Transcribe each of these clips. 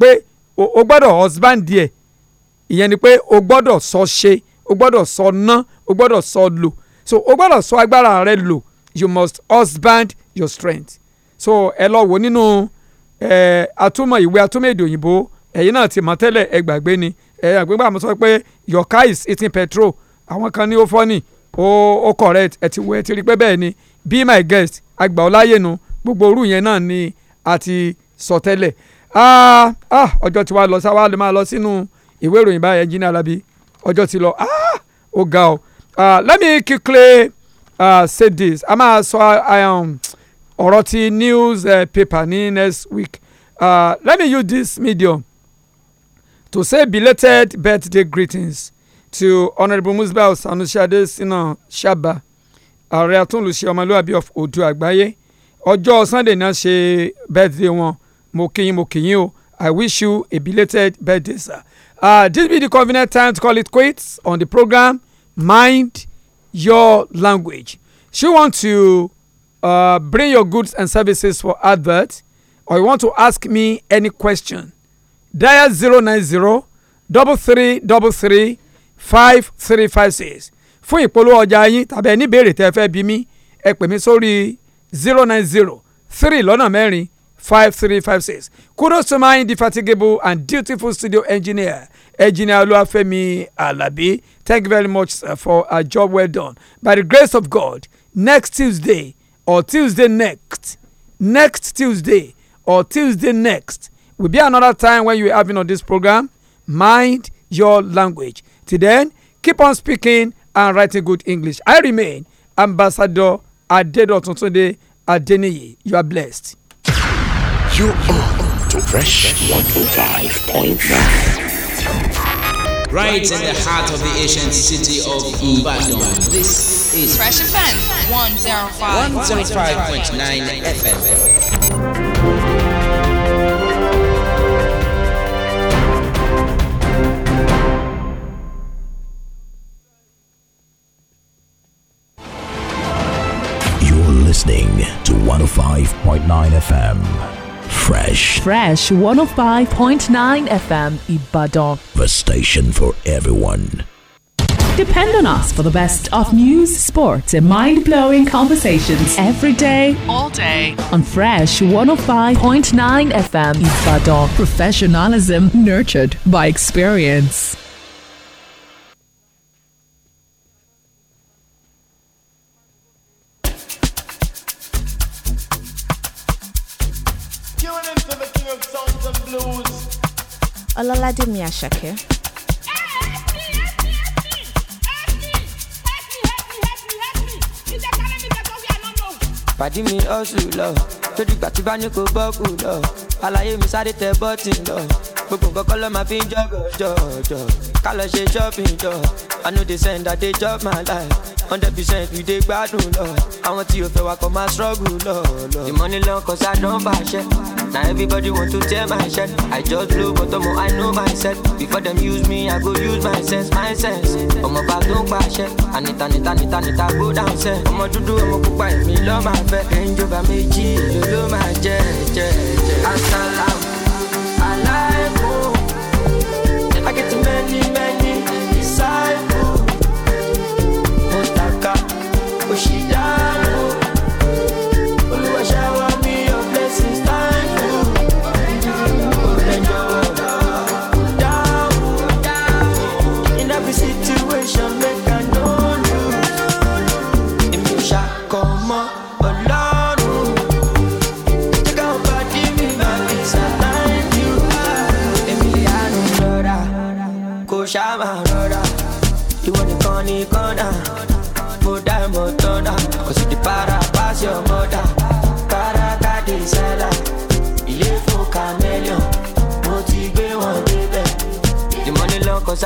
pé o gbọ́dọ̀ husband díẹ̀ ìyẹn ni pé o gbọ́dọ̀ sọ ṣe o gbọ́dọ̀ sọ ná o gbọ́dọ̀ sọ lò so o gbọ́dọ̀ sọ agbára rẹ lò you must husband your strength so ẹ lọ wò nínú ẹ atúmọ̀ ìwé atúmọ̀ èdè òyìnbó ẹ̀yin náà ti mọ̀ tẹ́lẹ̀ ẹ gbàgbé ni ẹ àgbégbà mo sọ pé your car is eating petrol àwọn kan ní ó fọ́ ni ó ó correct ẹ ti wo ẹ ti rí i pé bẹ́ẹ̀ ni be my guest àgbà ọláyé nu gbogbo orú yẹn náà ni a ti sọ tẹ́lẹ̀ Ah, ah, ọjọ́ tí wàá lọ sáwá lè máa lọ sínú ìwé ìròyìn báyẹn jí ní alábí ọjọ́ ti lọ ah, ó ga ọ. let me quickly uh, say this a máa sọ um, ọ̀rọ̀ ti news uh, paper ní next week uh, let me use this medium to say belated birthday greetings to honourable musbah sanusi adesina shaba ààrẹ atúnlùṣe ọmọlúwàbí of odu àgbáyé ọjọ́ sunday náà ṣe birthday wọn mo kí mo kí o i wish you a belated birthday sir uh, this be the convenient time to call it quits on the program mind your language if you want to uh, bring your goods and services for advert or you want to ask me any question dial zero nine zero double three double three five three five six fún ìpolówó ọjà yín tàbí ẹni béèrè tẹ́ fẹ́ bí mi ẹ pè mí sórí zero nine zero three lọ́nà mẹ́rin 5356. Kudos to my indefatigable and dutiful studio engineer, Engineer Oluwafemi Alabi. Thank you very much sir, for a job well done. By the grace of God, next Tuesday or Tuesday next, next Tuesday or Tuesday next will be another time when you are having on this program. Mind your language. Till then, keep on speaking and writing good English. I remain Ambassador Adedotun Tunde Adeniyi. You are blessed. You are to Fresh 105.9. Right in the heart of the ancient city of Ibadan, this is Fresh FM 105.9 FM. listening to 105.9 FM Fresh. Fresh 105.9 FM Ibadan. The station for everyone. Depend on us for the best of news, sports, and mind blowing conversations every day, all day on Fresh 105.9 FM Ibadan. Professionalism nurtured by experience. Ọlọ́ládé mi Àṣàkẹ́. pàdí mi ọ̀sùn lọ tó dìgbà tí bá ní kó bọ́ọ̀kù lọ àlàyé mi sáré tẹ bọ́ọ̀tì lọ gbogbo nǹkan kọ́ ló máa fi ń jọ́gọ̀ jọ̀jọ̀ ká lọ ṣe shopping jọ i no dey send i dey job my life hundred percent we dey gbádùn lọ àwọn tí o fẹ́ wa kọ́ máa struggle lọ lọ. ìmọ̀ni lọ cause i don fàṣẹ na everybody want to tear my shirt i just blow but omo i know myself before dem use me i go use my sense my sense ọmọ bá tó ń pàṣẹ ànita nita nita nita go down sẹ ọmọ dúdú ọmọ pupa èmi lọ́ọ́ máa fẹ́ ẹ̀ńjọba méjì ló ló máa jẹ́ jẹ́.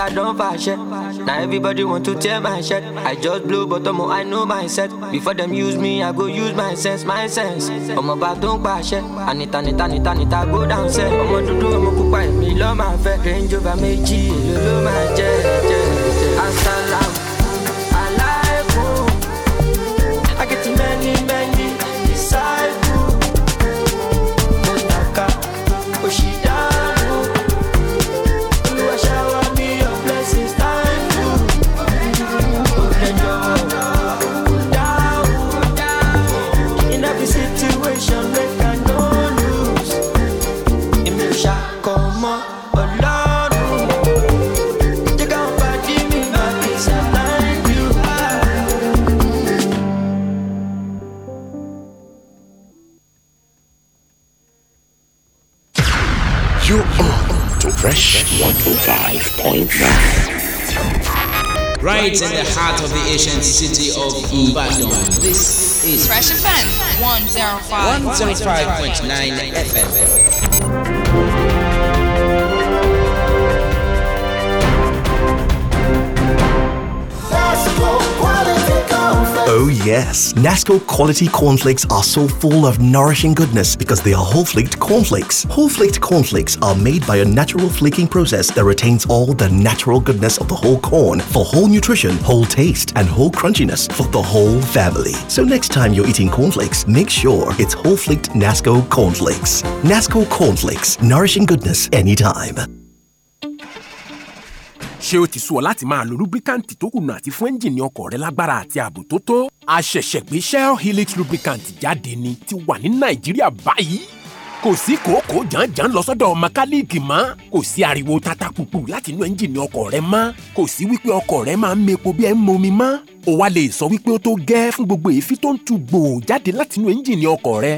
I don't fashion. Now everybody want to tear my shirt. I just blow bottom, I know mindset. Before them use me, I go use my sense, my sense. I'm about to not it. I need, I need, I need, I need, to go downstairs. I'm gonna do, I'm gonna cook, me love my fat. Range over I'm G, love my jet, jet, jet. right in the heart of the ancient city of Ibadan. This is Fresh FM 105.9 105. 105. 105. FM. Oh, yes. Nasco quality cornflakes are so full of nourishing goodness because they are whole flaked cornflakes. Whole flaked cornflakes are made by a natural flaking process that retains all the natural goodness of the whole corn for whole nutrition, whole taste, and whole crunchiness for the whole family. So next time you're eating cornflakes, make sure it's whole flaked Nasco cornflakes. Nasco cornflakes, nourishing goodness anytime. ṣé ó ti sú ọ láti máa lo lubricant tó kùnà àti fún ẹ́ńjìnì ọkọ̀ rẹ lágbára àti ààbò tó tó? a ṣẹ̀ṣẹ̀ gbé Shell Helix lubricant jáde ni ti wà ní Nàìjíríà báyìí. kò sí kòókòó jàǹjàǹ lọ sọ́dọ̀ mẹkáníìkì mọ́ kò sí ariwo tata pupu láti inú ẹ́ńjìnì ọkọ̀ rẹ mọ́ kò sí wípé ọkọ̀ rẹ máa ń mepo bí ẹ ń momi mọ́. o wá lè sọ wípé ó tó gẹ́ fún gbogbo èéfín tó ń tu gbòò jáde láti inú ẹ́ńjìnì ọkọ̀ rẹ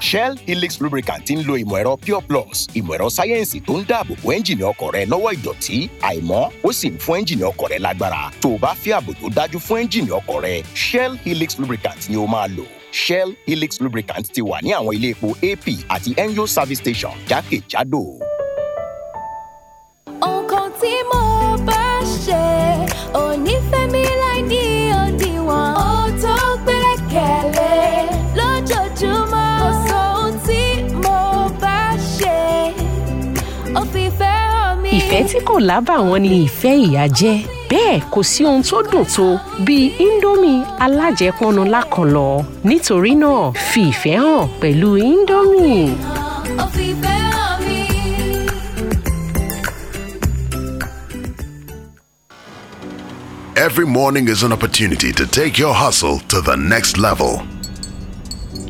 Shell Helix lubricant ń lo ìmọ̀ ẹ̀rọ Pure Plus ìmọ̀ ẹ̀rọ sáyẹ́ǹsì tó ń dáàbò bo ẹ́ńjìnì ọkọ̀ rẹ lọ́wọ́ ìdọ̀tí àìmọ́ ó sì ń fún ẹ́ńjìnì ọkọ̀ rẹ lágbára tó o bá fẹ́ ààbò tó dájú fún ẹ́ńjìnì ọkọ̀ rẹ Shell Helix lubricant ni o máa lò Shell Helix lubricant ti wà ní àwọn ilé epo AP àti NGO service station jákèjádò. nǹkan tí mo bá ṣe ò fẹ́mi láì ní ọ̀nà. ìfẹ́ tí kò lábàwọ́n ni ìfẹ́ ìyá jẹ́ bẹ́ẹ̀ kò sí ohun tó dùn tó bíi indomie alájẹpọnu lákànlọ nítorí náà fi ìfẹ́ hàn pẹ̀lú indomie. Every morning is an opportunity to take your hustle to the next level.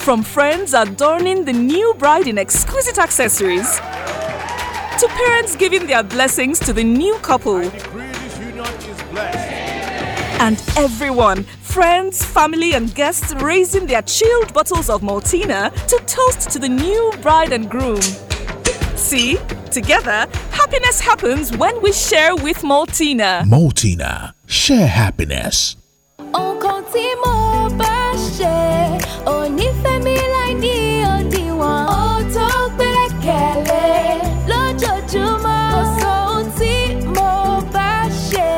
from friends adorning the new bride in exquisite accessories to parents giving their blessings to the new couple. And everyone, friends, family, and guests raising their chilled bottles of Maltina to toast to the new bride and groom. See, together, happiness happens when we share with Maltina. Maltina, share happiness. nǹkan tí mo bá ṣe ò ní fẹ́ mi láì ní òdiwọ̀n. ó tó gbẹ́kẹ̀lé lójoojúmọ́. kò sọ ohun tí mo bá ṣe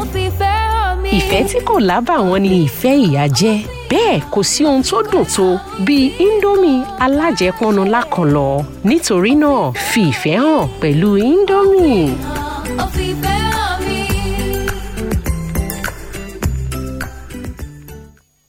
ó fi fẹ́ hàn mí. ìfẹ́ tí kò lábàwọ́n ni ìfẹ́ ìyá jẹ́ bẹ́ẹ̀ kò sí ohun tó dùn tó bíi indomie alájẹpọnu lákànlọ́ nítorí náà fi ìfẹ́ hàn pẹ̀lú indomie.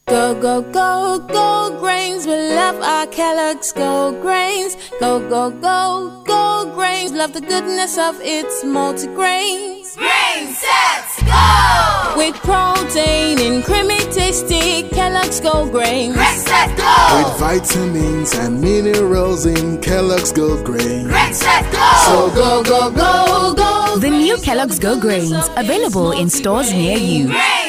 Go, go, go, go grains. We love our Kellogg's Go grains. Go, go, go, go grains. Love the goodness of its multigrains. Grain sets go! With protein and creamy tasty Kellogg's Go grains. Grain sets go! With vitamins and minerals in Kellogg's Go grains. Grain sets go! So go, go, go, go. The new Kellogg's Go grains available in stores near you. Grains.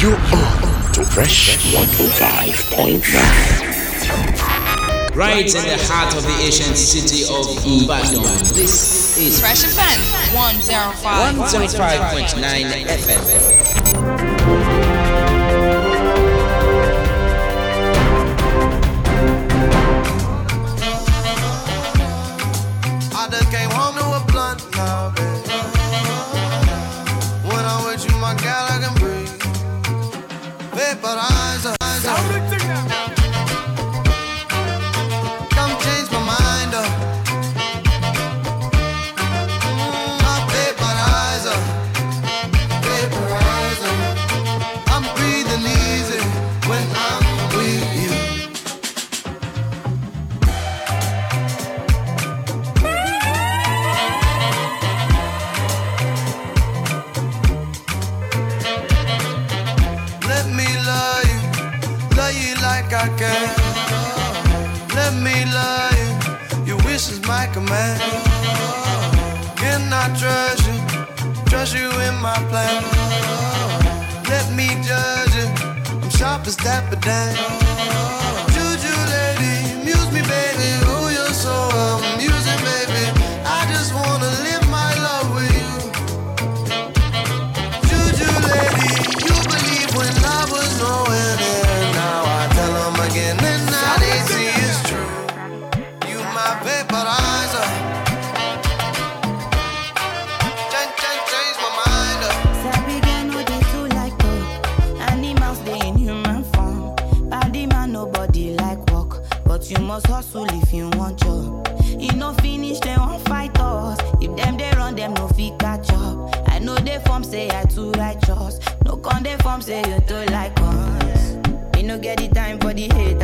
You are to Fresh 105.9. Right in the heart of the ancient city of Ibadan. This is Fresh Offense 105.9 FM. a down. say you don't like us. We no get the time for the hate.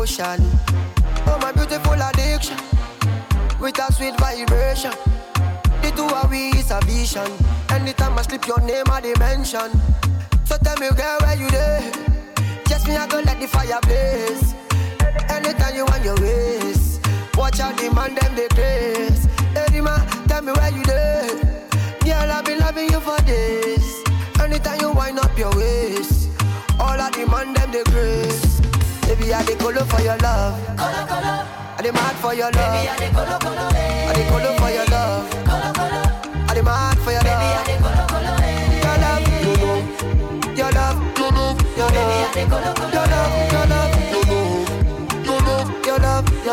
ocean.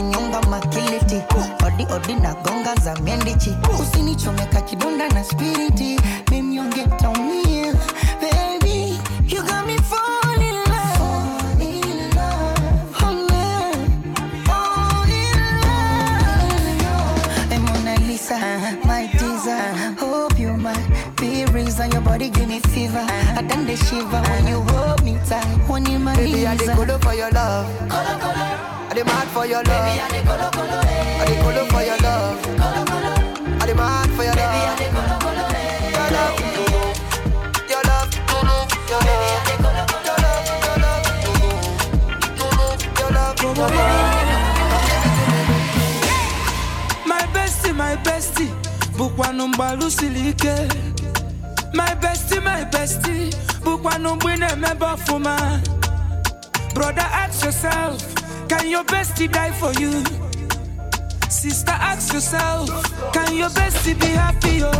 kanyonga makiliti odi odi na gonga za miendichi usinichomeka kidonda na spiriti mimnyonge taumia baby my desire. Hope you might be reason. Your body give me fever. I done the shiver when you hold me tight. When you my Baby, I did good for your love. Color, color. I mad for your love. Baby, I colo colo, eh. I colo for your love. Colo colo. I demand for your love. Eh? Baby, I colo colo, eh. My bestie, my bestie, bukwanumba lusilike. My bestie, my bestie, bukwanumba nemeba fuma. Brother, ask yourself. Can your bestie die for you? Sister, ask yourself, can your bestie be happy? Oh,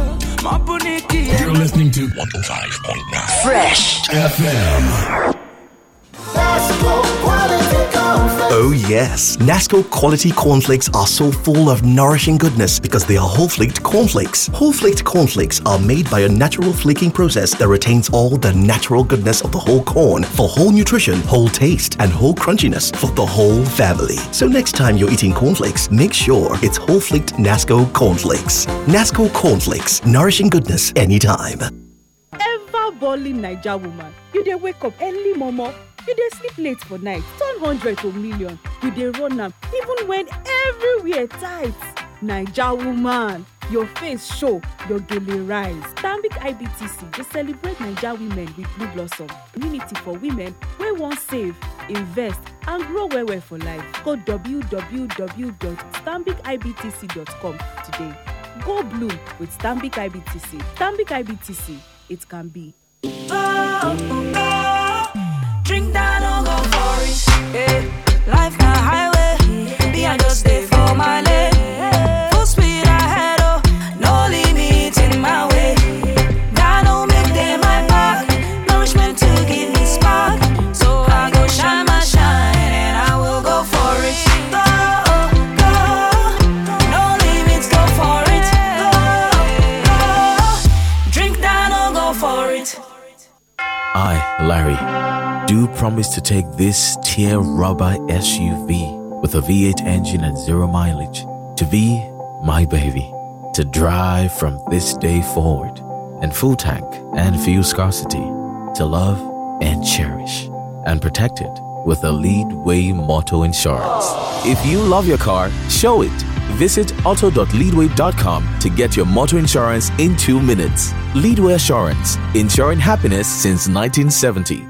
You're listening to 105.9 Fresh FM. Oh, yes. Nasco quality cornflakes are so full of nourishing goodness because they are whole flaked cornflakes. Whole flaked cornflakes are made by a natural flaking process that retains all the natural goodness of the whole corn for whole nutrition, whole taste, and whole crunchiness for the whole family. So next time you're eating cornflakes, make sure it's whole flaked Nasco cornflakes. Nasco cornflakes, nourishing goodness anytime. Ever balling Niger woman, you dey wake up early, mama you dey sleep late for night turn hundred to million you dey run am even when everywhere tight naija woman your face show your gele rise stanbic ibtc dey celebrate naija women with blue blossom community for women wey wan save invest and grow well well for life go www.stanbicibtc.com today go blue with stanbic ibtc stanbic ibtc it can be. Oh, oh, oh. Eh, life na highway, I just for my lane. Full speed ahead, oh, no in my way. no my nourishment to give me spark. So I go shine my shine and I will go for it. Go, go, no limits, go for it. Go, go, drink that, oh, go for it. I, Larry do promise to take this tier rubber SUV with a V8 engine and zero mileage to be my baby to drive from this day forward and full tank and fuel scarcity to love and cherish and protect it with a Leadway Moto Insurance. If you love your car, show it. Visit auto.leadway.com to get your motor insurance in two minutes. Leadway Assurance, insuring happiness since 1970.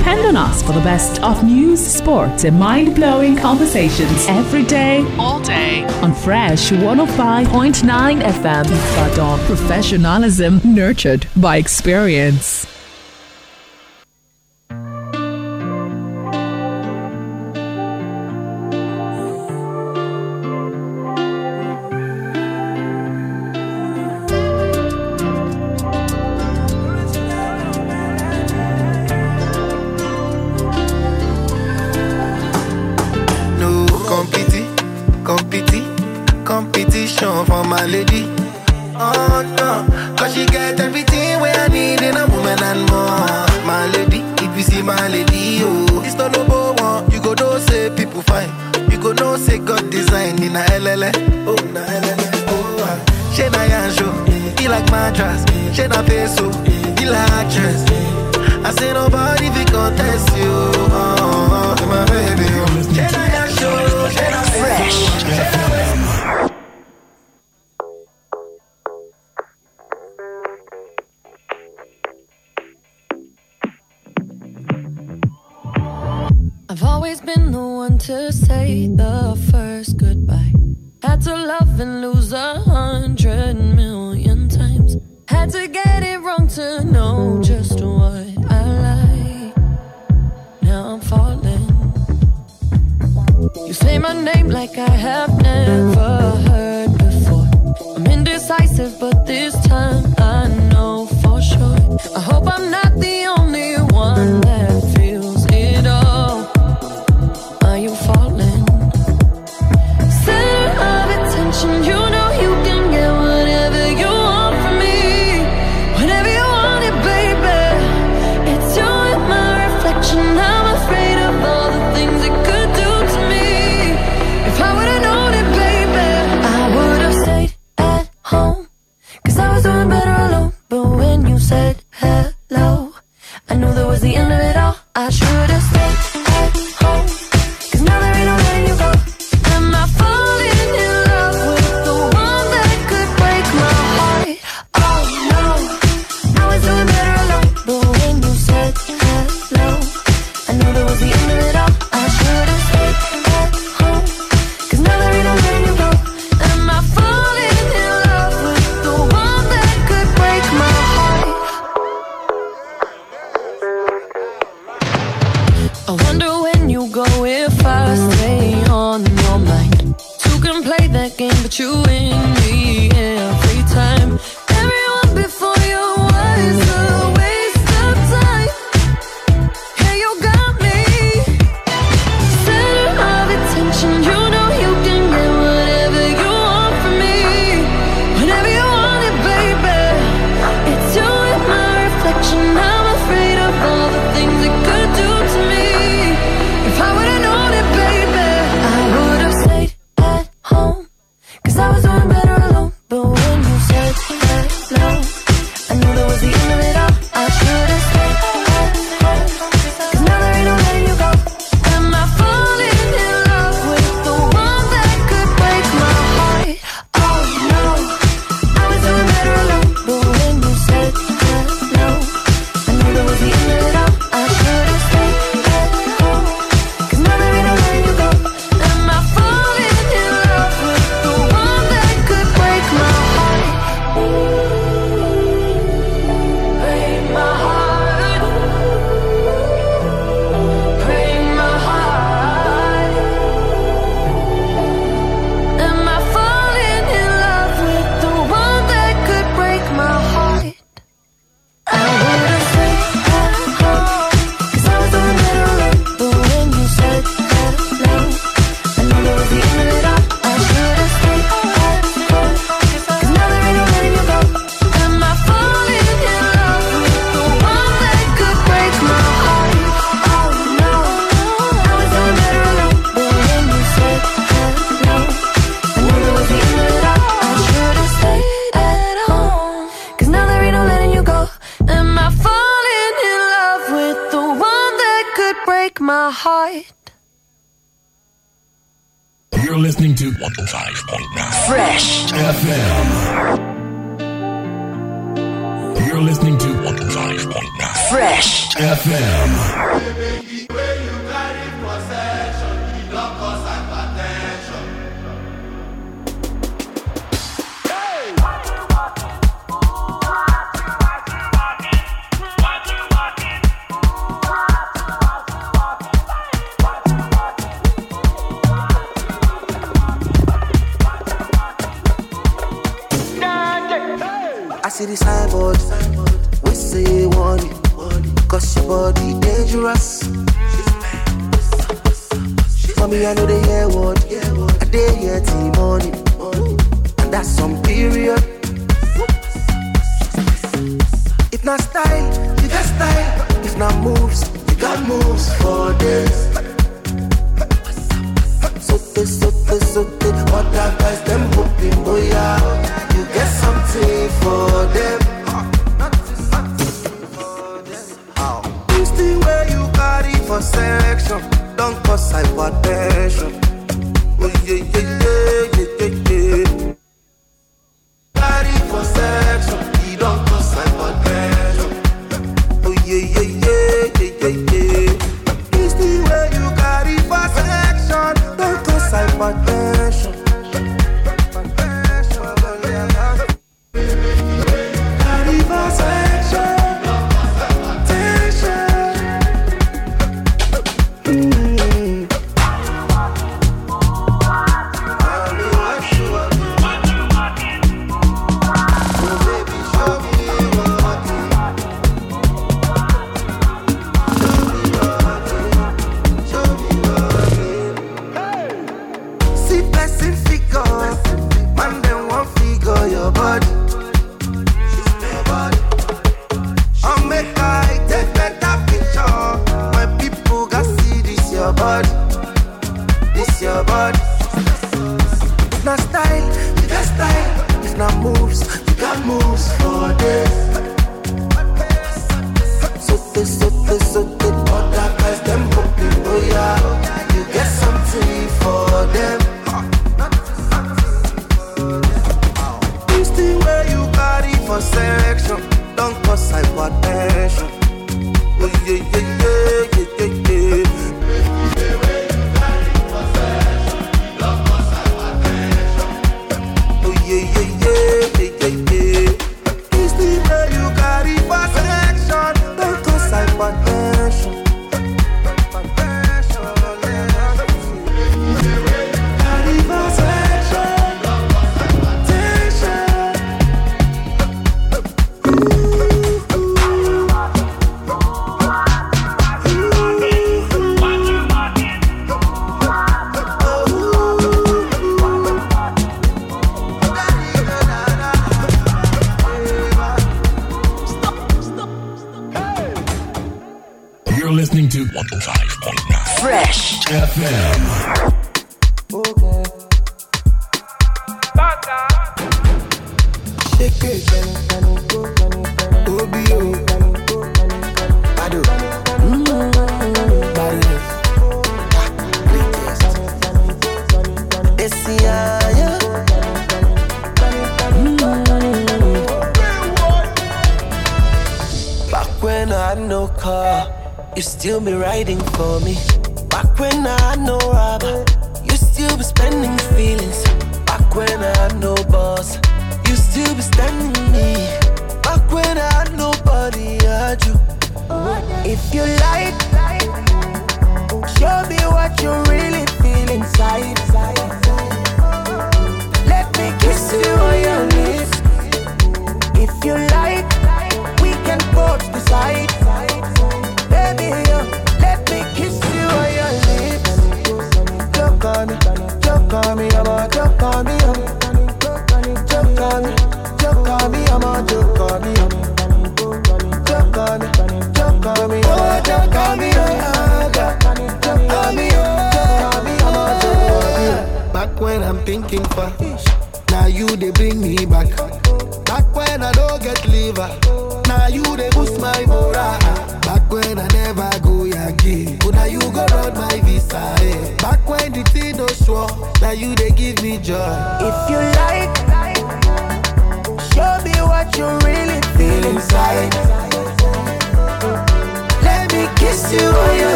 Depend on us for the best of news, sports, and mind blowing conversations every day, all day. On Fresh 105.9 FM. Professionalism nurtured by experience.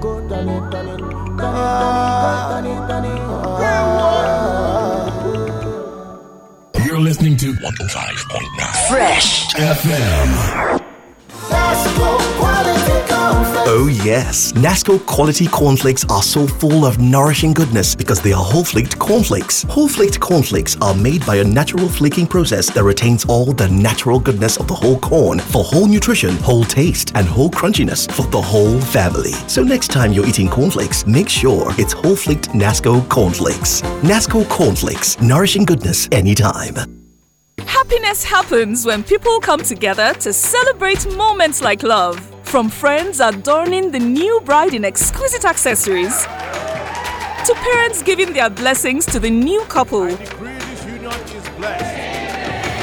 go You're listening to 105.9 Fresh FM. Oh, yes. Nasco quality cornflakes are so full of nourishing goodness because they are whole flaked cornflakes. Whole flaked cornflakes are made by a natural flaking process that retains all the natural goodness of the whole corn for whole nutrition, whole taste, and whole crunchiness for the whole family. So next time you're eating cornflakes, make sure it's whole flaked Nasco cornflakes. Nasco cornflakes, nourishing goodness anytime. Happiness happens when people come together to celebrate moments like love from friends adorning the new bride in exquisite accessories to parents giving their blessings to the new couple.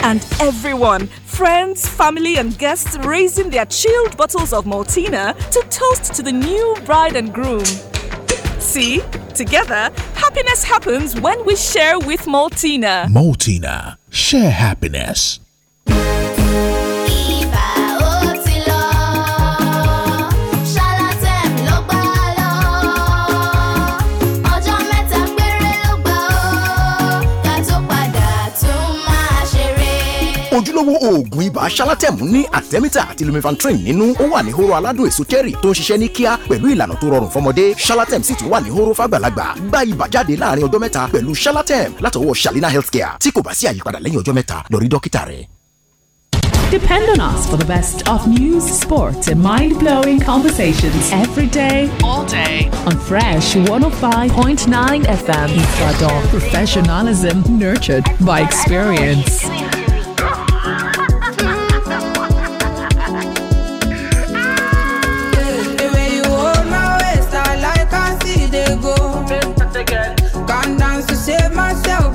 And everyone, friends, family, and guests raising their chilled bottles of Maltina to toast to the new bride and groom. See, together, happiness happens when we share with Maltina. Maltina, share happiness. ojúlówó oògùn ibà ṣalátẹ̀mú ní àti nínú ó wà ní hóró aládùn èso cherry tó ń ṣiṣẹ́ ní kíá pẹ̀lú ìlànà tó rọrùn fọmọdé ṣalátẹ̀m sì tún wà ní hóró fàgbàlagbà gba ibà jáde láàrin ọjọ́ mẹ́ta pẹ̀lú ṣalátẹ̀m látọwọ́ Healthcare tí kò bá sí àyípadà lẹ́yìn ọjọ́ mẹ́ta lọ rí dókítà rẹ̀. Depend on us for the best of news, sports, and mind blowing conversations every day, all day on Fresh 105.9 FM. Professionalism nurtured by experience.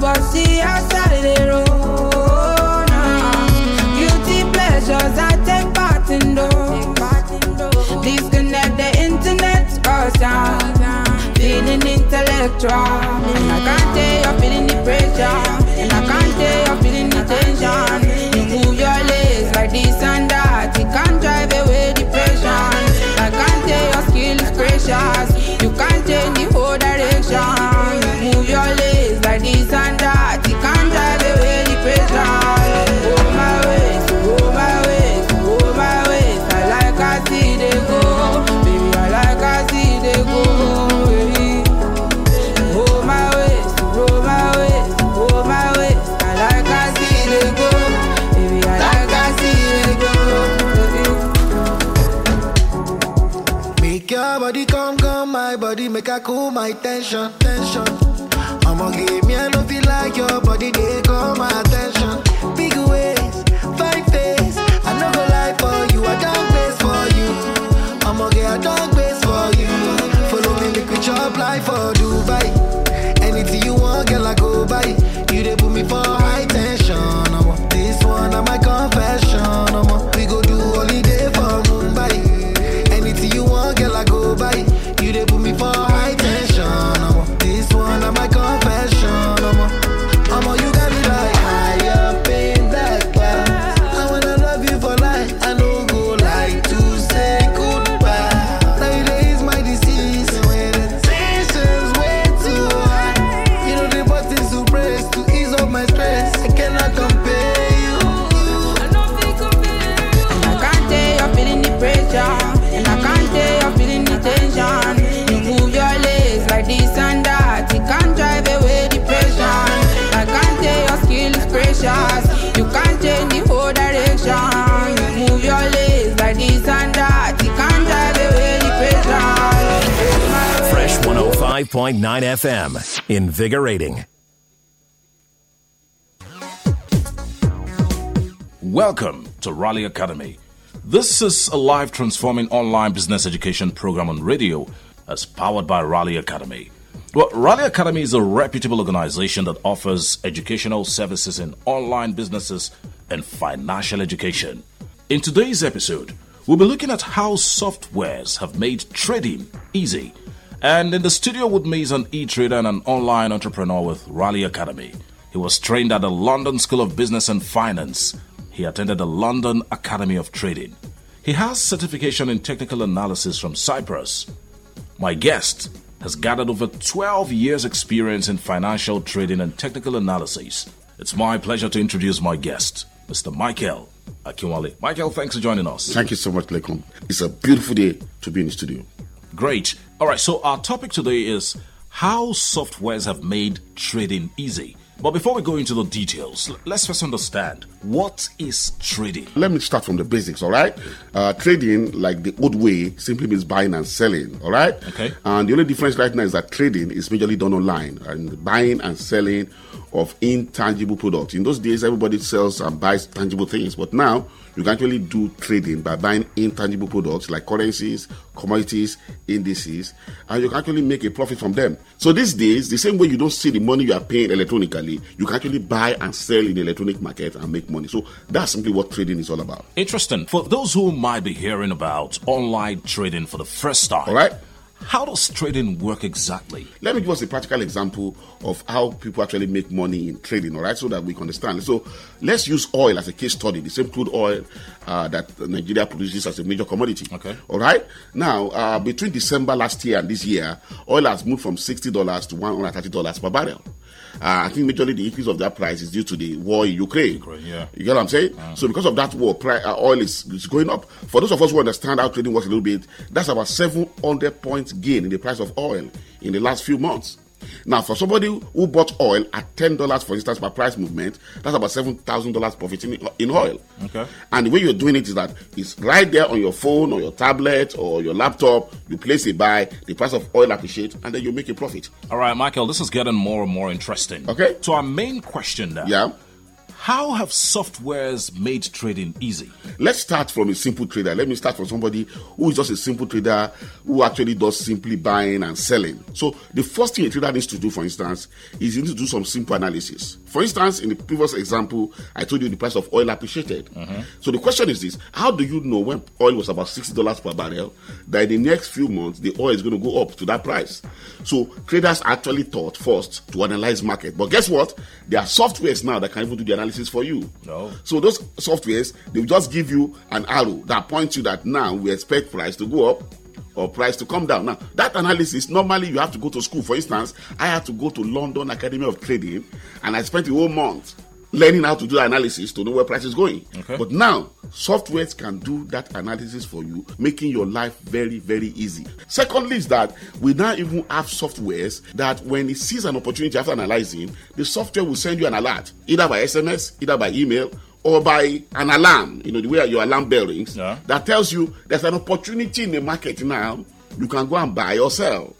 but see outside the it Nah. Beauty pleasures I take part in those. Disconnect the internet all time. Feeling intellectual, and I can't tell you're feeling the pressure, and I can't tell you're feeling the tension. You move your legs like this and that, it can't drive. make I cool my tension, tension. I'ma give me a love feel like your body, they call my attention. Big ways, fine face. I no go lie for you, I don't place for you. I'ma get a dog place for you. Follow me, make we chop life for Dubai. Anything you want, girl, I go buy. You they put me for. 95.9 FM. Invigorating. Welcome to Raleigh Academy. This is a live transforming online business education program on radio as powered by Raleigh Academy. Well, Raleigh Academy is a reputable organization that offers educational services in online businesses and financial education. In today's episode, we'll be looking at how softwares have made trading easy and in the studio with me is an e trader and an online entrepreneur with Raleigh Academy. He was trained at the London School of Business and Finance. He attended the London Academy of Trading. He has certification in technical analysis from Cyprus. My guest has gathered over 12 years' experience in financial trading and technical analysis. It's my pleasure to introduce my guest, Mr. Michael Akiwale. Michael, thanks for joining us. Thank you so much, Lekum. It's a beautiful day to be in the studio. Great. All right, so our topic today is how softwares have made trading easy. But before we go into the details, let's first understand what is trading. Let me start from the basics, all right? Uh, trading, like the old way, simply means buying and selling, all right? Okay. And the only difference right now is that trading is majorly done online and buying and selling of intangible products. In those days, everybody sells and buys tangible things, but now you can actually do trading by buying intangible products like currencies, commodities, indices, and you can actually make a profit from them. So these days, the same way you don't see the money you are paying electronically, you can actually buy and sell in the electronic market and make money. So that's simply what trading is all about. Interesting. For those who might be hearing about online trading for the first time, all right how does trading work exactly? Let me give us a practical example of how people actually make money in trading, all right, so that we can understand. So let's use oil as a case study, the same crude oil uh, that Nigeria produces as a major commodity. Okay. All right. Now, uh, between December last year and this year, oil has moved from $60 to $130 per barrel. Uh, I think majorly the increase of that price is due to the war in Ukraine. Ukraine yeah. You get what I'm saying? Yeah. So because of that war, price, uh, oil is, is, going up. For those of us who understand how trading works a little bit, that's about 700 points gain in the price of oil in the last few months. Now, for somebody who bought oil at ten dollars, for instance, per price movement, that's about seven thousand dollars profit in, in oil. Okay. And the way you're doing it is that it's right there on your phone or your tablet or your laptop. You place a buy, the price of oil appreciates, and then you make a profit. All right, Michael, this is getting more and more interesting. Okay. So our main question now. Yeah how have softwares made trading easy? Let's start from a simple trader. Let me start from somebody who is just a simple trader who actually does simply buying and selling. So, the first thing a trader needs to do, for instance, is you need to do some simple analysis. For instance, in the previous example, I told you the price of oil appreciated. Mm-hmm. So, the question is this How do you know when oil was about $60 per barrel that in the next few months the oil is going to go up to that price? So, traders actually thought first to analyze market. But guess what? There are softwares now that can even do the analysis analysis for you. No. So those softwares, they will just give you an arrow that points you that now we expect price to go up or price to come down. Now, that analysis, normally you have to go to school. For instance, I had to go to London Academy of Trading and I spent a whole month learning how to do analysis to know where price is going. Okay. But now, softwares can do that analysis for you, making your life very, very easy. Secondly, is that we now even have softwares that when it sees an opportunity after analyzing, the software will send you an alert, either by SMS, either by email, or by an alarm, you know, the way your alarm bell rings, yeah. that tells you there's an opportunity in the market now, you can go and buy or sell.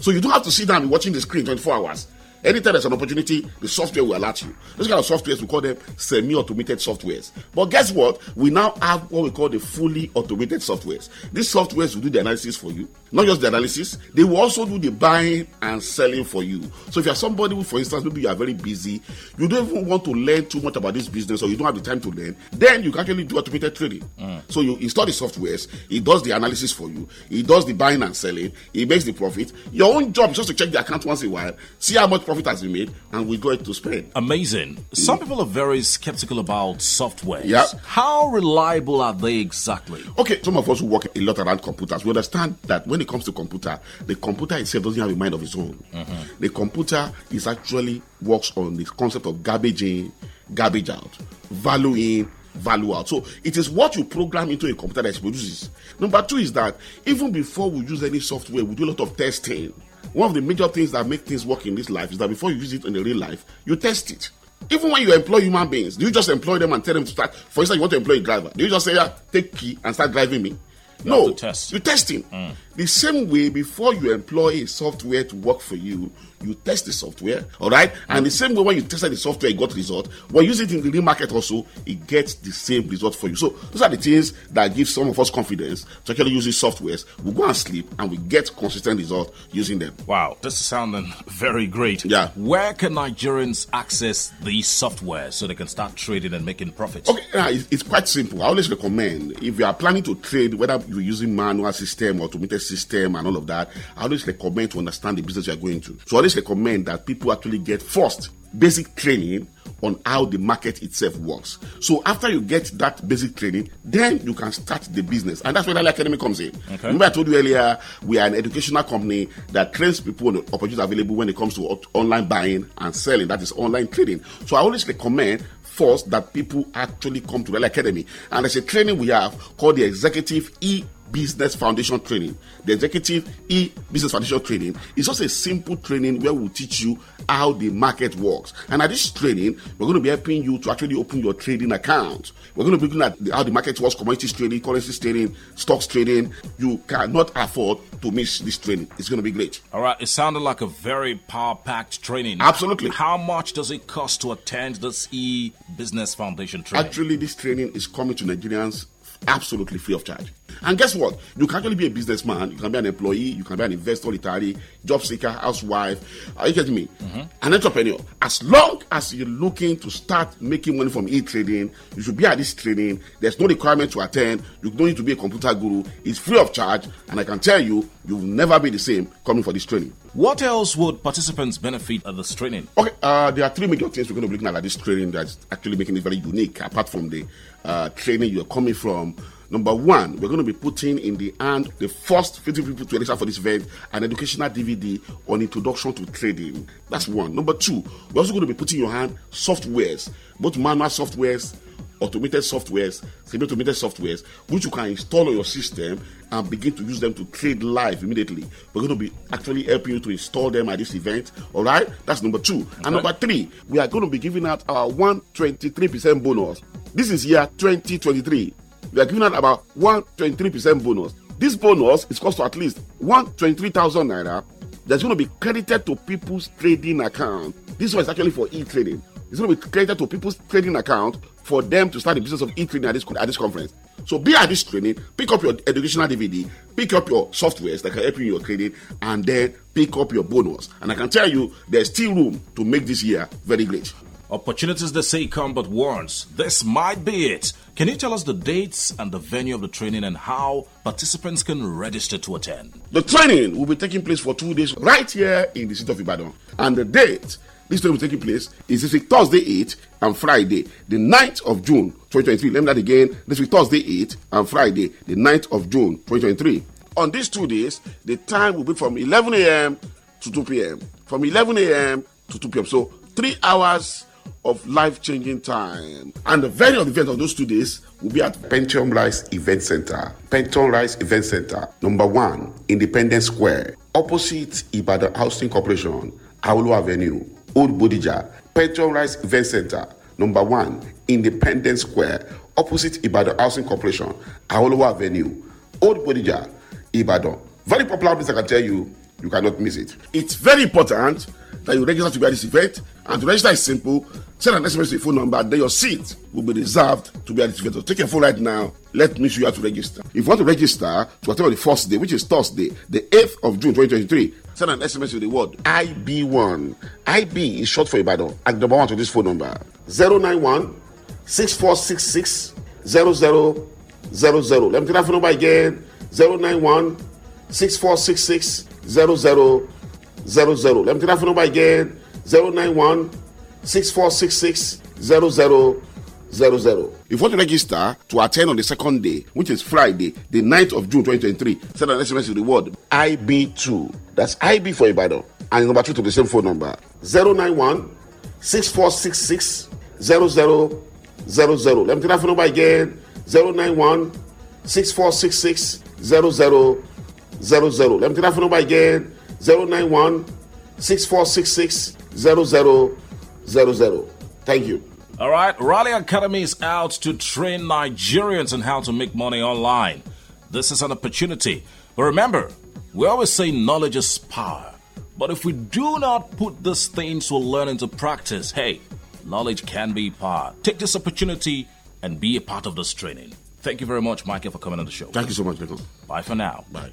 So you don't have to sit down watching the screen 24 hours Anytime there's an opportunity, the software will alert you. Those kind of softwares, we call them semi automated softwares. But guess what? We now have what we call the fully automated softwares. These softwares will do the analysis for you, not just the analysis, they will also do the buying and selling for you. So if you're somebody who, for instance, maybe you are very busy, you don't even want to learn too much about this business or you don't have the time to learn, then you can actually do automated trading. Mm. So you install the softwares, it does the analysis for you, it does the buying and selling, it makes the profit. Your own job is just to check the account once in a while, see how much profit has been made, and we it to spend. Amazing. Mm. Some people are very skeptical about software. Yeah. How reliable are they exactly? Okay, some of us who work a lot around computers, we understand that when when it comes to computer, the computer itself doesn't have a mind of its own. Mm-hmm. The computer is actually works on this concept of garbage in, garbage out, value in, value out. So it is what you program into a computer that produces. Number two is that even before we use any software, we do a lot of testing. One of the major things that make things work in this life is that before you use it in the real life, you test it. Even when you employ human beings, do you just employ them and tell them to start? For instance, you want to employ a driver. Do you just say, yeah, take key and start driving me? You no, test. you test him. Mm. The same way before you employ a software to work for you, you test the software, all right? And the same way when you tested the software, it got result. When you use it in the real market also, it gets the same result for you. So those are the things that give some of us confidence to actually use these softwares. We go and sleep and we get consistent result using them. Wow, this is sounding very great. Yeah. Where can Nigerians access these software so they can start trading and making profits? Okay, it's quite simple. I always recommend if you are planning to trade, whether you're using manual system, automated system, and all of that, I always recommend to understand the business you are going to. So always recommend that people actually get first basic training on how the market itself works. So after you get that basic training, then you can start the business. And that's where the Academy comes in. Okay. Remember I told you earlier, we are an educational company that trains people on the opportunities available when it comes to online buying and selling. That is online trading. So I always recommend first that people actually come to the Academy. And there's a training we have called the Executive E Business Foundation Training. The Executive E Business Foundation Training is just a simple training where we teach you how the market works. And at this training, we're going to be helping you to actually open your trading account. We're going to be looking at how the market works, commodities trading, currencies trading, stocks trading. You cannot afford to miss this training. It's going to be great. All right. It sounded like a very power packed training. Absolutely. How much does it cost to attend this E Business Foundation training? Actually, this training is coming to Nigerians absolutely free of charge. And guess what? You can actually be a businessman, you can be an employee, you can be an investor, retiree, job seeker, housewife. Are you getting me? Mm-hmm. An entrepreneur. As long as you're looking to start making money from e trading, you should be at this training. There's no requirement to attend. You don't need to be a computer guru. It's free of charge. And I can tell you, you'll never be the same coming for this training. What else would participants benefit at this training? Okay, uh, there are three major things we're going to be looking at at this training that's actually making it very unique, apart from the uh, training you're coming from. Number one, we're going to be putting in the hand the first 50 people to register for this event an educational DVD on introduction to trading. That's one. Number two, we're also going to be putting in your hand softwares, both manual softwares automated softwares, semi-automated softwares, which you can install on your system and begin to use them to trade live immediately. We're going to be actually helping you to install them at this event. All right, that's number two. Okay. And number three, we are going to be giving out our 123% bonus. This is year 2023 we are giving out about 123% bonus. This bonus is cost to at least 123,000 naira. That's going to be credited to people's trading account. This one is actually for e-trading. It's going to be credited to people's trading account for them to start the business of e-trading at this, at this conference. So be at this training, pick up your educational DVD, pick up your softwares that can help you in your trading, and then pick up your bonus. And I can tell you, there's still room to make this year very great. Opportunities they say come but once. This might be it. Can you tell us the dates and the venue of the training and how participants can register to attend? The training will be taking place for two days right here in the city of Ibadan. And the date this training will be taking place is this week, Thursday 8th, and Friday, the 9th of June 2023. Let me that again. This week, Thursday 8th, and Friday, the 9th of June 2023. On these two days, the time will be from 11 a.m. to 2 p.m. From 11 a.m. to 2 p.m. So three hours of life changing time. And the very event of those two days will be at Pentium Rise Event Center. Pentium Rise Event Center, number one, Independence Square, opposite Ibadan Housing Corporation, Aulu Avenue, Old Bodija. Pentium Rise Event Center, number one, Independence Square, opposite Ibadan Housing Corporation, Aulu Avenue, Old Bodija, Ibadan. Very popular place, I can tell you. You cannot miss it. It's very important that you register to be at this event And to register is simple. Send an SMS to your phone number, then your seat will be reserved to be activated. Take your phone right now. Let me show you how to register. If you want to register to attend on the first day, which is Thursday, the 8th of June 2023, send an SMS with the word IB1. IB is short for Ibadan. And the number one to this phone number 091 6466 0000. Let me take that phone number again 091 6466 0000. Let me take that phone number again 091 6466 0000. If you want to register to attend on the second day, which is Friday, the 9th of June 2023, send an SMS to the word IB2. That's IB for Ibadan. And number two to the same phone number 091 6466 0000. Let me take that phone number again 091 6466 0000. Let me take that phone number again 091 6466 Thank you. All right, Raleigh Academy is out to train Nigerians on how to make money online. This is an opportunity. But remember, we always say knowledge is power. But if we do not put these things we're learning to practice, hey, knowledge can be power. Take this opportunity and be a part of this training. Thank you very much, Michael, for coming on the show. Thank you so much, Nicholas. Bye for now. Bye.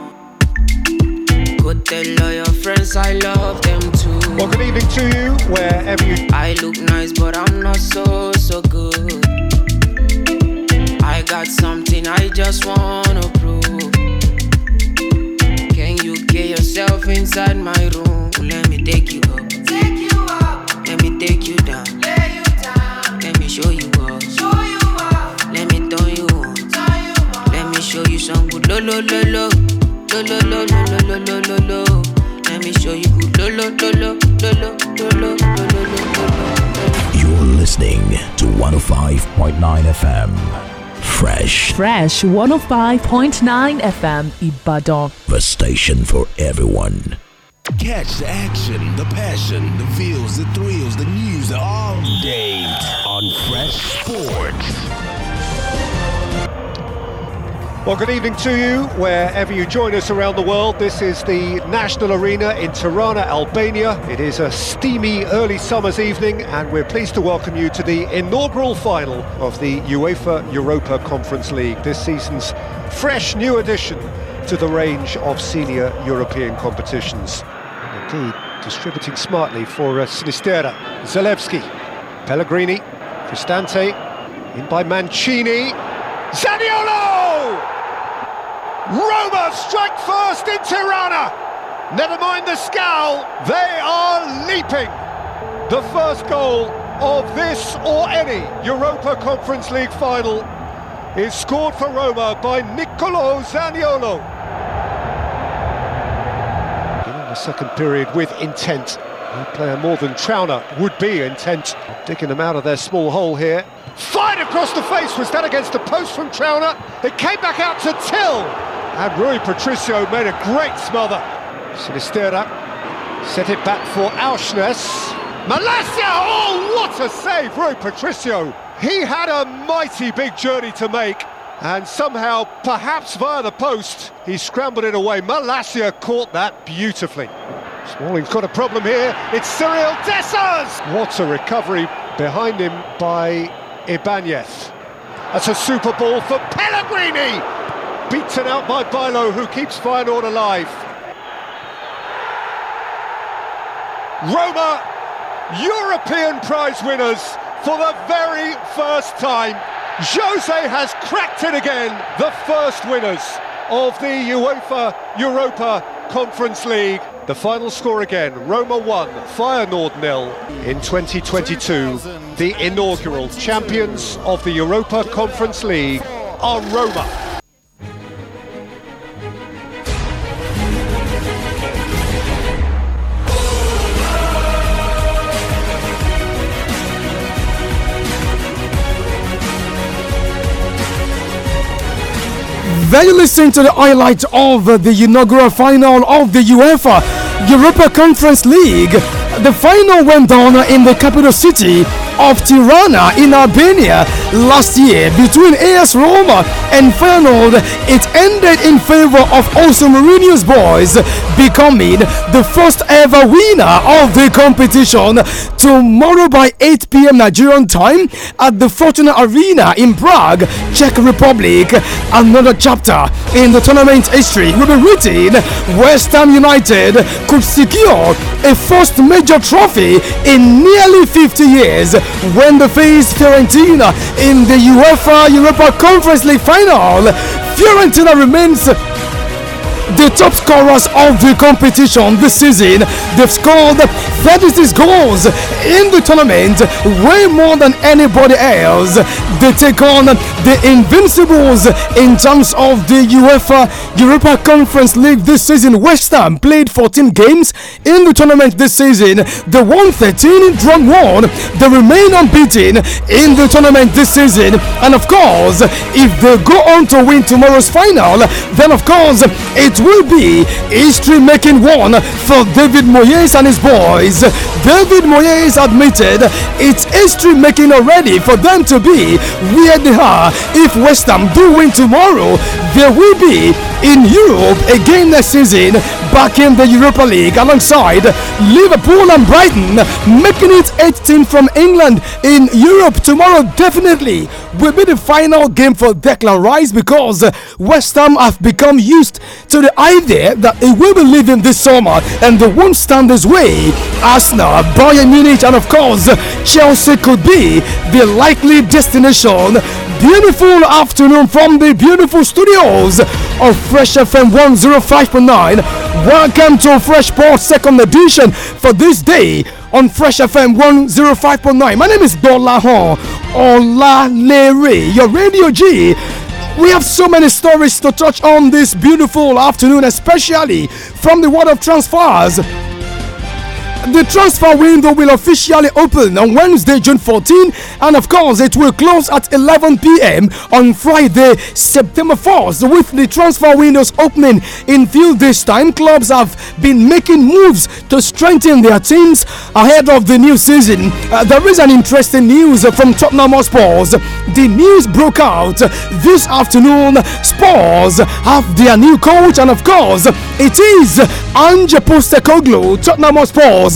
But tell all your friends I love them too. Well, good evening to you, wherever you. I look nice, but I'm not so, so good. I got something I just wanna prove. Can you get yourself inside my room? Let me take you up. Take you up. Let me take you down. Lay you down. Let me show you up. Show you up. Let me turn you on. Turn you on. Let me show you some good lo lo lo lo lo lo lo lo lo lo lo lo lo. Let me show you good lo lo lo lo lo lo lo lo lo lo. You're listening to 105.9 FM. Fresh. Fresh 105.9 FM Ibadan. The station for everyone. Catch the action, the passion, the feels, the thrills, the news all day on Fresh Sports. Well, good evening to you, wherever you join us around the world. This is the National Arena in Tirana, Albania. It is a steamy early summer's evening, and we're pleased to welcome you to the inaugural final of the UEFA Europa Conference League, this season's fresh new addition to the range of senior European competitions. Indeed, distributing smartly for uh, Sinistera, Zalewski, Pellegrini, Cristante, in by Mancini. Zaniolo! Roma strike first in Tirana. Never mind the scowl, they are leaping. The first goal of this or any Europa Conference League final is scored for Roma by Niccolo Zaniolo. In the second period with intent a player more than Trauner would be intent. Digging them out of their small hole here. Fight across the face. Was that against the post from Trauner? It came back out to Till. And Rui Patricio made a great smother. Sinisterra set it back for Auschness. Malasia! Oh, what a save, Rui Patricio. He had a mighty big journey to make. And somehow, perhaps via the post, he scrambled it away. Malasia caught that beautifully. Smalling's got a problem here. It's Cyril Dessers! What a recovery behind him by Ibanez. That's a super ball for Pellegrini! Beaten out by Bilo, who keeps Feyenoord alive. Roma, European prize winners for the very first time. Jose has cracked it again, the first winners of the UEFA Europa Conference League. The final score again, Roma 1, Nord nil. In 2022, the inaugural champions of the Europa Conference League are Roma. then you listen to the highlight of the inaugural final of the UEFA Europa Conference League. The final went down in the capital city of Tirana in Albania last year between AS Roma and Feyenoord. It ended in favor of also Mourinho's boys becoming the first ever winner of the competition. Tomorrow by 8 p.m. Nigerian time at the Fortuna Arena in Prague, Czech Republic. Another chapter in the tournament's history will be written. West Ham United could secure a first major trophy in nearly 50 years when they face Fiorentina in the UEFA Europa Conference League final. Fiorentina remains the top scorers of the competition this season. They've scored 36 goals in the tournament, way more than anybody else. They take on the Invincibles in terms of the UEFA Europa Conference League this season. West Ham played 14 games in the tournament this season. They won 13, drawn 1. They remain unbeaten in the tournament this season. And of course, if they go on to win tomorrow's final, then of course it will be history making one for David Moyes and his boys. David Moyes admitted it's history making already for them to be where they are. If West Ham do win tomorrow, they will be in Europe again next season, back in the Europa League alongside Liverpool and Brighton, making it 18 from England in Europe tomorrow. Definitely will be the final game for Declan Rice because West Ham have become used to the idea that he will be leaving this summer and they won't stand his way. Arsenal, Bayern Munich, and of course, Chelsea could be the likely destination. Beautiful afternoon from the beautiful studios of Fresh FM 105.9. Welcome to Fresh Port second edition for this day on Fresh FM 105.9. My name is Bola Hon Ola Leary, your Radio G we have so many stories to touch on this beautiful afternoon, especially from the world of transfers the transfer window will officially open on Wednesday, June 14, and of course, it will close at 11 p.m. on Friday, September 4th. With the transfer windows opening in full this time, clubs have been making moves to strengthen their teams ahead of the new season. Uh, there is an interesting news from Tottenham Hotspurs. The news broke out this afternoon. Spurs have their new coach, and of course, it is Ange Postecoglou. Tottenham Hotspurs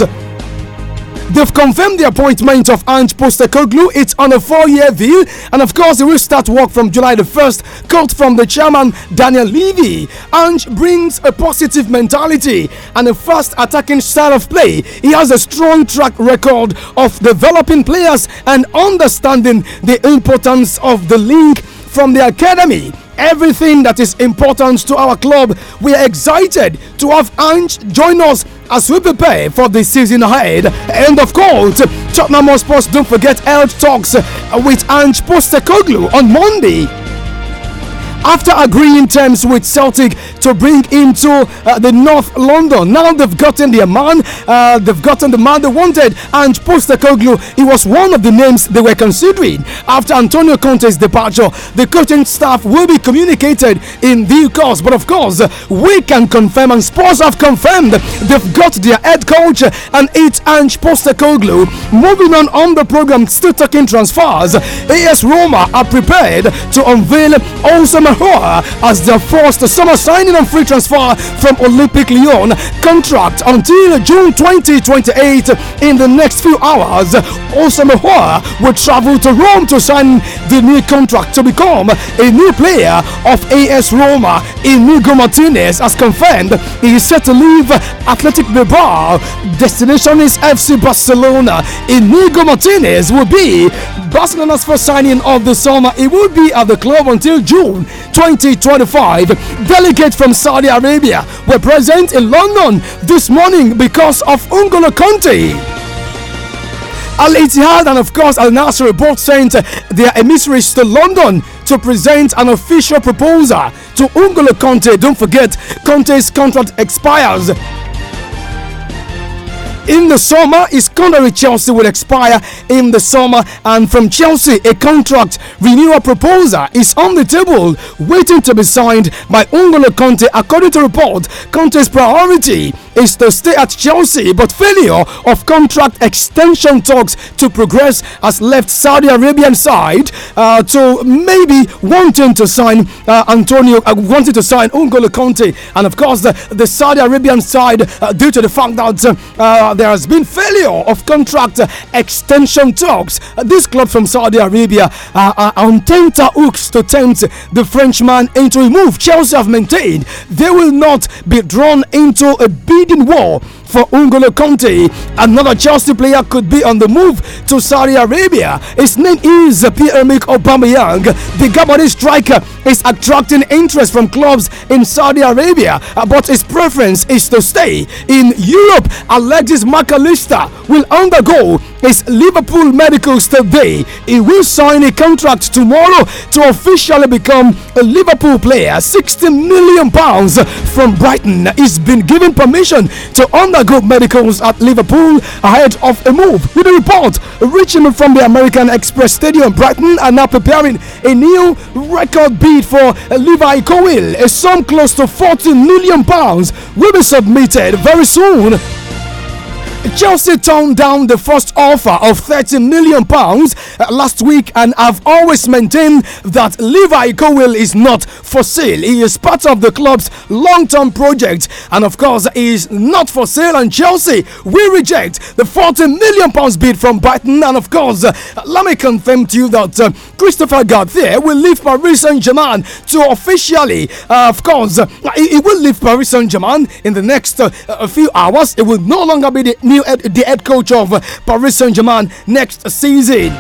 They've confirmed the appointment of Ange Postecoglou. It's on a four-year deal, and of course, it will start work from July the 1st. Quote from the chairman, Daniel Levy. Ange brings a positive mentality and a fast attacking style of play. He has a strong track record of developing players and understanding the importance of the link from the academy everything that is important to our club. We are excited to have Ange join us as we prepare for the season ahead. And of course, Tottenham Sports, don't forget Health Talks with Ange Postecoglou on Monday after agreeing terms with Celtic to bring into uh, the North London. Now they've gotten their man, uh, they've gotten the man they wanted, and Postecoglou, he was one of the names they were considering. After Antonio Conte's departure, the coaching staff will be communicated in due course. But of course, we can confirm, and sports have confirmed, they've got their head coach, and it's Ange Postecoglou. Moving on on the program, still talking transfers, AS Roma are prepared to unveil Osama Lahore as the first summer signing and free transfer from Olympic Lyon. Contract until June 2028. in the next few hours, Osamehor will travel to Rome to sign the new contract to become a new player of AS Roma. Inigo Martinez has confirmed he is set to leave Athletic Bilbao. Destination is FC Barcelona. Inigo Martinez will be Barcelona's first signing of the summer. He will be at the club until June 2025. Delegates from Saudi Arabia were present in London this morning because of Ungolo Conte. Al Ittihad and of course Al Nasser both sent their emissaries to London to present an official proposal to Ungolo Conte. Don't forget, Conte's contract expires in the summer, his contract with Chelsea will expire in the summer, and from Chelsea, a contract renewal proposal is on the table, waiting to be signed by Ungolo Conte. According to report, Conte's priority is to stay at Chelsea, but failure of contract extension talks to progress has left Saudi Arabian side uh, to maybe wanting to sign uh, Antonio, uh, wanting to sign Ungolo Conte, and of course the, the Saudi Arabian side, uh, due to the fact that uh, there has been failure of contract extension talks. This club from Saudi Arabia are uh, uh, on tenterhooks to tempt the Frenchman into a move Chelsea have maintained they will not be drawn into a bidding war for Ungolo Conte. Another Chelsea player could be on the move to Saudi Arabia. His name is Pierre-Emerick Aubameyang. The Gabonese striker is attracting interest from clubs in Saudi Arabia, uh, but his preference is to stay in Europe. Alleges McAllister will undergo his Liverpool medicals today. He will sign a contract tomorrow to officially become a Liverpool player. 60 million pounds from Brighton. He's been given permission to undergo Group Medicals at Liverpool ahead of a move. With a report reaching from the American Express Stadium, Brighton are now preparing a new record bid for Levi Cowell. A sum close to 14 million pounds will be submitted very soon. Chelsea turned down the first offer of 30 million pounds uh, last week and I've always maintained that Levi Cowell is not for sale. He is part of the club's long-term project and of course he is not for sale and Chelsea we reject the 40 million pounds bid from Brighton and of course uh, let me confirm to you that uh, Christopher Gauthier will leave Paris Saint-Germain to officially uh, of course uh, he, he, will leave Paris Saint-Germain in the next uh, few hours. It will no longer be the new the head coach of Paris Saint Germain next season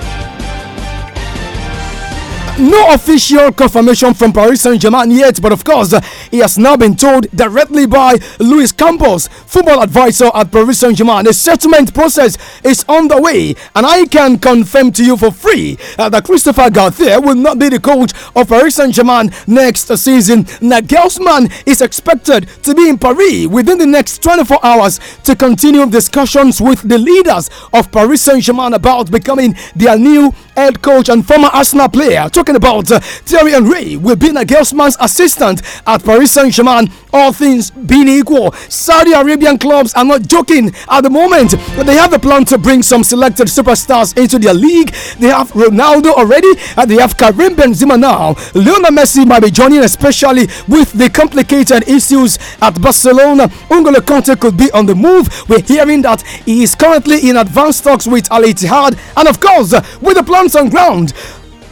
no official confirmation from Paris Saint Germain yet, but of course, he has now been told directly by Luis Campos, football advisor at Paris Saint Germain. The settlement process is on the way, and I can confirm to you for free uh, that Christopher Gauthier will not be the coach of Paris Saint Germain next season. Nagelsmann is expected to be in Paris within the next 24 hours to continue discussions with the leaders of Paris Saint Germain about becoming their new head coach and former Arsenal player. To talking about uh, Thierry Henry will be Nagelsmann's assistant at Paris Saint Germain. All things being equal, Saudi Arabian clubs are not joking at the moment. But They have a plan to bring some selected superstars into their league. They have Ronaldo already, and they have Karim Benzema now. Lionel Messi might be joining, especially with the complicated issues at Barcelona. Ungolo Conte could be on the move. We're hearing that he is currently in advanced talks with Al Ittihad, and of course, with the plans on ground.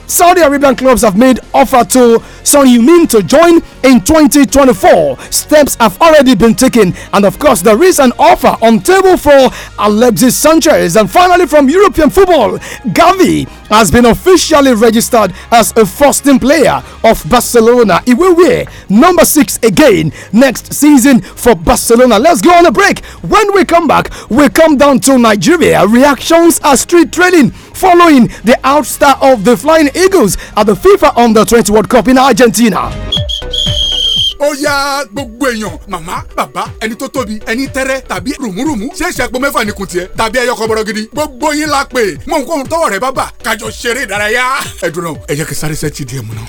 Saudi Arabian clubs have made offer to Son Heung-min to join in 2024. Steps have already been taken, and of course, there is an offer on table for Alexis Sanchez. And finally, from European football, Gavi has been officially registered as a first-team player of Barcelona. He will wear number six again next season for Barcelona. Let's go on a break. When we come back, we come down to Nigeria. Reactions are street trading following the outstar of the Flying Eagles at the FIFA Under 20 World Cup in Argentina. ó yá gbogbo èèyàn màmá bàbá ẹni tó tóbi ẹni tẹ́rẹ́ tàbí rùmùrùmù ṣé ìṣẹ́pọ̀ mẹ́fà ni tiẹ̀ tàbí ẹyọ kọ́bọ̀rọ̀ gbogbo yín la pè mọ nǹkan tọwọ́ rẹ bàbá kájọ ṣeré ìdárayá. ẹ dùn náà ẹ jẹ́ kí sáré sẹ́ẹ̀tì díẹ̀ náà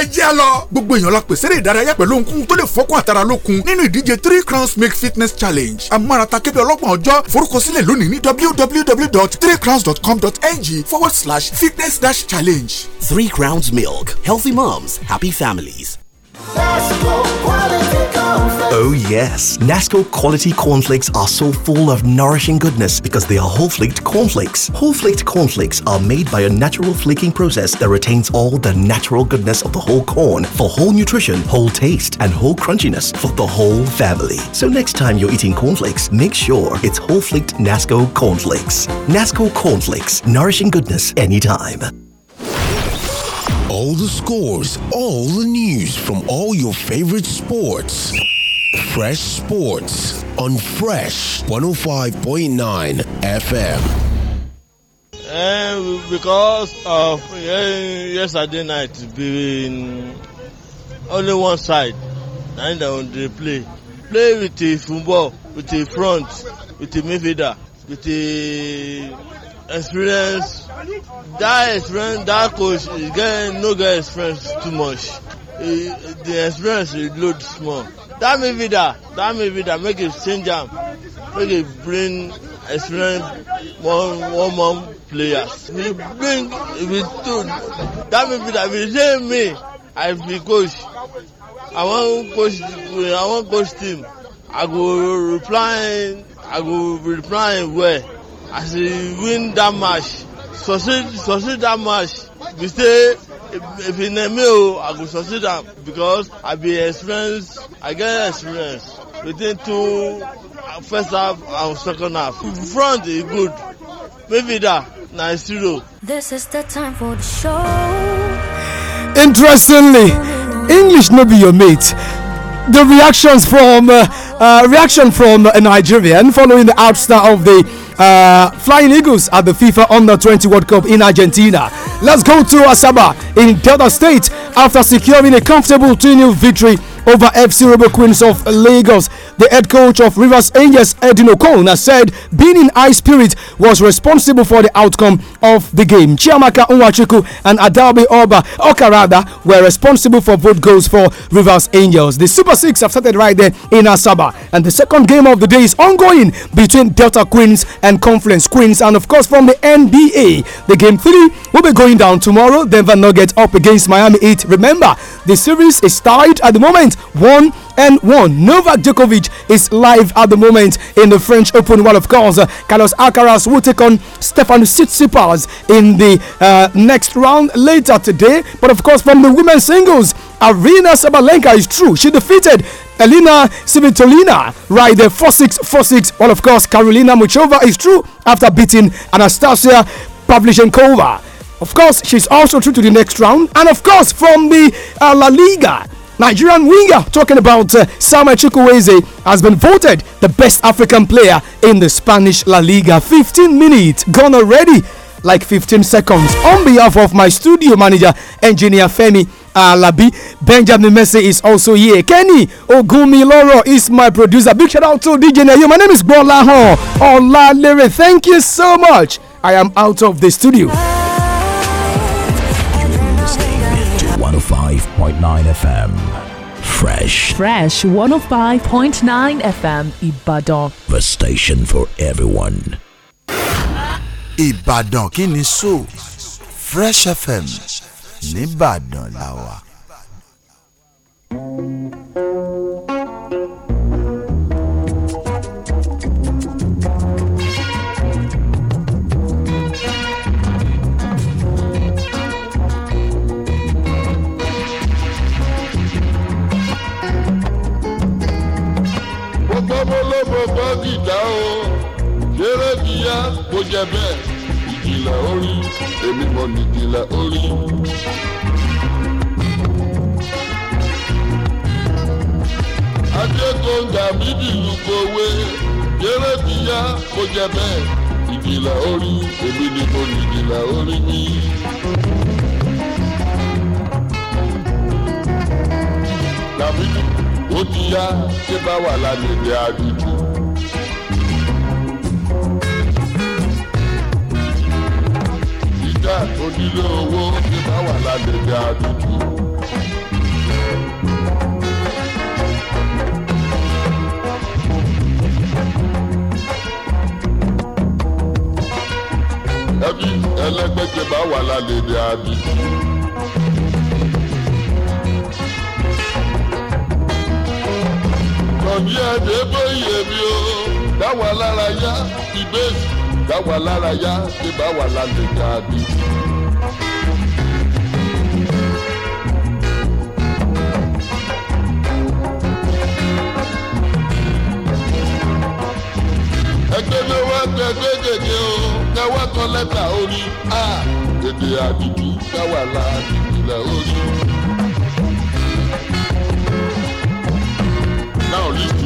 ẹ jẹ́ lọ. gbogbo èèyàn la pèsè eré ìdárayá pẹ̀lú ohunkóhun tó lè fọ́kàn àtàrà lókun nínú ìdíje three crowns make fitness challenge amárata kébé ọlọ́gbọ̀n ọjọ́ forúkọsílẹ̀ lónìí ní www.threecrowns.com.ng forward slash fitness dash challenge. three crowns milk healthy moms happy families. Oh, yes. Nasco quality cornflakes are so full of nourishing goodness because they are whole flaked cornflakes. Whole flaked cornflakes are made by a natural flaking process that retains all the natural goodness of the whole corn for whole nutrition, whole taste, and whole crunchiness for the whole family. So, next time you're eating cornflakes, make sure it's whole flaked Nasco cornflakes. Nasco cornflakes, nourishing goodness anytime. All the scores, all the news from all your favorite sports. Fresh Sports on Fresh 105.9 FM. And eh, because of eh, yesterday night being only one side, and on the play, play with the football, with the front, with the midfielder, with the experience that experience that coach get no get experience too much he, the experience he load small that midfielder that that that make he change am make he bring experience one one more players he bring if he too that midfielder if he say me i be coach i wan coach i wan coach team i go reply i go reply well. I he win that match succeed succeed that match We say if in name me I go succeed am because i be experience i get experience within two uh, first half and second half front is good maybe that na zero. this is the time for the show. interestingly english no be your mate the reactions from uh, uh, reaction from a nigerian following the outstar of the uh, Flying Eagles at the FIFA Under 20 World Cup in Argentina. Let's go to Asaba in Delta State after securing a comfortable 2 0 victory over FC Rebel Queens of Lagos. The head coach of Rivers Angels, Edin O'Connor, said being in high spirit was responsible for the outcome of the game. Chiamaka Unwachiku and Adalbi Oba Okarada were responsible for both goals for Rivers Angels. The Super Six have started right there in Asaba, and the second game of the day is ongoing between Delta Queens and Conference Queens, and of course from the NBA. The game three will be going down tomorrow. Denver Nuggets up against Miami Heat. Remember, the series is tied at the moment 1 and 1. Novak Djokovic is live at the moment in the French Open, while of course, uh, Carlos Alcaraz will take on Stefan Tsitsipas in the uh, next round later today. But of course, from the women's singles, Arena Sabalenka is true. She defeated Elena Svitolina right there 4 6 4 6. Well, of course, Karolina Muchova is true after beating Anastasia Pavlichenkova. Of course, she's also true to the next round. And of course, from the uh, La Liga, Nigerian winger, talking about uh, Samuel Chukwueze, has been voted the best African player in the Spanish La Liga. 15 minutes gone already, like 15 seconds. On behalf of my studio manager, engineer Femi Alabi, Benjamin Messi is also here. Kenny Ogumiloro is my producer. Big shout out to DJ Nayo. My name is Bola Hon Thank you so much. I am out of the studio. 105.9 FM. Fresh. Fresh 105.9 FM Ibadan. The station for everyone. Ibadan kini so. Fresh FM. Nibadan lawa. dìjà o ṣeré dìyà bó jẹ bẹ́ẹ̀ ìjìnlẹ̀ orí èmi mọ̀ nìjìnlẹ̀ orí. adékòǹgà mi dìlù kòwé ṣeré dìyà bó jẹ bẹ́ẹ̀ ìjìnlẹ̀ orí èmi ni mo nìjìnlẹ̀ orí mi. làbí ó ti yá ṣé bá wà lálẹ́ ìdí àdúgbò. Nàìjíríà onílé owó ti bá wà lálejò àdúgbò. ẹbí ẹlẹgbẹjẹ bá wà lálejò àdúgbò. Tọ́jú ẹ̀dẹ́ bóyè mi o, dá wà lára yá, ìbéèsì dá wa bá wa lálẹ́ jáde. ẹgbẹ́ ló wá gbẹ gbẹ́gẹ̀dẹ̀ o káwá kan lẹ́tà orí a èdè àdìdú káwá la orí. Now listen.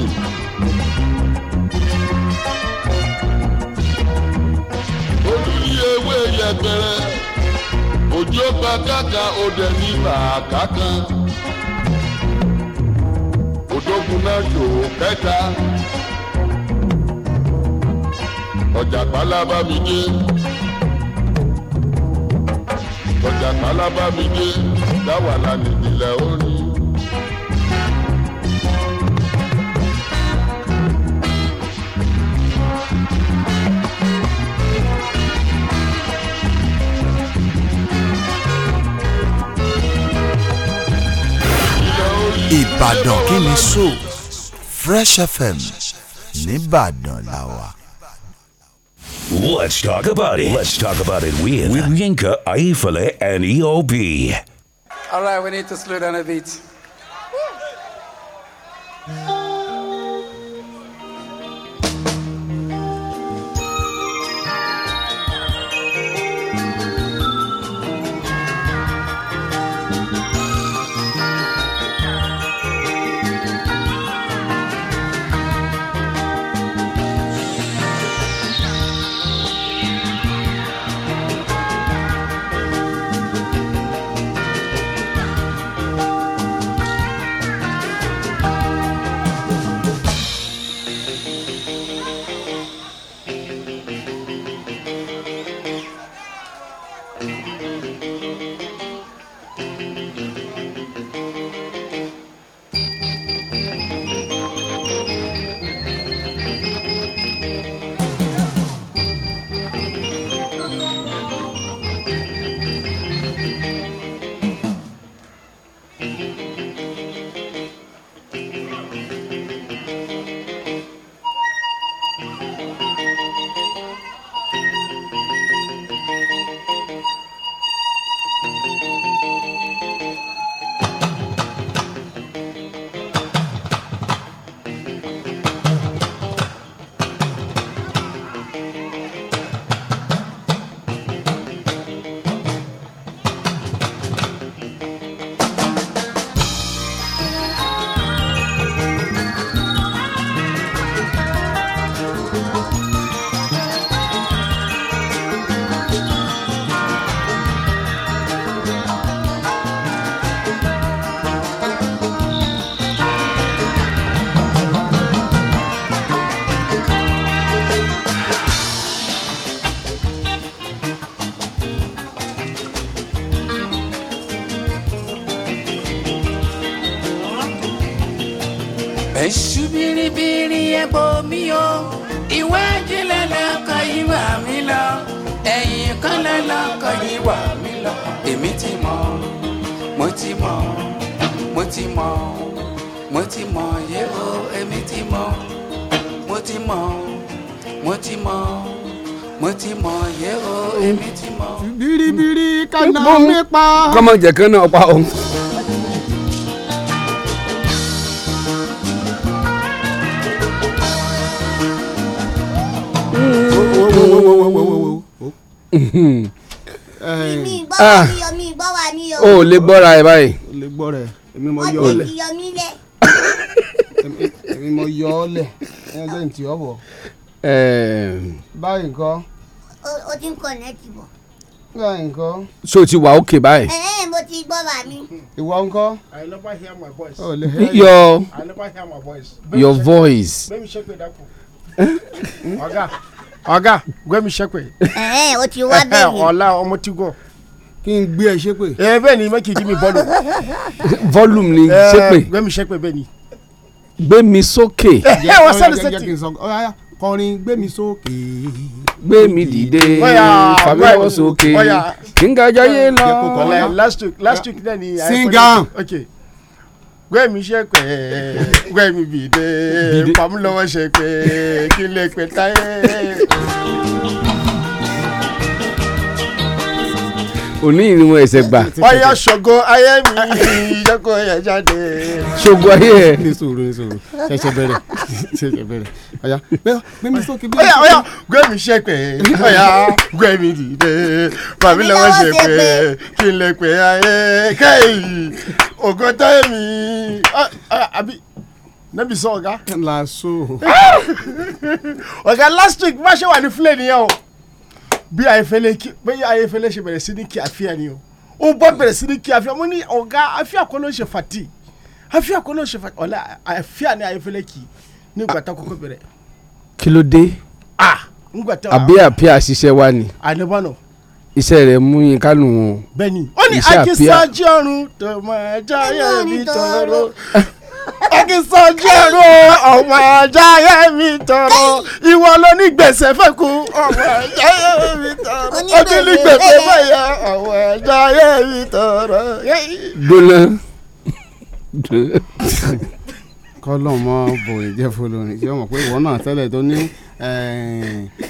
ewé yẹpẹrẹ òjò pa kàkà òdẹ ní bàákà kan òdògùn náà ṣòwò kẹta ọjà pálábá mi dé ọjà pálábá mi dé dáwà lánìí ìlẹ̀ òní. ìbàdàn kí ni so fresh fm nìbàdàn la wà. let's talk about it let's talk about it with, with yinka ayifale and eob. all right we need to slow down a bit. ti mọ̀ mo ti mọ̀ yé o èmi ti mọ̀ mo ti mọ̀ mo ti mọ̀ mo ti mọ̀ yé èmi ti mọ̀. biribiri kana mi kọ́mọ jẹ náà pa òun. Ah. mi gbọ́ wa ni o. o lè gbọ́ra ẹ̀ báyìí. o lè gbọ́ra ẹ̀ èmi mo yọ ọ lẹ èmi mo yọ ọ lẹ ẹ jẹ́ ntì ọ bọ̀. báyìí nǹkan. o ti ń kọ̀nẹ́tì bọ̀. báyìí nǹkan. so ti wà ókè báyìí. ẹ ẹ mo ti gbọ́ bá mi. ìwọ ńkọ́. I never hear my voice. o hear your I never hear my voice. your voice. bẹ́ẹ̀ mi ṣe pé dákun. ọ̀gá ọ̀gá gbẹ́mi ṣe pé. ẹ ẹ o ti wá bẹ́ẹ̀ ni. ọ̀la ọmọ ti gọ̀ kí n gbé ẹ ṣépè. ẹ bẹ́ẹ̀ ni mẹ́kì dí mi volume. volume ni ṣépè. gbé mi ṣépè bẹ́ẹ̀ ni. gbé mi sókè. ẹ wọ sẹ́ni sẹ́tì kọrin gbé mi sókè. gbé mi dìde fàmí lọ sókè kíngà jayé lọ. last week last week náà ni. singa gbẹ̀mí ṣẹ̀pẹ̀ gbẹ̀mí bìde pàmò lọ́wọ́ ṣẹ̀pẹ̀ kí lè pẹ̀ táyé. òní yìí ni mo ẹsẹ̀ gbà. ọyá ṣògo ayé mi yọkọ yẹ jáde. ṣògo ayé ẹ. ní sòrò ní sòrò ṣẹ̀ṣẹ̀ bẹ̀rẹ̀ ṣẹ̀ṣẹ̀ bẹ̀rẹ̀ ọyá gbẹmí sókè bí. ọyá ọyá gbẹmí ṣẹpẹ ọyá gbẹmí dìde bàbí lọ́wọ́ ṣẹpẹ kí n lè pè ayé kẹyì ògùntà mi àbí nẹbi sọ ọgá. ọgá last week má ṣe wà ní flẹ̀ nìyẹn o bí ayefẹlẹ kí bẹyẹ ayefẹlẹ ṣe bẹ̀rẹ̀ sí ní kí àfíà ni o ó bá bẹ̀rẹ̀ sí ní kí àfíà mo ní ọ̀gá àfíà kọ́ ló ṣe fati àfíà kọ́ ló ṣe fati ọ̀la àfíà ni ayefẹlẹ kì ní ìgbà tá bẹ̀rẹ̀. kí ló dé. ah ngbà tá a. àbí àfíà ṣiṣẹ́ wa ni. àníbọ̀nà iṣẹ́ rẹ̀ mú yín kánú wọn. bẹ́ẹ̀ni ó ní akínsájú ọrùn tó máa jáyà nítorò akísanjẹ́rò ọmọ ajáyé mi tọrọ ìwọ ló ní gbèsè fẹ́kù ọmọ ajáyé mi tọrọ ojú ní gbèsè fẹ́yẹ ọmọ ajáyé mi tọrọ. gbólẹ kọlọmọ bòye jẹ fọlọrin kí ọmọ pé ìwọ náà tẹ́lẹ̀ tó ní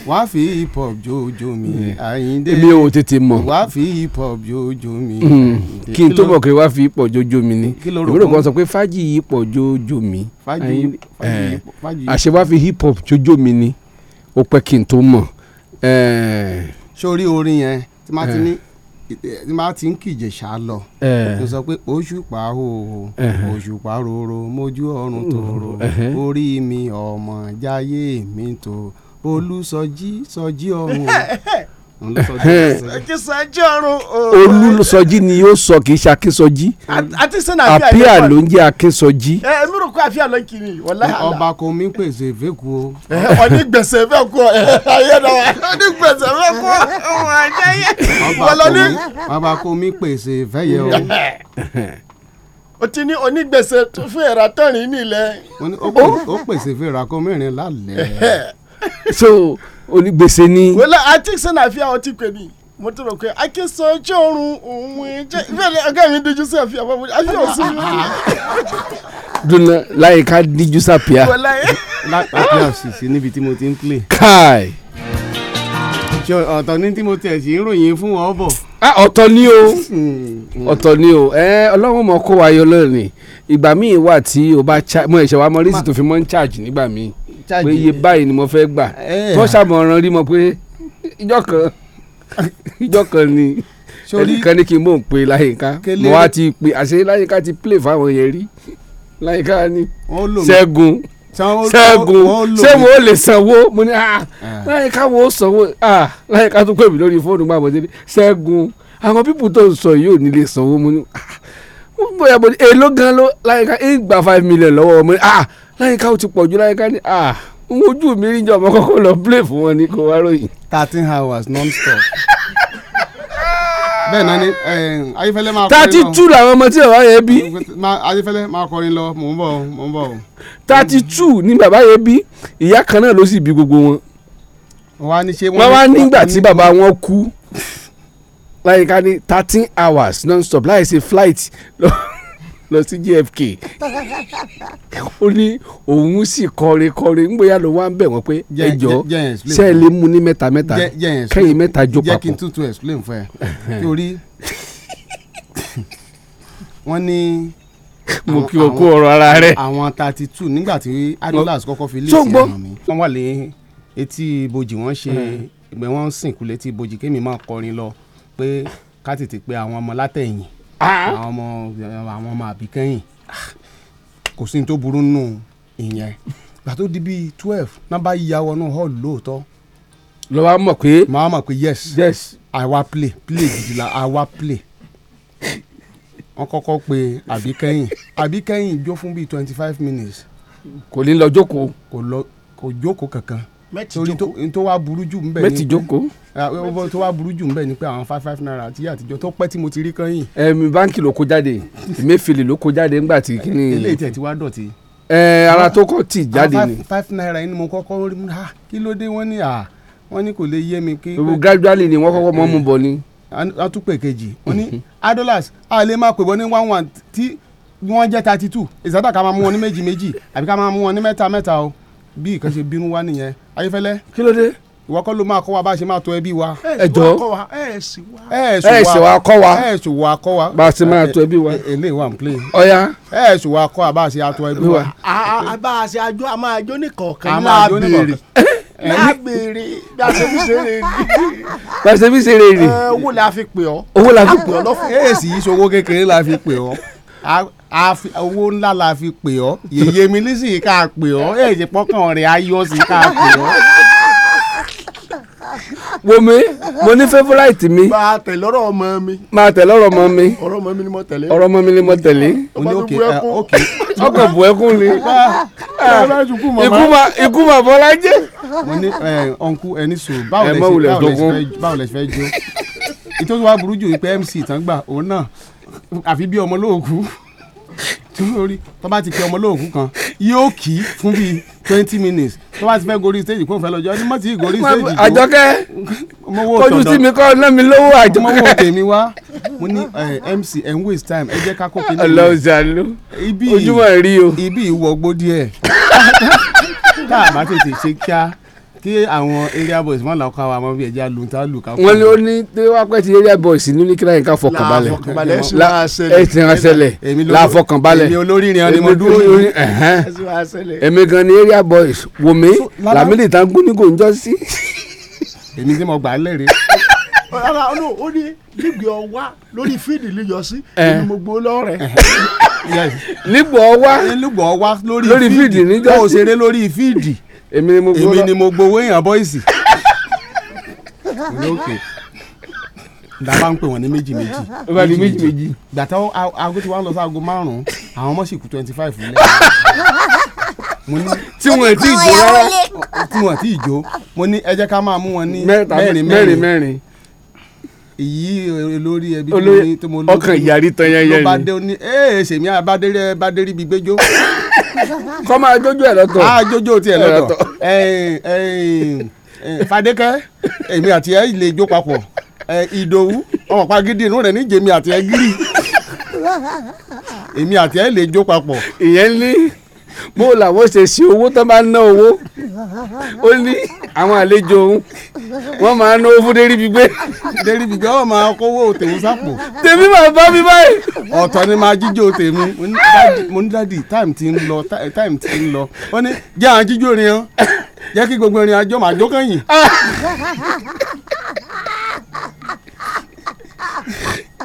wá fi hip hop jojo mi hmm. àyíndé mi ò tètè mọ̀ wá fi hip hop jojo mi. Hmm. kí n tó bọ̀ pé wá fi hip hop jojo mi ni ìwúrò kan sọ pé fájì hip hop jojo mi àṣẹ wá fi hip hop jojo mi ni ó pẹ́ kí n tó mọ̀. sórí orin yẹn tí má ti ní tí máa ti ń kìjẹ̀ṣà lọ tó sọ pé òṣùpá hòhò òṣùpá roro mójú ọ̀run tòrò orí mi ọmọ jáyé mi tò olùsọjí sọjí ọ̀run. akísanjí ọrùn. olùsọjí ni yóò sọ kì í ṣe akísanjí àpíà ló ń jẹ akísanjí. ẹ mi rò pé àfíà ló ń kiri wàláhì. ọba kò mí pèsè ìfẹ́kù o. ọ̀ní gbèsè ìfẹ́kù ayédáwà ọ̀ní gbèsè ìfẹ́kù ọ̀hún ajẹ́yẹ. ọba kò mí pèsè ìfẹ́ yẹ o. o ti ní onígbèsè fún ẹ̀rọ nílẹ̀. ó pèsè fún ẹ̀rọ mẹ́rin lálẹ́. so onígbèsè ni. wọlé àti sẹ́nàfíà ọtí pè ní mo tọrọ pé akínsan ojú oorun òun jẹ bẹ́ẹ̀ ọgá mi dojú sí àfihàn fún mi àfihàn sí mi. dunna láyé ká díjú sàpíà. lápapọ̀ àṣìṣe níbi tí mo ti ń play. káì. ọ̀tọ̀ ní tí mo tẹ̀ sí ìròyìn fún wọn bọ̀. ọ̀tọ̀ ni o hmm. ọ̀tọ̀ ni o ọlọ́run mọ̀ kó wa yọ lónìí ìgbà míì wà tí o bá mọ ìṣẹ̀wá mọ rísì tó fi mọ́ ń charge nígbà míì pé iye báyìí ni mo fẹ́ gbà bọ́ eh. sàmọ̀ràn rí mọ pé ìjọ kan ìjọ kan ni ẹnìkan ní kí n mò ń pe láyìíká mo wá ti pe àṣẹ láyìíká ti play fáwọn yẹn rí láyìíká ni ṣẹ́gun ṣẹ́gun ṣé mo lè sanwó mo ní ah. láyìíká wo sanwó láyìíká tó pè mí lórí fóònù gbà bọ́dé ṣẹ́gun àwọn pípù tó ń sọ yìí ò ní lè sanwó mo ní bóyá bóyá èló gan ló láyìíká ń gba five million lọ́wọ́ mo ní láyìíká ó ti pọ̀ ju láyìíká ní à mi rí jọmọ kọ́kọ́ lọ play fún wọn ní kó wá ròyìn. thirteen hours non-stop. bẹ́ẹ̀ náà ni eh, ayífẹ́lẹ́ máa kọrin lọ. thirty two làwọn ọmọ tí bàbá yẹn bí. ayífẹ́lẹ́ máa kọrin lọ mò ń bọ̀ mò ń bọ̀. thirty two ni bàbá yẹn bí ìyá kan náà ló sì bí gbogbo wọn. wọ́n wá ní ṣé wọ́n wá nígbà tí bàbá wọn kú láyìíká ní thirteen hours non-stop láì ṣe flight lọ lọ sí JFK ó ní òun sì kọrin kọrin ń bóyá ló wá ń bẹ̀ wọ́n pé ẹjọ́ sẹ́ẹ̀lì mú ní mẹ́ta mẹ́ta kẹ́yìn mẹ́ta jó papọ̀. jẹ́ kí n tútù explain fún ẹ torí wọ́n ní. mo kí o kú ọ̀rọ̀ ara rẹ. àwọn thirty two nígbà tí adolars kọ́kọ́ fi lè ṣe àmì wọ́n wà lé etí ibojì wọ́n ṣe hmm. ìgbẹ́ wọ́n sìnkú létí ibojì kémi máa kọrin lọ pé ká tètè pe àwọn ọmọ látẹ̀yìn Ah. àwọn ọmọ àwọn ọmọ àbíkẹ́yìn kò sí ní tó burú nù ìyẹn gbà tó di bíi twelve náà bá yíya wọnú hall lóòótọ́. lọ wá mọ̀ pé. máa mọ̀ pé yes yes i wa play play gidi la i wa play wọ́n kọ́kọ́ pe àbíkẹ́yìn àbíkẹ́yìn jó fún bíi twenty five minutes. kò ní lọ jókòó. kò lọ kò jókòó kankan torí tó wá burú jù ń bẹ ni mẹ́tì jókòó ọbọ ah, tó wá burú jù ń ni pé àwọn five five naira àti àtijọ́ tó pẹ́ tí mo ti rí kẹ́yìn. ẹ̀mí báńkì ló kó jáde Emefiele ló kó jáde ńgbà tí kíni. ilé ìtẹ̀ ti wá dọ̀tí. ẹ eh, ara tó kọ́ tì jáde ni. five naira ni mo kọ́kọ́ rí ah, kí ló dé wọ́n ní à ah, wọ́n ní kò lè yé mi. gradually ni wọ́n kọ́kọ́ mọ́ eh, mú bọ̀ ni atúpè kejì wọ́n ní mhm. adolas a lè máa pè bọ́ ní one one tí wọ́n jẹ́ thirty two ìsádà ká máa mú wọn ní méjì méjì àbí ká máa mú wọn ní mẹ́ta mẹ́ta o bí nǹkan ṣe bínú wá nìyẹn ayéfẹ́lẹ́. kí ló dé. ìwọ kọ́ ló máa kọ́ wa bá a ṣe máa tọ́ ẹbí wa. ẹ jọ ẹ ẹ sì wá kọ́ wa ẹ ẹ sì kọ́ wa bá a ṣe máa tọ́ ẹbí wa. eléyìí wà ń play. ọ̀ya. ẹ ẹ sì wá kọ́ wa bá a ṣe àtọ́ ẹbí wa. E, bá a ṣe àjọ a máa jó nìkọ̀ọ̀kan náà béèrè náà béèrè bí a ṣe fi ṣeré rè. bí a ṣe fi ṣeré rè. owó la fi pè ọ́. owó la fi pè ọ́ lọ́fọ̀ọ́. èsì yìí owó ńlá la fi pè ọ́ yèyé mi ní sì ká pè ọ́ èyí pọ́kàn rẹ̀ ayọ́ sí ká pè ọ́. wo mi mo ní favourite mi. máa tẹ̀ lọ́rọ̀ ọmọ mi. máa tẹ̀ lọ́rọ̀ ọmọ mi. ọ̀rọ̀ ọmọ mi ni mo tẹ̀lé. ọ̀rọ̀ ọmọ mi ni mo tẹ̀lé. o ní òkè òkè ọkọ̀ bu ẹkún ni. Ah, ah. ikú ma bọ́lá jẹ́. mo ní ọ̀nkú ẹni sùn báwo lẹ fẹ́ jó ìtọ́jú wa burú jù ní pé mc tán gbà òun náà àfi bí ọmọ lóòkú lórí tó bá ti pe ọmọ lóògùn kan yóò kì fún bíi twenty minutes tó bá ti fẹ́ gorí stage kó fẹ́ lọ́jọ́ ọdún mọ́ ti gorí stage tó àjọkẹ́ kojú sí mi kọ́ ná mi lówó àjọkẹ́. mo wò tèmi wá mo ní eh, mc ẹ̀ waste time ẹ jẹ́ ká kó kíní. ọlọ́ọ̀zàlú ojúmọ̀ rí o. ibi ìwọ̀gbó díẹ̀ tá bá tètè ṣe kíá tí àwọn area boys wọn làwọn kọ àwọn àmọ́ bí ẹja lu ta lu ká. wọn ní ó ní tí wọn pẹ ti area boys ní ní kíláyìn ká fọkànbalẹ̀ ẹ ti ràn sẹlẹ la fọkànbalẹ̀ èmi olóríire ni mo dúró yìí èmi gan ni area boys wò mí làmìlì tá n gún ní kò ń jọ sí. èmi tí mo gbà á lẹ́rìí. ọ̀la ó ní lígbì ọ̀wá lórí fíìdì líyọ sí èmi mo gbó lọ́rẹ̀ lígbì ọ̀wá lórí fíìdì níjọ́ sí. kó lórí fíìdì èmi ni mo gbowó èmi ni mo gbowó èèyàn bọ́ìsì lókè dàbá ń pè wọ́n ní méjì méjì méjì méjì méjì dàtà aago tí wọ́n lọ sí aago márùn-ún àwọn ọmọ sì kú twenty five lẹ́yìn mo ní tí wọn ti jó rárá tí wọn ti jó mo ní ẹ jẹ́ ká máa mú wọn ní mẹ́rin mẹ́rin mẹ́rin èyí olórí ẹbí tó mo lókè ọkàn ìyàrí tan yẹn yẹn ni ló bá dé ní ẹ ẹ ṣèmi abádérí abádérí bíi gbẹjọ kọ́ máa jójó ẹ̀ lọ́tọ̀. a ah, jójó tiẹ̀ lọ́tọ̀ Fadékẹ́ èmi àti ẹ lè jó papọ̀ Ìdòwú ọmọ pagidi inú rẹ̀ ní jèmi àti ẹ gírì èmi àti ẹ lè jó papọ̀. ìyẹn ní bó làwọn ṣe ṣe owó tó bá ná owó ó ní àwọn àlejò òun wọ́n máa ná owó fún déribi gbé. déribi gbé wọn máa kówó tèmi sápò. tèmi máa bá mi báyìí. ọ̀tọ̀ ni máa jíjó tèmi mo ní dáàdi time, ti ń lọ time, ti ń lọ wọ́n ní jẹ́ àwọn jíjó rin ọ́ jẹ́ kí gbogbo rin àjọ màá jókòyìn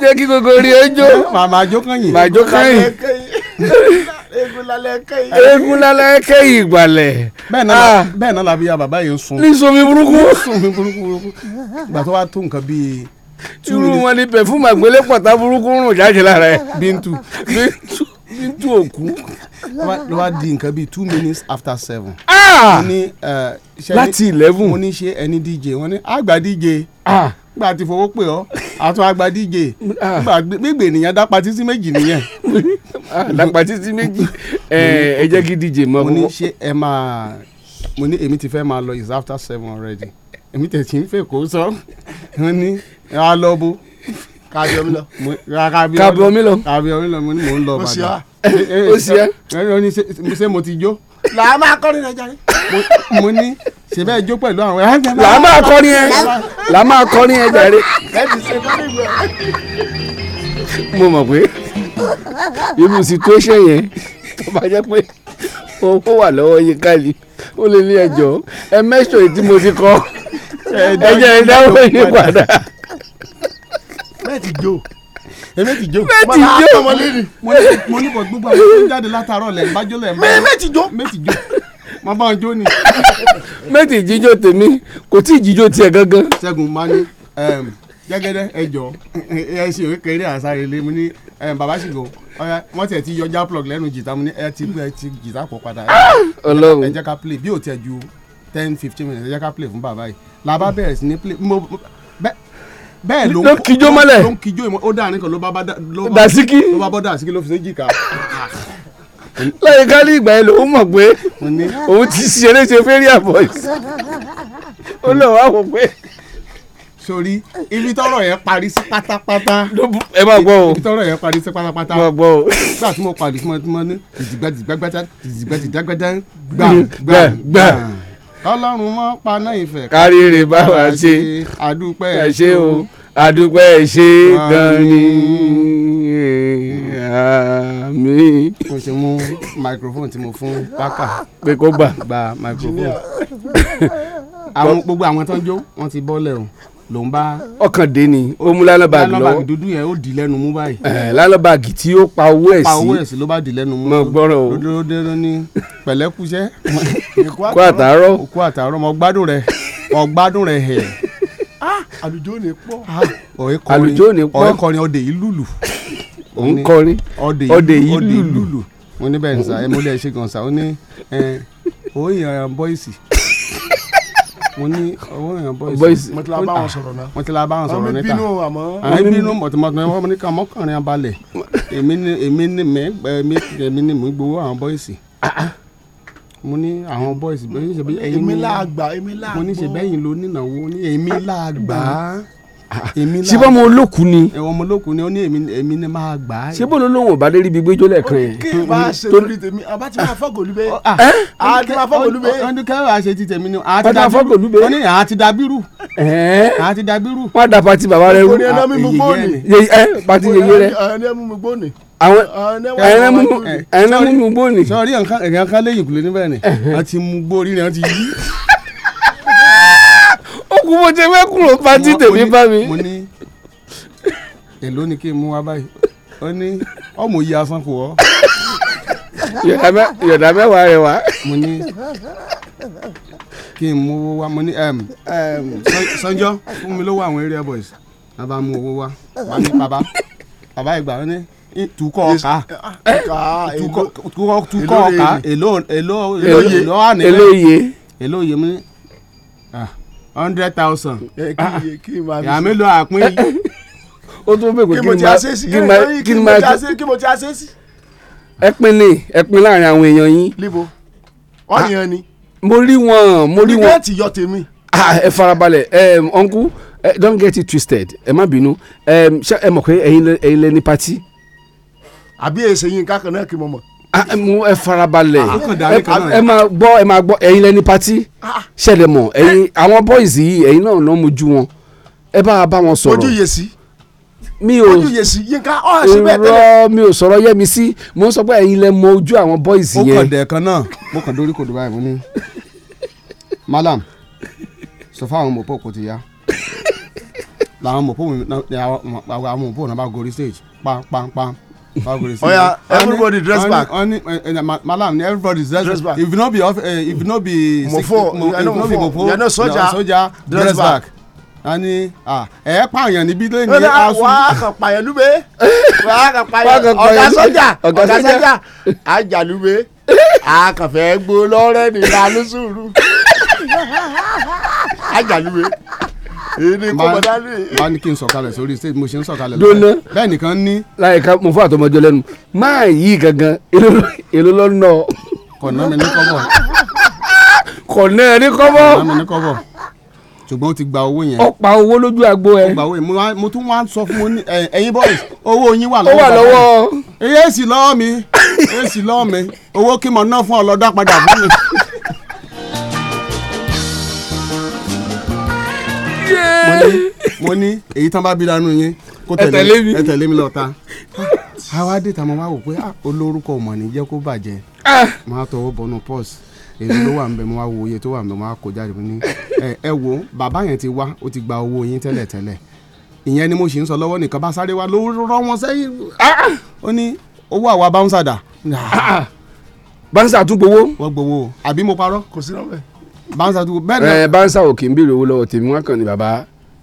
jẹ́ kí gbogbo orí ẹ jó. màmá jó kàn yín. màmá jó kàn yín eégún lálẹ́ kẹ́yìn ìgbàlẹ̀. bẹ́ẹ̀ náà làbí ah. ya bàbá yìí ń sun. ní sunmi burúkú. sunmi burúkú ìgbà tó wá tó nǹkan bíi. irú wọn ni pẹ̀fúmù àgbélépọ̀ tá burúkú rùn jáde lára ẹ̀. bíntu bíntu òkú. ló wá di nǹkan bíi two minutes after seven. Ah! Eh, láti eleven. mo ní ṣe ẹni díje wọn ní àgbà díje. Ah! gba ti fowó pè ọ àtún àgbà dj gbígbé ènìyàn dápa títí méjì nìyẹn. Ah, dápa títí méjì eh, ẹ kí dj mọ. mo ní ṣe ẹ máa mo ní èmi ti fẹ́ máa lọ is after seven already èmi tẹ̀sí ń fẹ́ kó sọ wọn ní a lọ bó kábíọ́mí lọ kábíọ́mí lọ kábíọ́mí mo ní mò ń lọ bàdà. ó ṣe é eh, eh, ó ṣe é ṣé mo ti jó làá máa kọrin rẹ jàre. mo ní ṣe bẹ́ẹ̀ jó pẹ̀lú àwọn ẹ̀. làá máa kọrin ẹ làá máa kọrin ẹ jàre. mo mọ̀ pé irú situation yẹn tó bá jẹ́ pé owó wà lọ́wọ́ yín káàlì ó lè ní ẹjọ́ ẹ mẹ́sọ̀ èyí tí mo ti kọ́ ẹ jẹ́ ẹ dáwọ́ yín padà. bẹ́ẹ̀ ti jó èmi ti jó méjì jó mo ní bọ̀ gbogbo àwọn tó ń jáde látàárọ̀ lẹ̀ ń bá jó lẹ̀ ń bá jó méjì jó méjì jó mo bá wọn jó ni. méjì jíjó tèmi kò tí ì jíjó tiẹ̀ gangan. ṣẹ́gun máa ní jẹ́gẹ́dẹ́ ẹjọ́ ẹ ṣe òwe kéré àṣà ilé mi ní bàbá ṣìgò wọ́n tiẹ̀ ti yọ jáplọ̀g lẹ́nu jìtá mu ní ẹ ti gbé ẹ ti jìtá pọ̀ padà ah! ẹ jẹ́ ká play bí ò tẹ̀ ju ten fifteen minutes ẹ jẹ́ ká play fún bàbá yìí làbá bẹ̀rẹ̀ sí ní play bẹ́ẹ̀ ló ń kijó mọ́lẹ̀ ló ń kijó ìmọ̀ ó dà nìkan ló bá bá dasiki ló bá bọ́ dasiki ló fi ṣe jìkà. lẹ́yìn ká ní ìgbà yẹn lòun mọ̀ pé ah. òun ti ṣeré ṣe fẹ́ríà boys ó lọ wá wò pé. sori ibi tọrọ yẹn parí sí pátápátá. ẹ máa gbọ́ o ibi tọrọ yẹn parí sí pátápátá. máa gbọ́ o. nígbà tí mo pàdé tí mo ní ìdìgbàdìgbàgbàdà ìdìgbàdìgbàgbàdà gbàm gbàm gbàm ọlọ́run mọ́ paná ìfẹ́. kárìrì bá wa ṣe àdúpẹ́ ẹ̀ ṣe o àdúpẹ́ ẹ̀ ṣe gan ni àmì. mo ṣe mú microphone tí mo fún pákà. pé kó gbà. gba microphone. àwọn gbogbo àwọn tó ń jó wọn ti bọ́lẹ̀ o ló ń bá. ọkàn dé ni ó mú lálọ́bàgì lọ́wọ́ lálọ́bàgì dúdú yẹn ó di lẹ́nu mú báyìí. ẹ lálọ́bàgì tí ó pa owó ẹ̀ sí. pa owó ẹ̀ sí ló bá di lẹ́nu mú. mo gbọ́rọ̀ o ló dúró ní pẹ̀lẹ́kùṣẹ́. kó àtàárọ̀ kó àtàárọ̀ mo gbádùn rẹ mo gbádùn rẹ hẹ̀. Ah, àlùjọ ò ní ah, ọ̀rẹ́ kọrin ọdẹ yìí lùlù. òun kọrin ọdẹ yìí lùlù. mo ní bẹ́ẹ̀ ní sá ẹ mo lé ẹ ṣe gan sá ó ní ó yàn bọ́ìsì mo ní ọwọ́ èèyàn bọ́ìsì mo ti la bá wọn ah, sọ̀rọ̀ náà mo ti la bá wọn sọ̀rọ̀ níta àwọn bínú àmọ́ àwọn bínú mọ̀tìmọ̀tì wọn ní ká mọ́kànrin abalẹ̀ èmi ní èmi ní mẹ́ èmi èmi ní mò ń gbowó àwọn bọ́ìsì mo ní àwọn bọ́ìsì bẹ́ẹ̀ ṣe bí ẹ̀yin èmi láàgbà èmi láàgbà mo ní ṣe bẹ́yìn ló nínáwó ní èmi láàgbà èmi mo síbọ̀ ọmọ olókùn ni. ẹ̀wọ̀n ọmọ olókùn ni ó ní èmi ni máa gbà á. síbọ̀ ló lóun ò bá lérí ibi gbẹ́jọ́ lẹ́ẹ̀kan yẹn. kí n bá ṣe torí tèmi àbá ti máa fọ́gò lúbe. a ti máa fọ́gò lúbe. wọ́n ní kẹ́rọ àṣẹ ti tèmi ni. a ti fọ́gò lúbe. wọ́n ní a ti da bírù. a ti da bírù. wọ́n á da pati bàbá rẹ rú. orí ẹni mímu gbóòní. pati yeye rẹ. ẹni mímu gbóòní àwọn ẹ̀rẹ́ mímu gbóòní. sọ ó kú bó ṣe fẹ́ kúrò pátí tèmi bá mi. mo ní èló ni kí n mú wá báyìí ó ní ọmọ yìí asán kò ọ. yọ̀dà mẹ́wàá rẹ̀ wá. mo ní kí n mú owó wá mo ní sanjọ fún mi lówó àwọn area boys bàbá mú owó wá wá ní bàbá bàbá ìgbà wọn ní tukọ ọka tukọ ọka èlò èlò èlò àná èlò iye èlò iye mi ní hundred thousand. yàrá mélòó àpín yìí. ó tún bẹ̀ pé kí n máa kí n máa kí mo ti ṣe sí. ẹ pin ni ẹ pin láàrin àwọn èèyàn yín. libo wọ́n yàn ah, ni. mo rí wọn mo rí wọn. nígbà tí yọ tèmi. Ah, ẹ farabalẹ̀ ọ̀nkú eh, don't get it twisted ẹ má bínú ẹ mọ̀ pé ẹ̀yin lẹ ní pati. àbí èsè yín kákan náà kí mo mọ̀ ẹ farabalẹ̀ ah, ẹ máa gbọ́ ẹ máa gbọ́ ẹ̀yin lẹni pati ah, ah. ṣẹlẹ̀ mọ̀ ẹ̀yin àwọn boys yìí ẹ̀yin náà náà mojú wọn ẹ bá bá wọn sọ̀rọ̀ ojú yẹ sí mi ò irọ́ mi ò sọ̀rọ̀ yẹ mi sí mo ń sọ pé ẹ̀yin lẹ mọ ojú àwọn boys yẹn. mo kàn dẹ̀ kan náà mo kàn dórí kòdó báyìí mo ní madam sọ fáwọn ọmọ òpó kò ti yá làwọn ọmọ òpó náà bá gorí stage pam pam pam oya oh, everybody dress back. Eh, eh, Malam, everybody dress back if you no be eh, if you no be mofo if you no be mofo you no soja dress back a ní ah, ẹ pààyàn níbí lẹ́yìn ní asu. wàá kàn pààyàn lúbẹ́ wàá kàn pààyàn soja. sọ́jà ọ̀gá sọ́jà àjà lúbẹ́ àkànfẹ́ gbó lọ́rẹ́ nìlá lóṣùrù àjà lube èdè kọmọdálì. bá ní kí n sọ̀kalẹ̀ sórí stage mo ṣe ń sọ̀kalẹ̀ lọ́wọ́ bẹ́ẹ̀ nìkan ní. láyìíká mo fún àtọmọjọ lẹ́nu máa yí gangan èló lọ́nà. kọ̀nà mi ní kọ́bọ̀. kọ̀nà ní kọ́bọ̀. kọ̀nà mi ní kọ́bọ̀ ṣùgbọ́n ó ti gba owó yẹn. ó pa owó lójú agbo ẹ. ó gba owó yẹn mo tún wá sọ fún mo ní boys owó yín wà lọ́wọ́. ó wà lọ́wọ́. èyí èsì lọ́wọ́ mi èsì lọ́wọ́ mi owó kí mo ná fún ọlọ́dá padà fún mi. mo ní èyí tán bá bí dànù yín kó tẹ̀lé mi ẹ tẹ̀lé mi lọ́ta àwa dé tàmí wá wò pé ah, olórúkọ ọmọ ní jẹ́ kó bàjẹ́ ah! máa tọwọ́ bọnú pọ́ọ̀sì èyí ló wà ń bẹ mo wá wo iye tó wà ń bẹ mo wá kó jáde ní ẹ wo bàbá yẹn ti wá ó ti gba owó yín tẹ́lẹ̀ tẹ́lẹ̀ ìyẹn ni mo sì ń sọ lọ́wọ́ nìkan bá sáré wa ló rọ́ wọn sẹ́yìn ah! ó ní owó àwa báńsà dà. báńsà tún gbowó. wọ́n gbowó àbí mo parọ́. kò sí lọ́wọ́ ẹ̀ bánsá tó bẹ́ẹ̀ náà. ẹ bánsá ò kì í béèrè owó lọ́wọ́ tèmi wọn kàn ní baba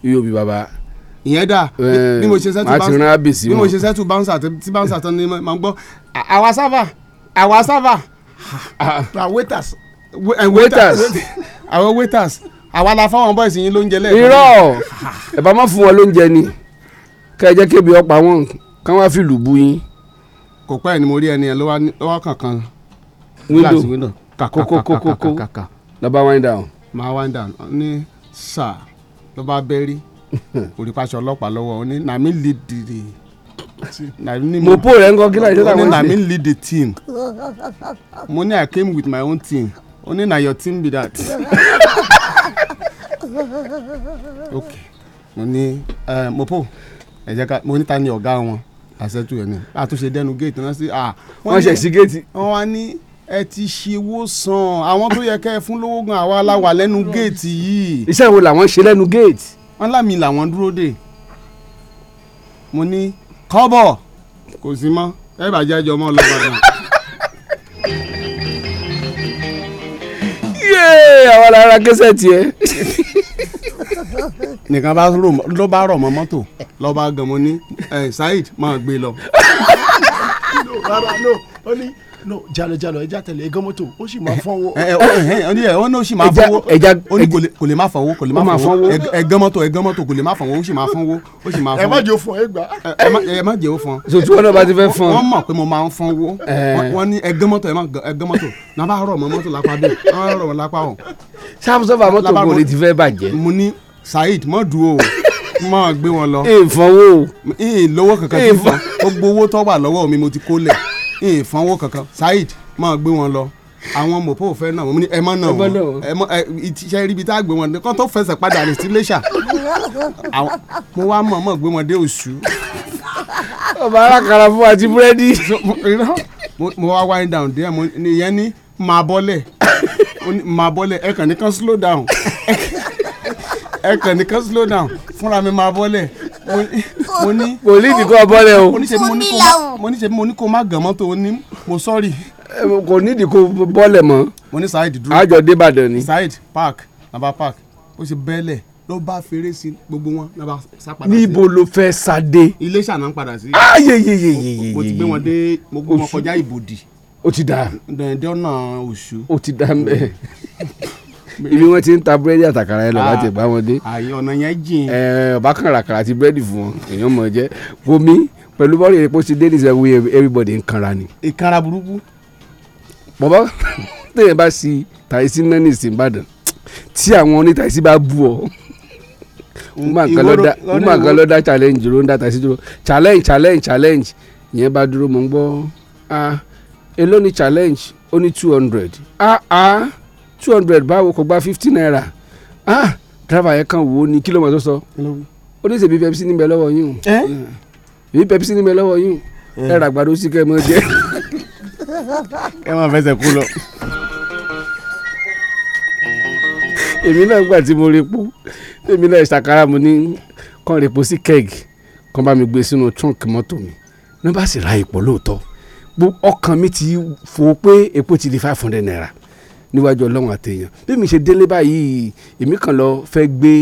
iyobi baba. ìyẹn dà bí mo ṣe sẹ́tù bánsá bí mo ṣe sẹ́tù bánsá tí bánsá tán ni màá gbọ́ àwa sáfà àwa sáfà ah, waiters eh, àwọn waiters àwa la fáwọn bọ́ọ̀sì yín lóúnjẹ lẹ́ẹ̀kan. irọ́ ẹ bá má fún wọn lóúnjẹ ni kẹ́ ẹ jẹ́ kébi ọ̀pá wọn kán wá fìlù bu yín. kò pẹ́ ni mo rí ẹni yẹn ló kankan. window kàkókókókókó lọ bá wind down. máa wind down ní sáà ló bá bẹ́rí òrìpàṣẹ ọlọ́pàá lọ́wọ́ ó ní na mi lead the team. mo po rẹ ń kílà ìjọba wọn ó ní na lead the team mo ní i came with my own team ó ní na your team be that. ok mo ní eh, mo po ẹ jẹ́ ká mo ní ta ni ọ̀gá wọn àṣẹ tu ẹ̀ ní àtúnṣe dẹnu géètì náà sí. Ah, wọ́n ṣẹ̀ sí géètì. wọ́n wá ní ẹ ti ṣèwọ sàn àwọn tó yẹ kẹ́ ẹ fún lówó gan àwa la wà lẹ́nu géètì yìí. iṣẹ́ wo làwọn ṣe lẹ́nu géètì. wọ́n lámì làwọn dúró dè mo ní kọ́bọ̀ kò sí mọ́ ẹ bàjẹ́ jọ mọ́ lọ́gbàdàn. yéé àwọn ará kẹsẹ̀ tiẹ̀. nìkan bá ló bá rọ̀ mọ́ mọ́tò lọ́ba gan mo ní saheed máa gbé lọ. no jalojalo ẹja tẹlẹ ẹgán mọ́tò ó sì máa fọwọ́. ẹ ẹ ó ní ó sì máa fọwọ́ ó ní kò lè má fọwọ́ kò lè má fọwọ́ ẹgán mọ́tò ẹgán mọ́tò kò lè má fọwọ́ ó sì máa fọwọ́ ó sì máa fọwọ́. ẹ má jẹ́ òfun ẹ gbà. ẹ má jẹ́ òfun. sotu wọn náà bá ti fẹ́ fún. wọ́n mọ̀ pé mo máa ń fọwọ́ wọ́n ní ẹgán mọ́tò ẹgán mọ́tò náà bá rọ̀ mọ́ mọ́tò lápá bí wọ́n rọ̀ mọ́ lápá ọ̀. sáfùsọ́fà mọ́tò mo lè ti fẹ́ bàjẹ́. mo ní Saheed mọ́ dùn o máa gbé wọn lọ. ìfọwọ́. ìlówó kankan ti fọ gbogbo owó tó wà lọ́wọ́ mi mo ti kó lẹ̀ ìfọwọ́ kankan Saheed máa gbé wọn lọ àwọn mọ̀pọ̀ fẹ́ náà mo ní ẹ mọ̀ náà wọn ẹ mọ̀ ẹ iṣẹ́ ibi tá a gbé wọn ní kán tó fẹsẹ̀ padà rè sí Iléṣà mo wá mọ̀ mọ̀ gbé wọn dé Ọ̀ṣù. ọba alákàrà fún àti búrẹ́dì. mo wá wind down díẹ̀ mo ìyẹn ní máa bọ́lẹ̀ máa bọ́lẹ̀ ẹ kàn ní kán slow down ẹ kàn ní kán slow down fúnra mi máa bọ́lẹ̀ mo ní. kò ní ìdíkọ́ bọ́lẹ̀ o. mo ní sẹ́mi mo ní kó má gàn mọ́tò o ní mo sọ́ọ̀rì. kò ní ìdíkọ́ bọ́lẹ̀ mọ́. mo ní side, dúró. àjọ débàdàn ni. Saheed park naba park ó ṣe bẹ́lẹ̀ ló bá fèrè sí gbogbo wọn náà bá sá padà sí. níbo ló fẹ́ sáde. iléṣà náà ń padà sí. ayé ah, yé yé yé yé. mo ti gbé wọn dé mo gbé wọn kọjá ìbòdì. o ti da. dẹ̀ndẹ́ ọ̀nà oṣù. o ti da mbẹ́. ibi wọn ti ń ta búrẹ́dì àtàkàrà yẹn lọ láti ah, bá wọn dé. àyè ọ̀nà yẹn jìn. ẹ ọba kan ràkàrà àti búrẹ́dì fún wọn èèyàn mọ̀ jẹ́ bomi pẹ̀lú bọ́ọ̀lù yẹn pósí dé nìṣẹ́ wí everybody ń kanra ni. ìkanra burúkú. bọ́bá téèyàn bá sí tàìsí náà ní ìsìn Ìbàdàn tí àwọn onítàìsí bá bú ọ wúmà kan lọ́dá challenge ló ń dá tàìsí dúró challenge challenge challenge ìyẹn bá dúró mọ̀ ń gbọ́ ah èló challenge ó ní two hundred ah ah two hundred báwo kò gba fifteen naira ah driver yẹn kan wò ó ní kí ló mọ̀ tó sọ ó ní ṣebí pepsi níbẹ̀ lọ́wọ́ yín o ṣebí pepsi níbẹ̀ lọ́wọ́ yín o ẹ rà àgbàdo sí kẹ́ ẹ mọ jẹ. ẹ máa fẹsẹ̀ kú lọ. èmi náà gbà tí mo repo èmi náà ìṣàkárà mo ní kàn repo sí keg kàn bá mi gbé sínú trunk mọ́tò mi ní bá sì ra ipò lóòótọ́ ọkàn mi ti fò pé epo ti di five hundred naira níwájú ọlọ́run àtẹ̀yàn bí mi ṣe délé báyìí èmi kàn lọ fẹ́ gbé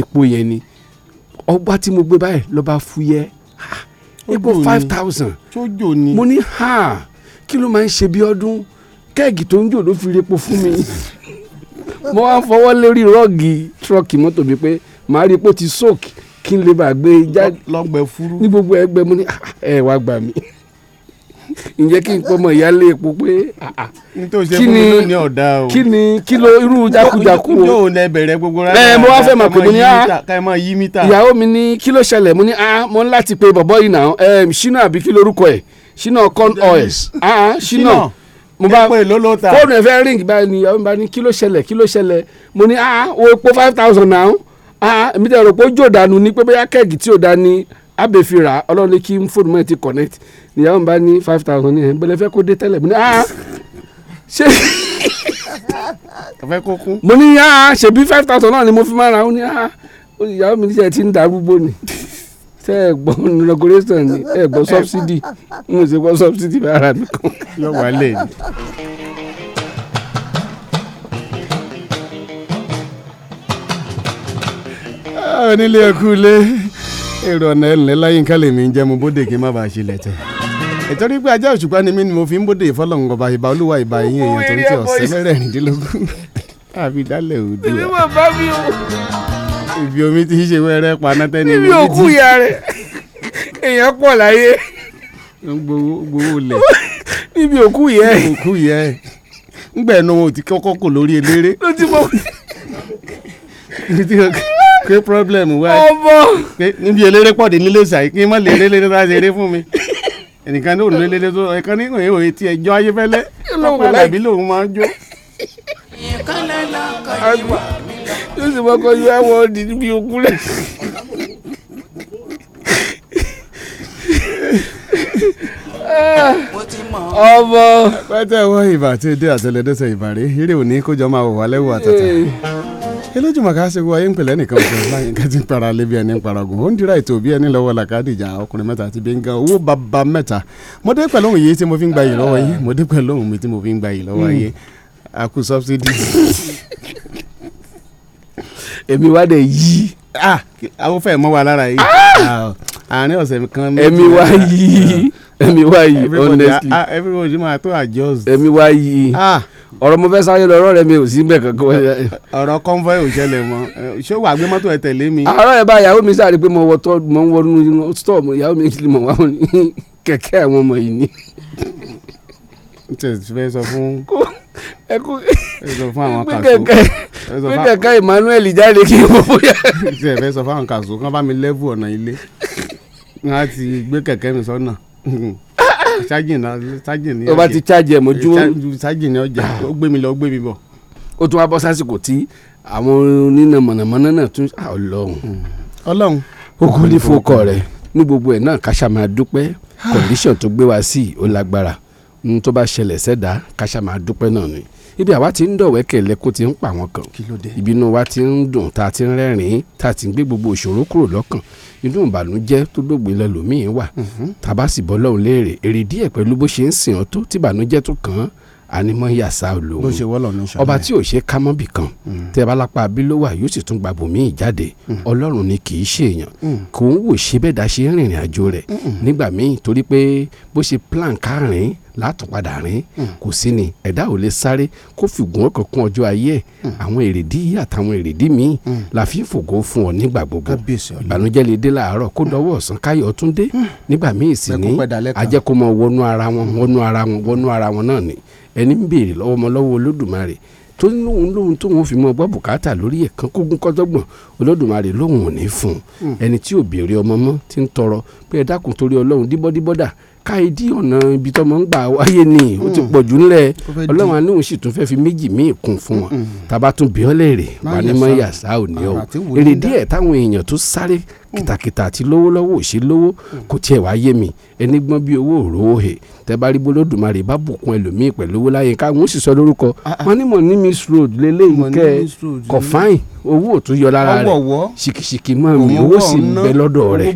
epo yẹn ni ọgbà tí mo gbé báyìí ló bá fúyẹ́ ah, epo five thousand mo ní ha kí ló máa ń ṣe bí ọdún kẹ́ẹ̀gì tó ń jò ló fi repo fún mi mo wá fọwọ́ lórí rọ́ọ̀gì tírọ́ọ̀kì mọ́tò mi pé màá rí i pé ó ti soak kí n lè bàa gbé jáde ní gbogbo ẹgbẹ́ mo ní ah, ẹ wá gbà mí ǹjẹ́ kí n pọmọ ìyáálé epo pé ah, ah. kí ni kí ni kí ló irú jákujàku o bẹ́ẹ̀ mo wá fẹ́ mọ̀ pé mo ní a ah, ìyàwó mi ní kí ló ṣẹlẹ̀ mo ní a mo ń láti pe bọ̀bọ́ yìí náà ṣínà àbí kí lorúkọ ẹ̀ ṣínà corn oil ṣínà mo bá fóònù ẹ fẹ́ ring báyìí ni ìyàwó mi bá ní kí ló ṣẹlẹ̀ kí ló ṣẹlẹ̀ mo ní a wo epo five thousand náà a èmi tẹ̀ rò pé ó jò dànù ni pé bóyá kẹ́ẹ̀gì tí ò dání abẹ́fira ọlọ́run ní kí n fóònù mọ́ ẹ ti connect níyàwó mi bá ní five thousand ní ẹ bẹ́lẹ̀ fẹ́ kó dé tẹ́lẹ̀ mi ní ah ṣé kàfẹ́ kó kún. mo ní ah ṣèbí five thousand náà ni mo fi máa ra ó ní ah ìyàwó mi ṣe ti ń darúgbó ni tẹ ẹ gbọ́ inauguration ni ẹ gbọ́ subsidy mo ṣe gbọ́ subsidy lára mi kan. yọ wà lẹ́yìn. onílé ẹkú lé. èrò ọ̀nà ẹ̀lẹ́ láyé nǹkan lèmi ń jẹ́ bóde kí n má ṣe lẹ́tẹ̀. pé ajá òṣùpá ni fi ń bóde ìfọlọ́hún ọba ìbá olúwa ìbá ẹ̀yìn èèyàn torí ti ọ̀sẹ̀ àbí dálẹ̀ mi o. ibi omi ti ṣe paná tẹ́ni mi. òkú ya rẹ̀ èèyàn pọ̀ láyé. gbowó níbi òkú yẹ. òkú yẹ. ti kọ́kọ́ kò lórí eléré. pé problem wá pé níbi eléré pọ̀dé nílé ṣàyí kí n má lè eré léré láti eré fún mi ẹnìkan ní òun lélẹ́ tó ẹ̀kan nínú èèyàn etí ẹjọ́ ayéfẹ́lẹ́ pápá dàbí lòun máa ń jó. àgbà yóò sì mọ́kọ́ yóò á wọ́n níbi okú rẹ̀. ọmọ pẹ́tẹ́ wọ ìbà tí dé àtẹlẹdẹsẹ̀ ìbàrẹ̀ eré òní kójọ máa wọ̀ wá lẹ́wọ̀ àtàtà. Hmm elójúmọ̀ ká ṣe wo ayé ń pèlẹ́ nìkan ọ̀sẹ̀ láyé nǹkan ti ń para lé bí ẹni ń paragun ó ń dira ètò òbí ẹni lọ́wọ́ làkàdìjà ọkùnrin mẹ́ta àti bẹ́ńgá owó bàbá mẹ́ta mo dé pẹ̀lú òun yìí tí mo fi ń gba yìí lọ́wọ́ yìí mo dé pẹ̀lú òun mi tí mo fi ń gba yìí lọ́wọ́ yìí a sọ́bsidì. èmi wá dé yí àwọn ah, fẹ́ẹ̀ mọ́ wa lára yìí. Ah! Ah, àárín ọ̀sẹ̀ kan. ẹ̀mí wá yìí ẹ̀mí wá yìí honestly ah, everybody máa tó adjust. ẹ̀mí wá yìí ah. ọ̀rọ̀ mo fẹ́ sáré lọ ọ̀rọ̀ rẹ mi ò sí bẹ́ẹ̀ kankan. ọ̀rọ̀ convoy ò ṣẹlẹ̀ mọ́ eh, ṣé wàá gbé mọ́tò ẹ tẹ̀lé mi. àárọ̀ ẹ̀ bá ìyàwó mi sáré pé mo wọ tọ́ mo ń wọnú stọ̀ mo ìyàwó mi kìlì mọ̀ wáhùn ní kẹ̀kẹ́ àwọn ọmọ yìí ni. tẹ̀sí fẹ́ sọ fún. ẹ kú ẹ sọ fún àwọn kàṣó pé kẹ̀kẹ́ Emmanuel jáde kí n fọ́ fún yà. ṣe ẹ fẹ́ sọ fáwọn kàṣó kán bá mi lẹ́vù ọ̀nà ilé wọn ti gbé kẹ̀kẹ́ mi sọ́nà ṣáàjì náà ṣáàjì ní ọjà ọba ti ṣáàjì ẹ̀ mọ́júmọ́ ṣáàjì ní ọjà ó gbé mi lọ ó gbé mi bọ̀. ó tún wá bọ́ sásìkò tí àwọn onínà mọ̀nàmọ́ná náà tún ah, ọlọ́run ọlọ́run ògo ní fọkọ rẹ ní gbogbo ẹ̀ náà káṣá máa dúpẹ́ ah. condition tó gbé wá sí ó lágbára ohun tó bá ṣẹlẹ̀ sẹ́dá káṣá máa dúpẹ́ náà ni ibi àwa ti ń dọ̀wẹ́kẹ̀ lẹ́kọ́ ti ń pa wọn kan ìbínú wa ti ń dùn tá ti ń rẹ́rìn-ín tá ti ń gbé gbogbo ìṣòro kúrò lọ́kàn inú ìbànújẹ́ tó dògbé lẹ́lòmíín wà mhm. tàbá sì bọ́ lọ́hùn léèrè èrè díẹ̀ pẹ̀lú bó ṣe ń sìn ọ́ tó tìbànújẹ́ tó kàn án ànímọ́ yàsá lòun ọba tí ò ṣe ká mọ́bì kan hmm. tẹ́ ẹ bá lápá abílówà yóò sì tún gba bòmíì jáde hmm. ọlọ́run ni kì í ṣe èèyàn hmm. kò ń wò ṣe bẹ́ẹ̀ dá rìnrìn àjò rẹ̀ nígbà míì torí pé bó ṣe plan kárìn látọ̀padà rìn kò sí ni ẹ̀dá ò lè sáré kó fìgùn ọkàn kún ọjọ́ ayé ẹ̀ àwọn èrèdí yìí àtàwọn èrèdí míì la fi ń fògo fún ọ nígbà gbogbo ìbànújẹ́ lè dé láàárọ̀ kó dọwọ́ ọ̀sán káyọ̀ tún dé nígbà míì sì ní ajẹ́kọ̀ọ́ wọnú ara wọn wọnú ara wọn wọnú ara wọn náà ni ẹni ń béèrè lọ́wọ́ ọmọ lọ́wọ́ olódùmarè tó ní lóhun lóhun tóun fi mọ gbọ́ bùkátà lórí ẹ̀kan kógún kọ́dọ́gbọ̀n olódùmarè lóhun ò ní fún un hmm. ẹni tí ò béèrè ọmọ mọ́ ti ń tọrọ pé ẹ dákun torí ọlọ́run díbọ́díbọ́dà káyidí ọ̀nà ibi tọ́mọ ń gbà wáyé ni ó ti hmm. pọ̀ jù ńlẹ̀ ọlọ́run aníhùn sì tún fẹ́ẹ́ fi méjì míì kún fún wọn hmm. tàbá tún bí ọlẹ́rẹ̀ wà ní mọ́ yàtsá òní o èrè díẹ̀ táwọn èèyàn tó sáré kìtàkìtà àti lówólọ́wọ́ òṣèlówó kò tiẹ̀ wáyé mi ẹni gbọ́n bí owó òróró hè tẹ́ bá rí bolódùmarè bá bùkún ẹlòmíì pẹ̀lú owó láyé ká wọ́n sì sọ lórúkọ ah, ah. wọn ní mọ̀ ní miss road lélẹ́yìn kẹ́ kọ̀fáìn owó ò tún yọ lára rẹ̀ ṣìkìṣìkì mọ́ mi owó sì ń bẹ lọ́dọ̀ rẹ̀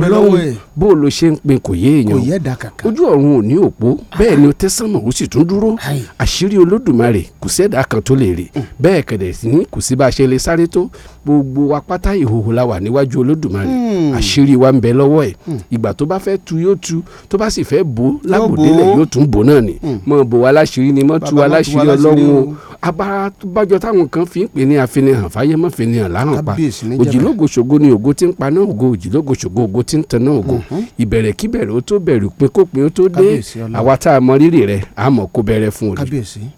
ọlọ́run bó ló ṣe ń pin kò yé èèyàn ojú ọ̀run ò ní òpó ah. bẹ́ẹ̀ ni o tẹ́sán mọ̀ ó sì tún dúró àṣírí olódùmarè kò sẹ́dá kan tó lè rè mm. bẹ́ẹ̀ kẹ̀dẹ̀ ní kò sí bá a ṣe lè sáré tó gbogbo wa ìhòhò la wà níwájú olódùmarè hmm. àṣírí wa ń bẹ lọ́wọ́ ẹ̀ hmm. ìgbà tó bá fẹ́ tu yóò tu tó bá sì fẹ́ bò lábòdélẹ̀ yóò tún bò náà ni hmm. mọ̀ bò wá láṣìírí ni mọ̀ tu wá láṣìírí ọlọ́run o abara bájọ táwọn kan fi ń pè ní àfinihàn fáyẹmọ́ finihàn láràn pa òjìlógo ṣògo ni ògo ti ń paná ògo òjìlógo ṣògo ògo ti ń taná ògo mhm. ìbẹ̀rẹ̀ kí bẹ̀rẹ̀ ó tó bẹ̀rù pé kó pin ó tó dé àwa tá a mọ rírì rẹ̀ a mọ̀ kó bẹ̀rẹ̀ fún òde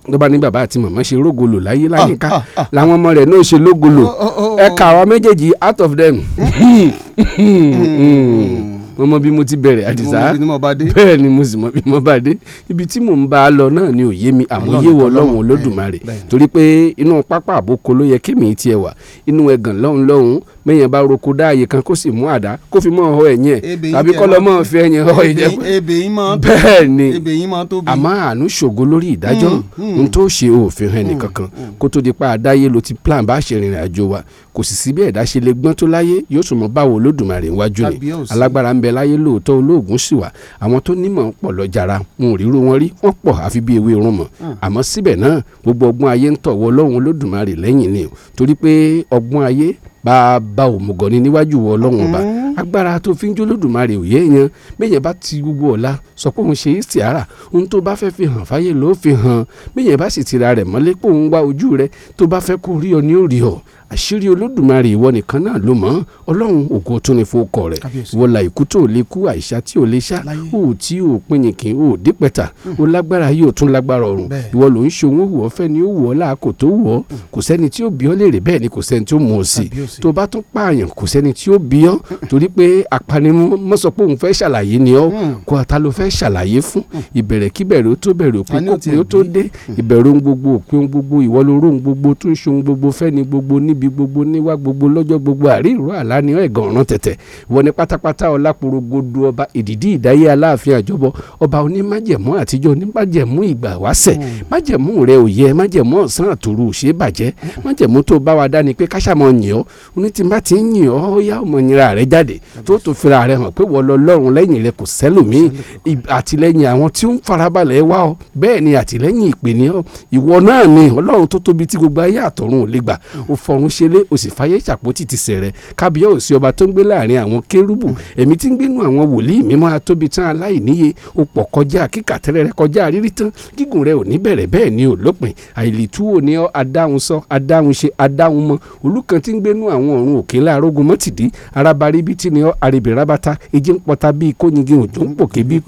ló bá ní bàbá àti màmá ṣe rógolo láyé ah, láyìíká ah, ah. làwọn ọmọ rẹ̀ náà ṣe lógolo oh, oh, oh, ẹ̀ka àwọn méjèèjì out of them. Hmm. Hmm mo mọ bí mo ti bẹ̀rẹ̀ àdìsá bẹ́ẹ̀ ni mo sì mọ bí mo bá dé ibi tí mò ń bá a lọ náà ni òye mi àmọ́ wọ lọ́hùn olódùmarè torí pé inú pápá àbókò ló yẹ kémi tiẹ̀ wà inú ẹ̀gàn lọ́hùn lọ́hùn mẹ́yìn bá roko dáàyè kan kó sì mú àdá kó fi mọ́ ọ ẹ̀yìn ẹ̀ tàbí kọ́ lọ mọ́ ọ fi ẹ̀yìn ọ ìjẹ́kù ni àmọ́ àánú ṣògo lórí ìdájọ́ mm, mm. n tó ṣe òfin hàn mm, nìkankan kó tó di pa àdáyé lo ti plan bá ṣe rìnrìn àjò wa kò sì sí bí ẹ̀dá ṣe lè gbọ́n tó láyé yóò tún mọ báwo lódùmarè wájú ni alágbára ń bẹ láyé lóòótọ́ olóògùn sì wà àwọn tó nímọ̀ pọ̀ lọ jara wọn ò ríro wọn rí wọn pọ̀ àfi bí ewé rún mọ̀ àmọ́ síbẹ̀ náà gbogbo ọgbọ́n ayé ń tọ̀wọ́ ọlọ́run olódùmarè lẹ́yìn ni torí pé ọgbọ́n ayé bá a bá òmùgọ̀ ni níwájú wọ ọlọ́run ọba mm-hmm. agbára tó fi ń jólódùmarè òye èèyàn bẹ́ẹ̀yẹn bá ti gbogbo ọ̀la sọ pé òun ṣe é tìára ohun tó bá fẹ́ fi hàn fáyé ló fi hàn bẹ́ẹ̀yẹn bá sì tira rẹ̀ mọ́lẹ́ pé òun wá ojú rẹ̀ tó bá fẹ́ kó rí ọ ní òrì àṣírí olódùmarè ìwọ nìkan náà ló mọ̀ ọlọ́run ògo tún ni fún ọkọ rẹ̀ wọ́n la ikú tó lè kú àìsá tí ò lè sá ò tí ò pinyìnkì ò dípẹ̀tà hmm. ó lágbára yóò tún lágbára ọ̀run ìwọ ló ń ṣòwò wọ̀ fẹ́ ni ó wọ̀ láàkó tó wọ̀ hmm. kò sẹ́ni tí ó bí ọ́ léèrè bẹ́ẹ̀ ni kò sẹ́ni tí ó mú ọ sí tó bá tún pààyàn kò sẹ́ni tí ó bí ọ́ hmm. torí pé apanimọ́sọ̀pọ̀ òun fẹ́ ṣàlàyé ni ọ́ kó ata ló fẹ́ ṣàlàyé fún ìbẹ̀rẹ̀ kíbẹ̀rẹ̀ ó tó bẹ̀rẹ̀ òpin kópin ó tó dé ìbẹ̀rẹ̀ ohun gbogbo òpin ohun gbogbo ìwọ ohun gbogbo tó ń ṣe ohun gbogbo fẹ́ni gbogbo níbi níbi gbogbo níwá gbogbo lọ́jọ́ gbogbo àríìró àlàníyàn ẹ̀gàn ọ̀ràn tẹ̀tẹ̀ wọ́n ní pátápátá ọlápòrògodo ọba ìdìdí ìdáyé aláàfin àjọbọ ọba onímájẹ̀mú àtijọ́ onímájẹ̀mú ìgbà wáṣẹ̀ hmm. májẹ̀mú rẹ ò yẹ májẹ̀mú ọ̀sán àtòrò ò ṣe é bàjẹ́ hmm. májẹ̀mú tó bá wa dá ni pé káṣàmọ́ yìn ọ́ oní tí n bá ti ń yìn ọ́ ó yá ọmọnira rẹ jáde tó tó fira rẹ hàn pé wọ́n lọ lọ́rùn lẹ́yìn rẹ kò sẹ́lòmíì àtìlẹ́yìn àwọn tí ó ń farabalẹ̀ wá ọ bẹ́ẹ̀ ni àtìlẹ́yìn ìpènìyàn ìwọ náà ni ọlọ́run tó tóbi ṣeré o sì fàyè ṣàpótì ti sẹ̀rẹ̀ kábíyà òsì ọba tó ń gbé láàrin àwọn kérúbù ẹ̀mí tí ń gbénu àwọn wòlíì mímọ́ atóbi tán aláìníye o pọ̀ kọjá kíkàtẹ́rẹ́ rẹ kọjá rírí tán gígùn rẹ ò ní bẹ̀rẹ̀ bẹ́ẹ̀ ni ò lópin àìlìtúwò ni ọ́ adáhùn sọ adáhùn ṣe adáhùn mọ́ olùkan tí ń gbénu àwọn ọ̀run òkè láàrógun mọ́tìdí arabaribiti ni ọ́ arìbìrabata ìjì ń pọta bíi kóyingin òjò ń pòkè bíi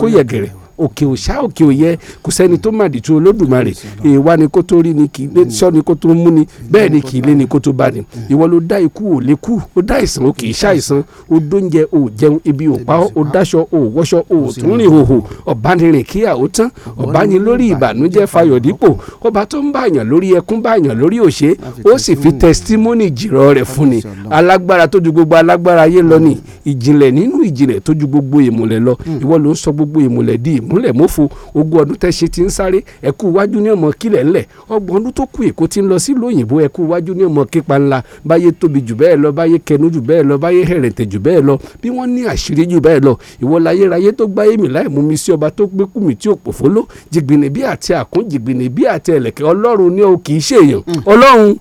òkè òṣà òkè òyẹ kò sẹ́ni tó màdì tó olódùmarè èèwà ni kó tó rí ni kì í lé sọ ni kó tó mú ni bẹ́ẹ̀ ni kì í lé ni kó tó bá ni ìwọ ló dá ikú ò lè kú ó dá ìsàn ó kì í ṣàìsàn ó dóúnjẹ ò jẹun ebi ò pa ó dáṣọ ò wọṣọ ò tún rìn hòhò ọ̀bánirin kíyà ó tán ọ̀bánin lórí ìbànújẹ́ fayọ̀ dípò ọba tó ń báyàn lórí ẹkún báyàn lórí òṣè ó sì fi tẹsítímọ́nì jìrọ̀ rẹ̀ fún ni alágbára tó ju gbogbo alágbára ayé lọ ni ìjìnlẹ̀ nínú ìjìnlẹ̀ tó ju gbogbo ìmùlẹ̀ lọ ìwọ ló ń sọ gbogbo ìmùlẹ̀ di ìmù múlẹ̀ mófo ogún ọdún tẹ́ṣe ti ń sáré ẹ̀kú iwájú ní ọmọ kílẹ̀ ńlẹ̀ ọgbọ̀n ọdún tó kù èkó ti ń lọ sílùú òyìnbó ẹ̀kú iwájú ní ọmọ kípa ńlá báyé tóbi jù bẹ́ẹ̀ lọ báyé kẹnu jù bẹ́ẹ̀ lọ báyé hẹ̀rẹ̀tẹ̀ jù bẹ́ẹ̀ lọ bí wọ́n ní àṣírí jù bẹ́ẹ̀ lọ ìwọ láyérayé tó gbá èmi láì mú mi sí ọba tó o kì í ṣèyàn mm. ọlọ́run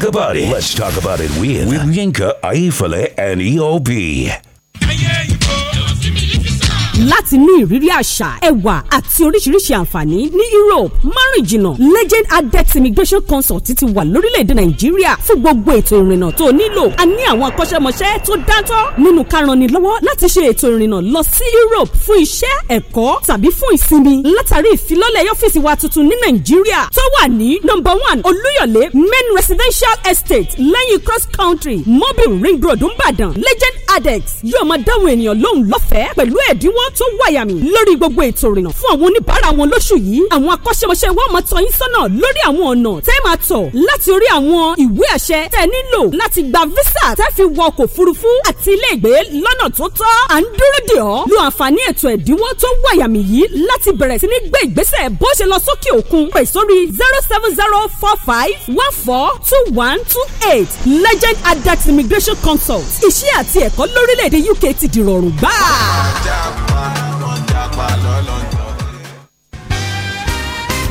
talk about it. Let's talk about it with, with Yinka Aifale, and EOB. láti ní ìrírí àṣà ẹwà àti oríṣiríṣi àǹfààní Europe márùn jìnnà Legend Adex Immigration Consult ti wà lórílẹ̀‐èdè Nàìjíríà fún gbogbo ètò ìrìnnà tó nílò a ní àwọn akọ́ṣẹ́mọṣẹ́ tó dáńtọ́ nínú karùn-ún-ni-lọ́wọ́ láti ṣe ètò ìrìnnà lọ sí Europe fún iṣẹ́ ẹ̀kọ́ tàbí fún ìsinmi látàrí ìfilọ́lẹ̀ ọ́fíìsì wa tuntun ní Nàìjíríà tó wà ní number one Olúyọ̀lé main residential estate lẹ́yìn cross country mobil ring road ńbàdàn Legend Adex yóò máa dáhùn ènìyàn lóhùn lọ́fẹ̀ẹ́ pẹ̀lú ẹ̀dínwó tó wáyàmì lórí gbogbo ètò ìrìnnà fún àwọn oníbàárà wọn lóṣù yìí à àwọn akọ́ṣẹ́mọṣẹ́ wọn máa tọ́ yín sọ́nà lórí àwọn ọ̀nà tẹ́ máa tọ̀ láti orí àwọn ìwé àṣẹ tẹ́ nílò láti gba visa tẹ́ fi wọ ọkọ̀ òfurufú àti ilé ìgbé lọ́nà tó tọ́ à ń dúró dè ọ́ lo àǹfààní ètò ẹ̀dínwó tó wàyàmì yìí láti bẹ̀rẹ̀ sí ní gbé ìgbésẹ̀ bó ṣe lọ sókè òkun pè sórí zero seven zero four five one four two one two eight Legend Adat Immigration Consult iṣẹ́ àti ẹ̀kọ́ lórílẹ̀‐èdè UK ti dìrọ̀rùn gbáà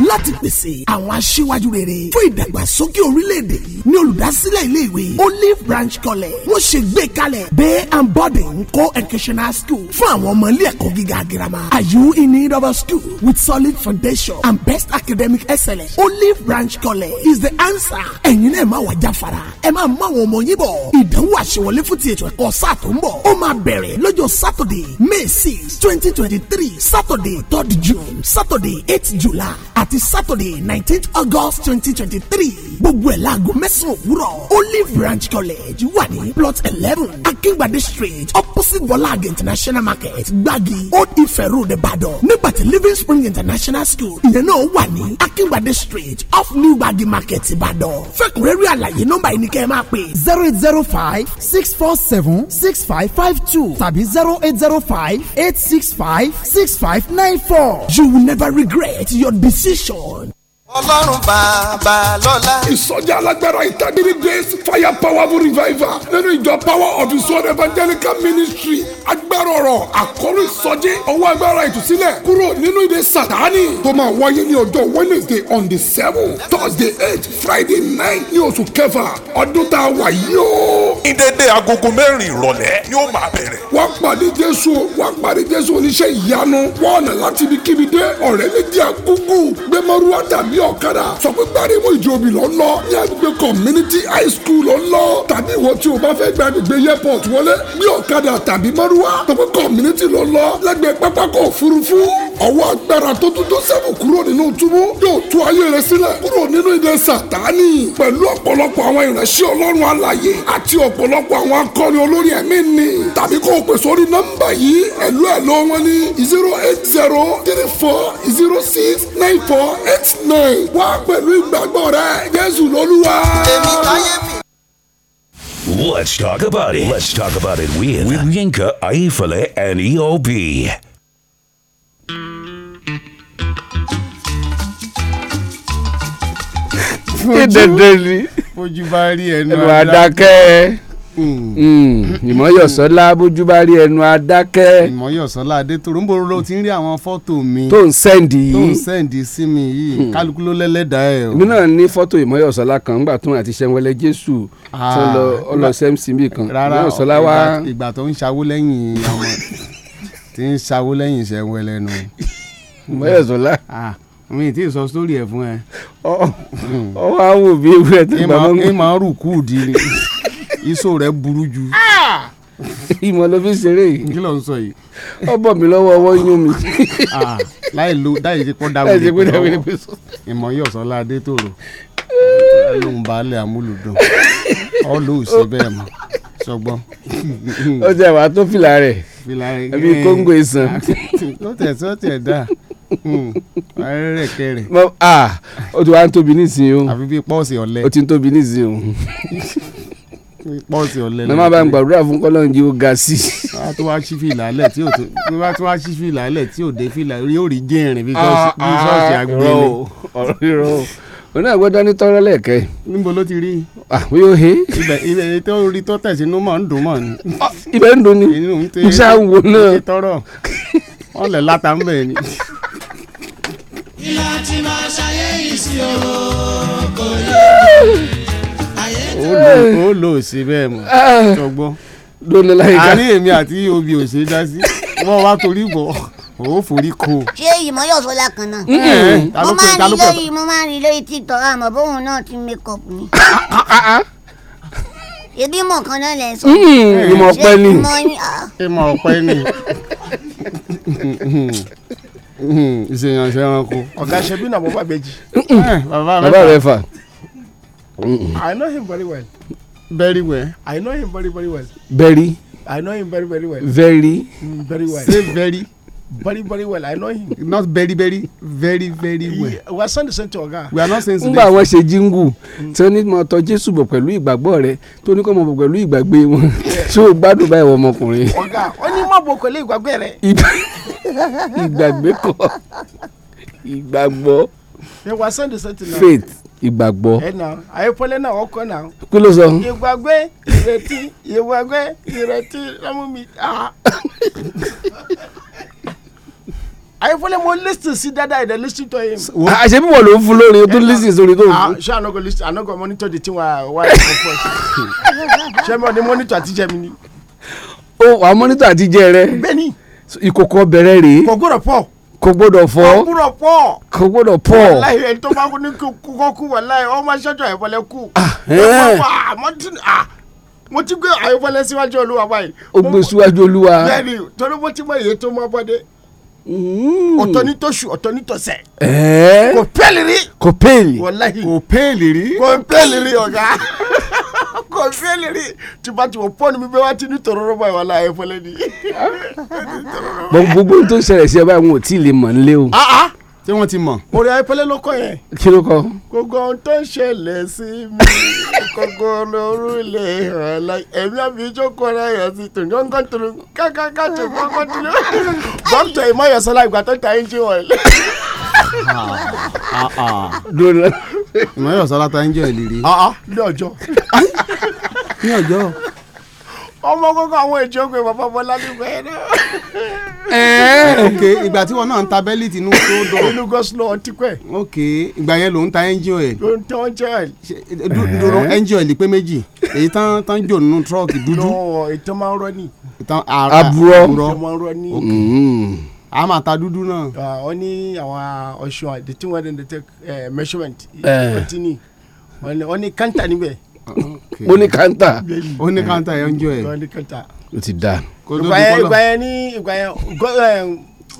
láti pèsè àwọn aṣíwájú rere fún ìdàgbàsókè orílẹ̀-èdè yìí ní olùdásílẹ̀ iléèwé Olive Branch College wọ́n ṣe gbé kalẹ̀ Bay and Boarding Co-Educational School fún àwọn ọmọ ilé ẹ̀kọ́ gíga girama Are you in need of a school with solid foundation and best academic excellence? Olive Branch College is the answer. ẹ̀yin náà ẹ máa wà jáfara ẹ máa mú àwọn ọmọ yín bọ̀ ìdánwò àṣewọlé fún ti ètò ẹ̀kọ́ sáà tó ń bọ̀ ó máa bẹ̀rẹ̀ lọ́jọ́ Saturday May six twenty twenty three Saturday third June Saturday eight July at àti Saturday nineteenth August twenty twenty three gbogbo ẹ̀ láago mẹ́sàn-án òwúrọ̀ Olive Branch College wà ní plot eleven Akíngbadé street opposite Bọ́láàgì International Market Gbági Old Ife Road Ibadan. nígbà tí Living Spring International School ìyẹn náà wà ní Akíngbadé street off New Gbági Market Ibadan. fẹ́kùnrẹ́rì àlàyé nọ́mbà yìí ni kẹ́ ẹ máa pè zero eight zero five six four seven six five five two tàbí zero eight zero five eight six five six five nine four. You will never regret your decision. Nation ọlọ́run bàbá lọ́la. ìsọjí alágbára ìtàdírí grace fire powerful revival nínú ìjọ power of the soul evangelical ministry agbára ọ̀rọ̀ àkọ́rọ́ ìsọjí ọwọ́ agbára ìtúsílẹ̀ kúrò nínú ìdè sàtáni tó máa wáyé ní ọjọ́ wednesday on the seven thursday eight friday nine ní oṣù kẹfà ọdún tá a wà yìí o. ní dédé agogo mẹ́rin ìrọ̀lẹ́ ni ó máa bẹ̀rẹ̀. wá pàdé jésù wá pàdé jésù oníṣẹ́ ìyanu wọ́ọ̀nà láti ibikíbi dé ọ̀rẹ́ méjì àgúgù gbẹmọ́rú àdàbí lórí ọ̀kadà sọ pé gbàrẹ́mú ìjòbí ló ń lọ ní agbègbè community high school ló ń lọ tàbí ìwọ tí o bá fẹ́ gba agbègbè airport wọlé bí ọ̀kadà tàbí márùwá sọ pé community ló ń lọ lẹ́gbẹ̀ẹ́ pápákọ̀ òfurufú ọwọ́ agbára tó tún tó sẹ́fù kúrò nínú túbú yóò tú ayé rẹ sílẹ̀ kúrò nínú idẹ sàtáni pẹ̀lú ọ̀pọ̀lọpọ̀ àwọn ìránṣẹ́ ọlọ́run alàyè àti ọ̀pọ̀lọpọ̀ àwọn akọni olórí ẹ̀mí ni tàbí kó o pè sórí nọ́mbà yìí ẹ̀lú ẹ̀lọ́ wọn ní zero eight zero three four zero six nine four eight nine wá pẹ̀lú ìgbàgbọ́ rẹ jésù lólúwa. èmi táyé mi. Let's talk about it. Let's talk about it with, with Yinka, Aifale, and EOB ṣé dandan ni. bójú bá rí ẹnu adákẹ́ hmm. Hmm. ìmọ̀yọ̀sọ́lá bójú bá rí ẹnu adákẹ́. ìmọ̀yọ̀sọ́lá adétòrò ń bọ̀ ló ti ń rí àwọn fọ́tò mi. tó ń sẹ́ǹdì yìí tó ń sẹ́ǹdì sí mi yìí hmm. kálukú ló lẹ́lẹ́dàá ẹ̀ o. èmi náà ní fọ́tò ìmọ̀yọ̀sọ́lá kan ńgbà tó ń àti sẹ́wọ́lẹ̀ jésù tó ń lọ ọlọ́sẹ̀mísìmí ah. kan ìmọ̀yọ̀sọ́lá wá. rárá ìgbà tó ń ṣàwó lẹ́yìn àwọn tí ń sawó lẹ́yìn iṣẹ́ wọ ẹlẹ́nu. mọ́yọ̀ sọ́lá. mi ti sọ sórí ẹ̀ fún ẹ. ọwọ́ àwọn òbí ewúrẹ́ tó gbà mọ́. ìmọ̀ ọ̀rù kù di ni iṣó rẹ̀ burú ju. ìmọ̀ ló fi ṣeré yìí. kí ló ń sọ yìí. ó bọ̀ mí lọ́wọ́ ọwọ́ yún mi. láì lo dáì ti kọ́ dáwìlì pé ìmọ̀ yọ̀ sọ́lá adé tòrò ló ń balẹ̀ amúlùdùn ọ lóò ṣe bẹ́ẹ̀ mọ́ sọgbọ́n. ó ti ẹ̀wà tó fìlà rẹ̀ ẹbí kóńgò ìsàn. ó tẹ̀ tó tẹ̀ dá hmm. àárẹ̀ kẹrẹ̀. ó ti wá ń tóbi nísìnyí o. àfi bíi pọ́ọ̀sì ọ̀lẹ. ó ti ń tóbi nísìnyí o. pọ́ọ̀sì ọ̀lẹ. màmá bá ń gbàdúrà fún kọ́lọ́run jí ó ga sí i. wọ́n á tún wá sí fìlà alẹ̀ tí ò wá tún wá sí fìlà alẹ̀ tí ò dé fìlà yóò rí jẹ́rìn bí ṣọ́ọ̀ṣì àgbẹ̀ ni. ọ̀rọ̀ ọ̀rọ̀ òun náà gbọ́dọ̀ ní tọ́rọ́ lẹ́ẹ̀kẹ́. níbo ló ti rí. àbí ó he. ibẹ̀ ibẹ̀ tó rí tó tẹ̀sí inú mọ̀ ń dùn mọ̀ ni. ibẹ̀ ń dùn ni musa ń wo náà. ní tọ́rọ̀ wọ́n lẹ̀ láta ń bẹ̀ ni. ilà tí máa ṣayé yìí sí o kò yẹ. ó lò eh. ó sí bẹ́ẹ̀ mọ̀ tó ah. gbọ́. dóòlù láyé ká. àárín èmi àti obi ò ṣe é dá sí wọ́n wá torí bọ̀ o forí ko. ṣé ìmọ̀ yóò sọ lákan náà. Eh, eh, mo máa ń rí lórí mo máa ń rí lórí tiktok àmọ́ ah, bóun náà ti make up ni. ebi mọ̀ kan náà lẹ̀ sọ. Eh, ìmọ̀ ọ̀pẹ ni ìmọ̀ ọ̀pẹ ni ah. ìṣèyàn ṣẹran ko. ọ̀gá ṣẹbí náà bọ́ bàbẹ́jì. bàbá rẹ fà. I know him very well. Very well. I know him very very well. Very. I know him very very well. Very. Mm, very well. Say very very very well i know him. not very very very very well. He, we are sending sent to oga. we are not sending. ngbà wọn ṣe jíngù tí wọn ní mo tọ jésù bọ̀ pẹ̀lú ìgbàgbọ́ rẹ tó ní kó mọ bọ̀ pẹ̀lú ìgbàgbé wọn tí o gbádùn báyìí ọmọkùnrin. ọ̀gá ó ní mọ̀ bọ̀ pẹ̀lú ìgbàgbé rẹ. ìgbàgbé kọ ìgbàgbọ́ faith ìgbàgbọ́. ẹ nà àyẹ̀pọ̀lẹ́ náà ọkọ náà. kí ló sọ. ìgbàgbé ìrètí ìgbàgbé ìrètí ah. lọ́mú Ayefele mo listen sí dada i dey listen to him. àṣẹ ah, bí wọn ló ń fún lórí tó listen sórí tó ń ah, fún. ṣé àná kò listen àná kò monitor the thing wa wa ẹ̀ fún fún ẹ ṣé mo ní monitor àti jẹ mi ni. o wa monitor àti jẹ rẹ. bẹ́ẹ̀ni. ìkòkò bẹ̀rẹ̀ rèé. kò gbọ́dọ̀ pọ̀. kò gbọ́dọ̀ fọ́. kò gbọ́dọ̀ pọ̀. kò gbọ́dọ̀ pọ̀. wàláyé ẹni tó bá kú ní kókó kú wàláyé ọmọ ṣẹ́jọ́ Ayefele kú. mo ti gbé Ayefele síwájú Olúwa báyìí. o gbé síwájú Olúwa. bẹ́ẹ̀ni torí mo ti mọ iye tó mọ bọ́dé. Hmm. ọ̀tọ̀ ní tọ̀sù ọ̀tọ̀ ní tọ̀sẹ̀. Eh? kò pẹ́ẹ́lì rí. kò pẹ́ẹ́lì. wàláhì kò pẹ́ẹ́lì rí. kò pẹ́ẹ́lì rí ọ̀gá kò pẹ́ẹ́lì rí tìpá tìpá pọ́ọ̀nù mi bẹ́ẹ̀ wá ti ní tòróró báyìí wàlá ẹ̀ fọlẹ́ ni. gbogbo tó ṣẹlẹ̀ sí ẹ báyìí wọn ò tí ì lè mọ̀ nílé o. Ah, ah tí wọ́n ti mọ̀. mo rí ayépẹ́lẹ́ ló kọ yẹn. kí ló kọ. gbogbo ohun tó ń ṣẹlẹ̀ sí mi gbogbo olórúlẹ̀ ẹ̀mí àbí ìjókòó rẹ̀ yẹn ti tò ní ọ̀nkọ́ tó ní kákáká tó kọ́kọ́ tó ní. dókítà ìmọ̀ yẹn tó ta ẹnjìn wọ̀ lé. ìmọ̀ yẹn sọlá ẹ̀ lè rí. ní ọjọ́. ní ọjọ́. ọmọ kókó àwọn ìjókòó bàbá bọlá nígbà yẹn náà. ok ìgbà tí wọn náà ń ta bẹ́líìtì inú tó dọ̀. inú ọtí pẹ́. ok ìgbà yẹn ló ń ta ló méjì èyí tán tán jò nínú dúdú. lọ ìtàn máa ń rọ ní. ìtàn ìtàn máa ń ọ mm-hmm. ní àwọn ọ̀ṣun ó ní kántà ó ní kántà yẹn ń jọ ẹ ó ti da. ìgbà yẹn ìgbà ní ìgbà eh,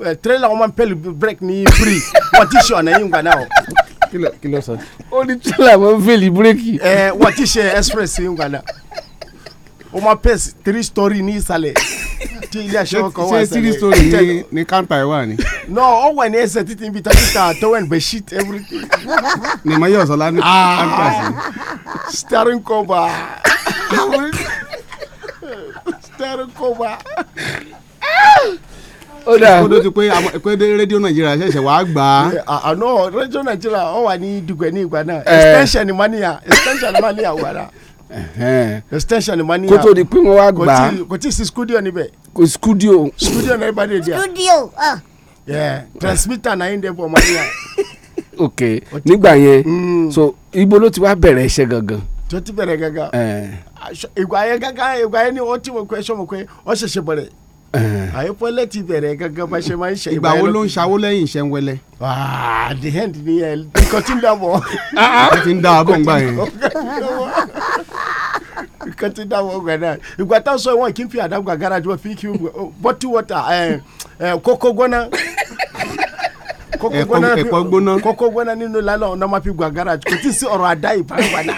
eh, tirela wọn máa break ní free wọn ti ṣe ọ̀nà yìí nǹkan náà o. kí ló sọ. ó ní tirela wọn ń pẹ̀lú bírèkì. ẹ eh, wọn ti ṣe express yìí nǹkan náà wọn máa three story ní ìsàlẹ̀ tí ilé aṣọ kan wà ṣe three story ní ní kanta ẹ wà ni. no ó wà ní ẹsẹ̀ títí ibi tá títà towel bed sheet everything. ní ma ah, yọ̀ sọ́lá ní kanta sí. staring cover staring cover. ó dà kó tó pé pé rédíò nàìjíríà ṣẹ̀ṣẹ̀ wàá gbà á. àná ah, ah, rédíò nàìjíríà ó wà ní dùgbẹ̀ ní ìgbà eh. extension mania extension mania wà náà extension ni wọ́n ní yà kó tó di pé wọ́n wá gbà á kò tí ì studio níbẹ̀. kò studio. studio náà bá ah. dé di à. studio. transmitter náà yín dẹ́ bọ̀ wọ́n ní yà. ok nígbà yẹn mm. so ibo ló ti wá bẹ̀rẹ̀ iṣẹ́ gangan. tó ti bẹ̀rẹ̀ gangan ìgbà yẹn gangan ìgbà yẹn ni wọ́n ti mọ̀ pé sọ́mọ̀ pé wọ́n ṣẹ̀ṣẹ̀ bẹ̀rẹ̀ àyẹ̀pọ̀lẹ̀ ti bẹ̀rẹ̀ gangan bá ṣe máa ń ṣe. ìgbà wo ló ń ṣàwó lẹ́yìn iṣẹ́ ń wẹlẹ́. the end ni ẹ kò tí ń dà bọ̀. ẹ ti ń dà bọ̀ ń gbà yẹn katinda wogana igwata so won kin fi adam ga garage wa fi ki oh, bottle water eh eh koko gona koko gona ẹ̀kọ́ gbóná koko gona nínú lálẹ́ ọ̀nà máa fi gba garage kò tí ì sí ọ̀rọ̀ àdá ìbáraẹ̀bàdà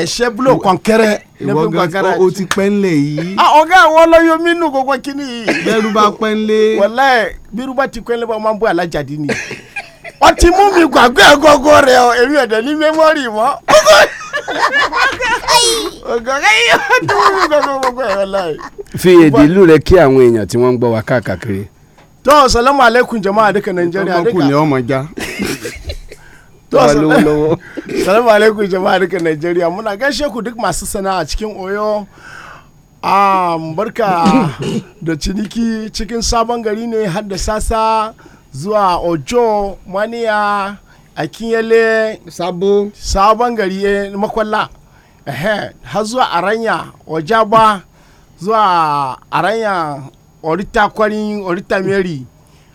ẹ̀ṣẹ́ búlọ̀ kọ̀ǹkẹ́rẹ́ ìwọ gan o ti pẹ́ ń lẹ̀ yìí. Ah, ọ̀gá àwọn ọlọ́yọ̀ mínú kọ̀kọ́ kínní yìí. bẹ́ẹ̀rù bá pẹ́ ń lé. wọ́lá ti pẹ́ bá máa ń alájà dín ni. ọtí mú mi gbàgbé agogo rẹ̀ ọ̀ èmi ní mẹ́mọ́rì mọ́. fi èdè ìlú rẹ kí àwọn èèyàn tí wọ́n ń gbọ́ wa káàkiri. tó salamu alaikum jama'a duka nàìjíríà duka. ọkùnrin ọmọ ja. to salamu alaikum jama'a duka najeriya muna gaishe ku duk masu sana'a cikin oyo um, barka da ciniki cikin sabon gari ne har da sasa zuwa ojo maniya a kinyale sabon sabon gari eh, makwalla har zuwa aranya ojaba zuwa aranya orita kwarin orita mary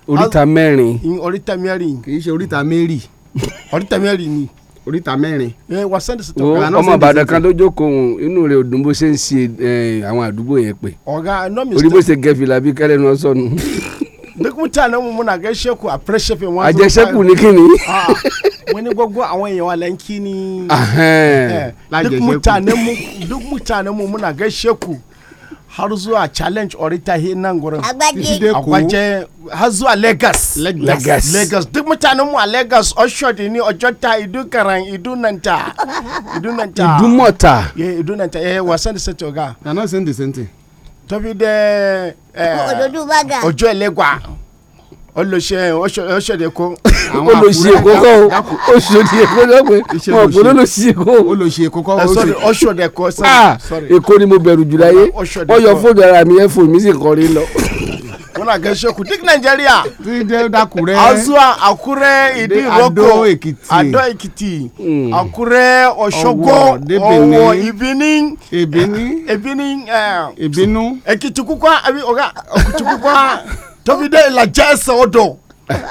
orita mẹ́rin mm, orita mẹ́rin kì ṣe orita mary orita mẹ́rin ni oríta mẹ́rin. Eh, ẹ wà sẹ́ndì sí tọ́ka náà ọmọ ìbàdàn kan ló jókòó inú rẹ̀ òdùn bó ṣe ń ṣe eh, àwọn àdúgbò yẹn pé. ọ̀gá no mistake. orí bó ṣe gẹ̀fìlà bí kẹ́lẹ́ ni sọnù. duk mutanen mu muna gaishe ku a fresh fm a gaishe ku ni kini wani ah, gwaggo a wani yawa lanki ni eh, duk mutanen mu duk mutanen mu muna gaishe ku har zuwa challenge orita he nan gurin agbaje har zuwa lagos lagos lagos duk mutanen mu a lagos oshodi ni ojota idukaran idunanta idunanta idumota eh, idunanta eh wasan da sai toga na na san da sente tó fi dẹ òdòdó bága ọjọ́ ẹlẹ́gbà olùṣe kọ oṣòdì èkó lọ pé wọn kò lọlọṣẹ èkó olùṣe èkó kọ ọṣọdẹ kọ èkó ni mo bẹ̀rù jùlọ ayé wọn yọ fóònù ara mi sì kọrin lọ muna gaishe ku duk Najeriya. Tunde da Akure. Azuwa Akure Idi Iroko. Ado Ekiti. Ado Ekiti. Hmm. Akure Osogbo Owo Ibini. Ibini. Ibini. Eh, Ibinu. Ekitukukwa abi oga Ekitukukwa tobi de Ìlàjẹ ẹsẹ̀ odò.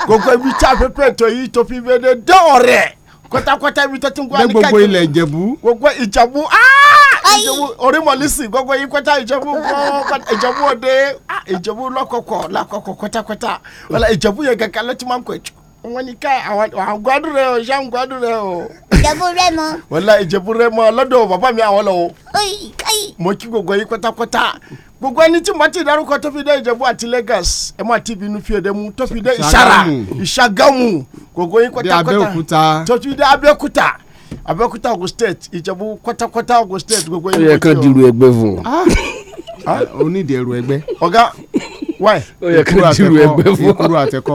Gbogbo ibi tí a pépè tó yìí tó fi bẹ́ẹ̀ dé ọ̀rẹ́. Kọ́tàkọ́tà ibi tó ti ń gbọ́ àníkàjẹ́. Ní gbogbo ilẹ̀ Ìjẹ̀bú. Gbogbo Ìjẹ̀bú aaa. Ah! orímọ̀lísì gbogbo yín kọ́tà ìjẹ̀bú ìjẹ̀bú òde ah, ìjẹ̀bú lọ́kọ̀kọ̀ lákọ̀kọ̀ kọ́tàkọ́tà wọ́n ìjẹ̀bú yẹn kankan ló ti máa ń kọ̀ ẹ̀jú wọn ni ká àwọn gbádùn rẹ o ṣáà ń gbádùn rẹ o. ìjẹ̀bú rẹ́mọ. wọ́lá ìjẹ̀bú rẹ́mọ lọ́dọ̀ bàbá mi àwọn lọ o. mo kí gbogbo yín kọ́tàkọ́tà gbogbo ẹni tí mo ti dárúkọ tó fi dé ìjẹ̀bú àti lagos ẹ máa ti bínú fi ẹ̀dẹ̀ mu dé ìsara ìṣàgámù gbogbo yín kọ́tàkọ́tà tó dé abẹ́òkúta abẹ́òkúta ogun state ìjẹ̀bú kọ́tàkọ́tà ogun state gbogbo yẹn. ó yẹ kán di ru ẹgbẹ́ fún o. o ah. ah. ẹgbẹ́. ọ̀gá why. ó yẹ kán di ru ẹgbẹ́ fún o. ìkúrú àtẹkọ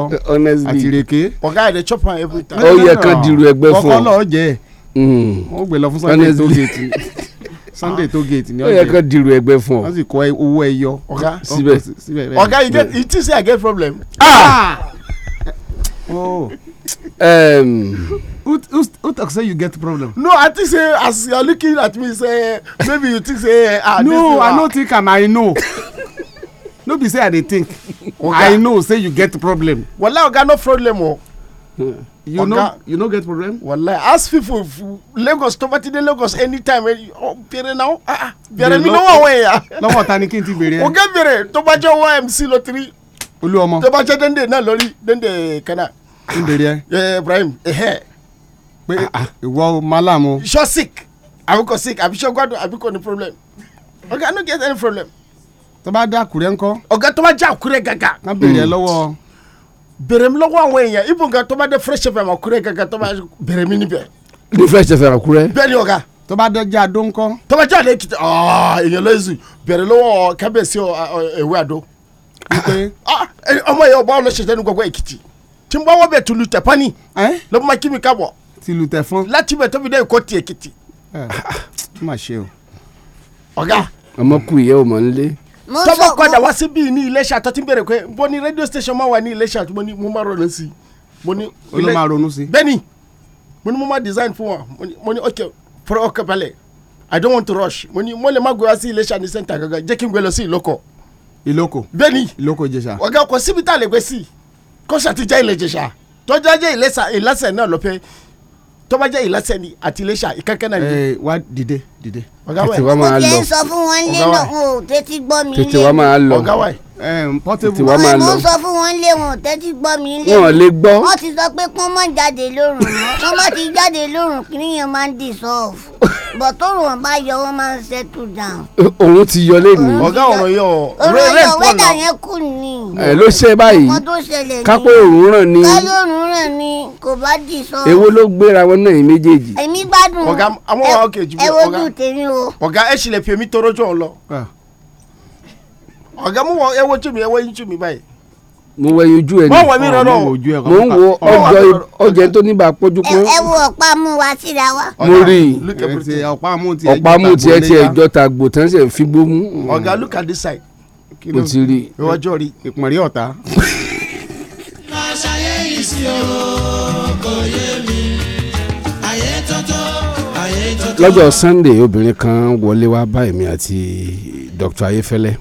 àtìrèké. ọ̀gá ẹ̀ chop am every time. ó yẹ kán di ru ẹgbẹ́ fún o. kọ́kọ́ náà jẹ́ ẹ̀. Hmm. ó gbé lọ fún sunday tó gèètì sunday tó gate ni ọjọ yẹ kó dirò ẹgbẹ fún ọ wọn sì kọ owó ẹyọ ọgá síbẹ ọgá you get you say i get problem. Ah! ah! oh. um, who, who, who talk say you get problem. no i think say as you are looking at me say maybe you think say. Ah, no i no think am i know no be say i dey think i know say you get problem. wala oga no problem o. Oh. you no you no get problem. wala ask people if lagos tó bá dé lagos anytime eh, oh, bẹ̀rẹ̀ náà ah, ah bẹ̀rẹ̀ mi lọ́wọ́ wẹ̀ ya. Ah. lọ́wọ́ ta ni kí n ti bẹ̀rẹ̀. oge bẹ̀rẹ̀ tó bá jẹ́ omc lottery. olú ọmọ tó bá jẹ́ dende náà lórí dende kanna. n bèrè ẹ. ẹ eh, Ibrahim ẹhẹ pé ah, ah. malam o. sọ sick àbí sick àbí sọ gbádùn àbí problem Oga no get any problem. tó bá dé àkúrẹ́ ńkọ́. ọ̀gá tó bá gàgà. ká bèrè ẹ hmm. lọ́wọ́. bèrè mi lọ́wọ́ àwọn èèyàn ibo ni ah, bèrè lọ́wọ́ kábíyèsí eh, eh, ọmọ yẹn tí n bá wọ́ bẹ̀ tulu tẹ̀fọ́n ni ló ma kí mi ká bọ̀. tulu tẹ̀fọ́n. láti bẹ̀ tóbi dẹ́ ìkọ́ tiẹ̀ kìtì. ẹ ẹ má ṣe o. ọ̀gá. ọmọ kù yẹ o mọ̀ n lé. tọ́gbọ́ padà wá sí bíi ní Iléṣà tó ti bẹ̀rẹ̀ pé bó ni rédíò station máa wà ní Iléṣà tó ní mo máa ronú sí i. mo ní ilé olú máa ronú sí i. bẹ́ẹ̀ni mo ní mo máa design fún wa mo ní ok fọlọ́ ọkọ̀ balẹ̀ I don't want to rush mo ní mo lè má gbéra sí Iléṣà ní sẹ́ńtà gàgà jẹ́ kí n gbé lọ sí Ìlókò. Ìlókò bẹ́ẹ̀ni Ìlókò Ìjẹ̀ṣà. ọ̀gá ọkọ̀ síbi tá a lè gbé sí i kọ́sà ti jẹ́ ilé ìjẹ̀ṣà tó jẹ́ ìlẹ́sẹ̀ náà lọ́pẹ́ tó bá ni àti iléṣà ìkẹ́kẹ́ náà ẹ wá dìde dìde. ọ̀gá wa yìí mo jẹ́ sọ fún tètè wa máa lọ tètè wa máa lọ. mo sọ fún wọn lé wọn tẹ́tí gbọ́ mi lé. wọn ò gbọ́. wọ́n ti sọ pé pọ́n mọ́ jáde lórùn mọ́ wọ́n bá ti jáde lórùn kí nìyẹn máa ń dissolve bọ̀ tó rùn wọn bá yọ wọn máa ń settle down. òun ti yọ lé ọ̀gá ọ̀rọ̀ yọ ọ̀rọ̀ yọ wẹ́dà yẹn kù ni. ẹ ló ṣe báyìí kápò òun ràn ni. kápò òun ràn ni kò bá dissolve. èwo ló gbéra wọn náà yìí méjèèjì. èmi gbádùn. ọ̀gá tèmi o. ọ̀gá ẹ̀ ṣìlẹ̀ fi èmi tọrọ jọ̀ lọ. ọ̀gá mo wọ ẹ wojú mi ẹ wọ ojú mi báyìí. mo wẹ ojú ẹ ní mo ń wo ọjọ́ ọjọ́ tó níbà pójú pé. ẹ wo ọ̀pá mú wa síra wa. mo rí i ọ̀pá mú tiẹ̀ tiẹ̀ jọta gbòtán ṣe fi gbóhùn. ọ̀gá look at this side. o ti rí i. ìwọ́jọ́ ọ̀tá. lọ ṣayé yìí sí lọ́jọ́ sunday obìnrin kan wọlé wá bá èmi àti dr ayefẹ́lẹ́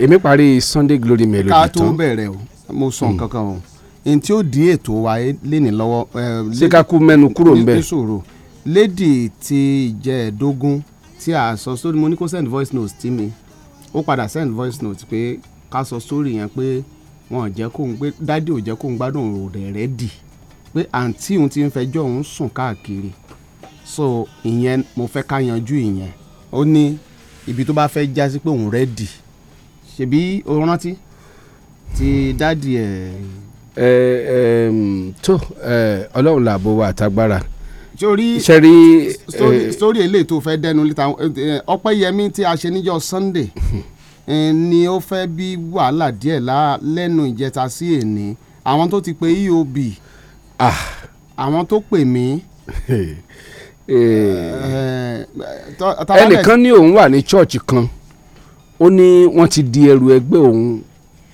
èmi parí sunday glory melody tán. ká tó bẹ̀rẹ̀ o mo sọ hmm. nǹkan kan o n tí ó dín ètò wa léni lọ́wọ́. Eh, ṣé ká kú mẹ́nu kúrò ń bẹ̀. lady ti ìjẹ́ẹ̀dógún tí a sọ sórí mo ní kó send voice note tí mi ó padà send voice note pé ká sọ sórí yẹn pé wọn ò jẹ́ kóun pé dádì ò jẹ́ kóun gbádùn rẹ̀ rẹ́ dì pé àǹtí òun ti ń fẹjọ́ òun sùn káàkiri so ìyẹn mo fẹ́ ká yanjú ìyẹn ó ní ibi tó bá fẹ́ já sí pé òun rẹ́dì ṣebí o rántí ti dáàdi ẹ̀. ẹ ẹ tó ọlọ́run làbò wa àtagbára sori sori sori eléyìí tó fẹ́ dẹnu lítà ọpẹ́yẹmí tí a ṣe níjọ́ sunday ni ó fẹ́ bí wàhálà díẹ̀ lẹ́nu ìjẹta sí èní àwọn tó ti pe eob ah. àwọn tó pè mí Eh, eh, ẹnìkan ní òun wà ní chọ́ọ̀chì kan ó ní wọ́n ti di ẹrù ẹgbẹ́ òun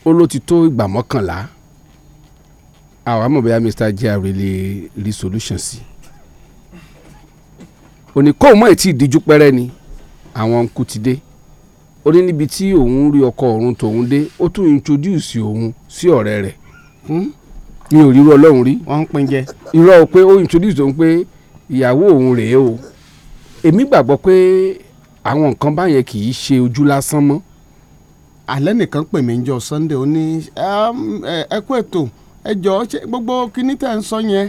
ó ló ti tó ìgbà mọ́kànlá àwọn amọ̀bẹ́yà Mr. jr lè rí solution sí òní kóun mọ̀ ètí ìdíjú pẹ́rẹ́ ni àwọn nkú ti dé ó ní níbi tí òun rí ọkọ òun tòun dé ó tún introduce òun sí ọ̀rẹ́ rẹ̀ hmm? mi ò rí irú ọlọ́run rí. irọ́ pé ó introduce òun pé ìyàwó òun rèé o èmi gbàgbọ́ pé àwọn nǹkan báyẹn kì í ṣe ojú lásán mọ́. alẹ́ nìkan pè mí jọ Sunday ó ní ẹ kú ètò ẹ jọ gbogbo kinní tẹ̀ ń sọ yẹn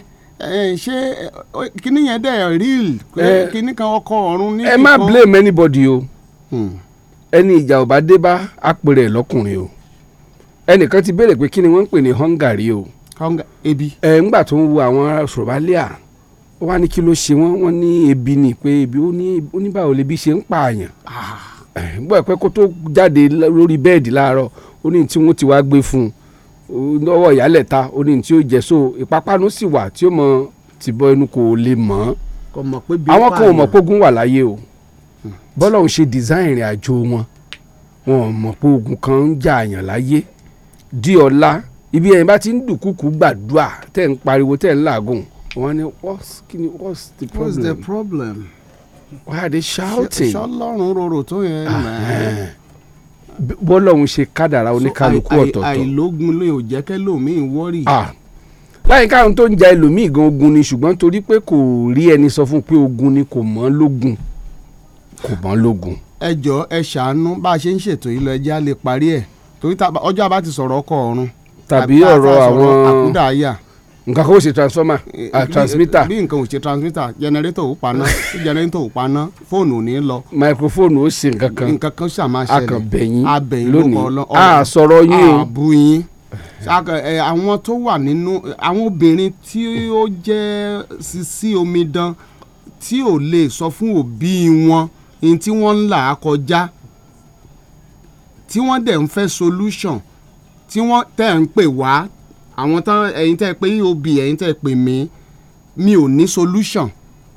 ṣé kinní yẹn dẹ̀ real kinní kan ọkọ ọ̀run ní. ẹ má blame anybody o hmm. ẹni ìjà ò bá dé bá àpèrè lọ́kùnrin o ẹnìkan ti béèrè pé kí ni wọ́n ń pè ní hungary o. ebi. ẹ̀ ńgbà tó ń wo àwọn Somalia ó wá ní kí ló ṣe wọ́n wọ́n ní ebi ni pé ebi ó ní oníbàwò lè bí ṣe ń pààyàn ah. bó ẹ pé kó tó jáde lórí bẹ́ẹ̀dì láàárọ̀ ó ní tí wọ́n ti wá gbé fún un lọ́wọ́ ìyálẹ̀ta ó ní tí ó jẹ́ so ìpápánu sì wà tí ó mọ tìbọ̀ ẹnu kò lè mọ̀ àwọn kan ò mọ̀ pé ogun wà láyé o bọ́lá ò ṣe design ìrìn àjò wọn wọn ò mọ̀ pé ogun kan ń jà àyàn láyé di ọ̀la ibi ẹ̀yìn bá ti ń dùnkùkù gbàdúrà tẹ̀ ń pariwo tẹ̀ ń làágùn wọ́n ní what's the problem. what's the problem. why are they shouting. ṣọlọ́run rorò tó yẹn náà. Ah, eh. bọ́lọ́run ṣe kádàrá oníkálukú ọ̀tọ̀ọ̀tọ̀. àìlógun lè ò jẹ́ kẹ́ lómi wọ́rì. Ah. láyé káwọn tó ń ja ẹlòmíì gan ogun ni ṣùgbọ́n torí pé kò rí ẹni sọ fún pé ogun ni kò mọ́ lógun kò mọ́ lógun. ẹ jọ ẹ ṣàánú bá a ṣe ń ṣètò yìí lọ ẹ jẹ́ á lè parí ẹ̀ torí ọjọ́ àbá ti sọ̀rọ̀ ọkọ̀ ọ̀run. tàbí ọ̀rọ̀ àwọn àkúdàáyà nǹkan kó ṣe transformer a transmitter. bí nǹkan ò ṣe transmitter generator ò paná generator ò paná fóònù ò ní lọ. microphone ó ṣe nǹkan kan nǹkan kan ṣàmà ṣẹlẹ̀ a kan bẹ̀yìn lónìí a sọ̀rọ̀ yín o. a bu yín e, àwọn tó wà nínú àwọn obìnrin tí ó jẹ́ sisi omidan tí ò lè sọ fún òbí wọn ní tí wọ́n ń là á kọjá tí wọ́n dẹ̀ ń fẹ́ solution tí wọ́n tẹ̀ ń pè wá àwọn tán ẹ̀yin tẹ́ ẹ pé eob ẹ̀yin tẹ́ ẹ pè mí mi ò ní solution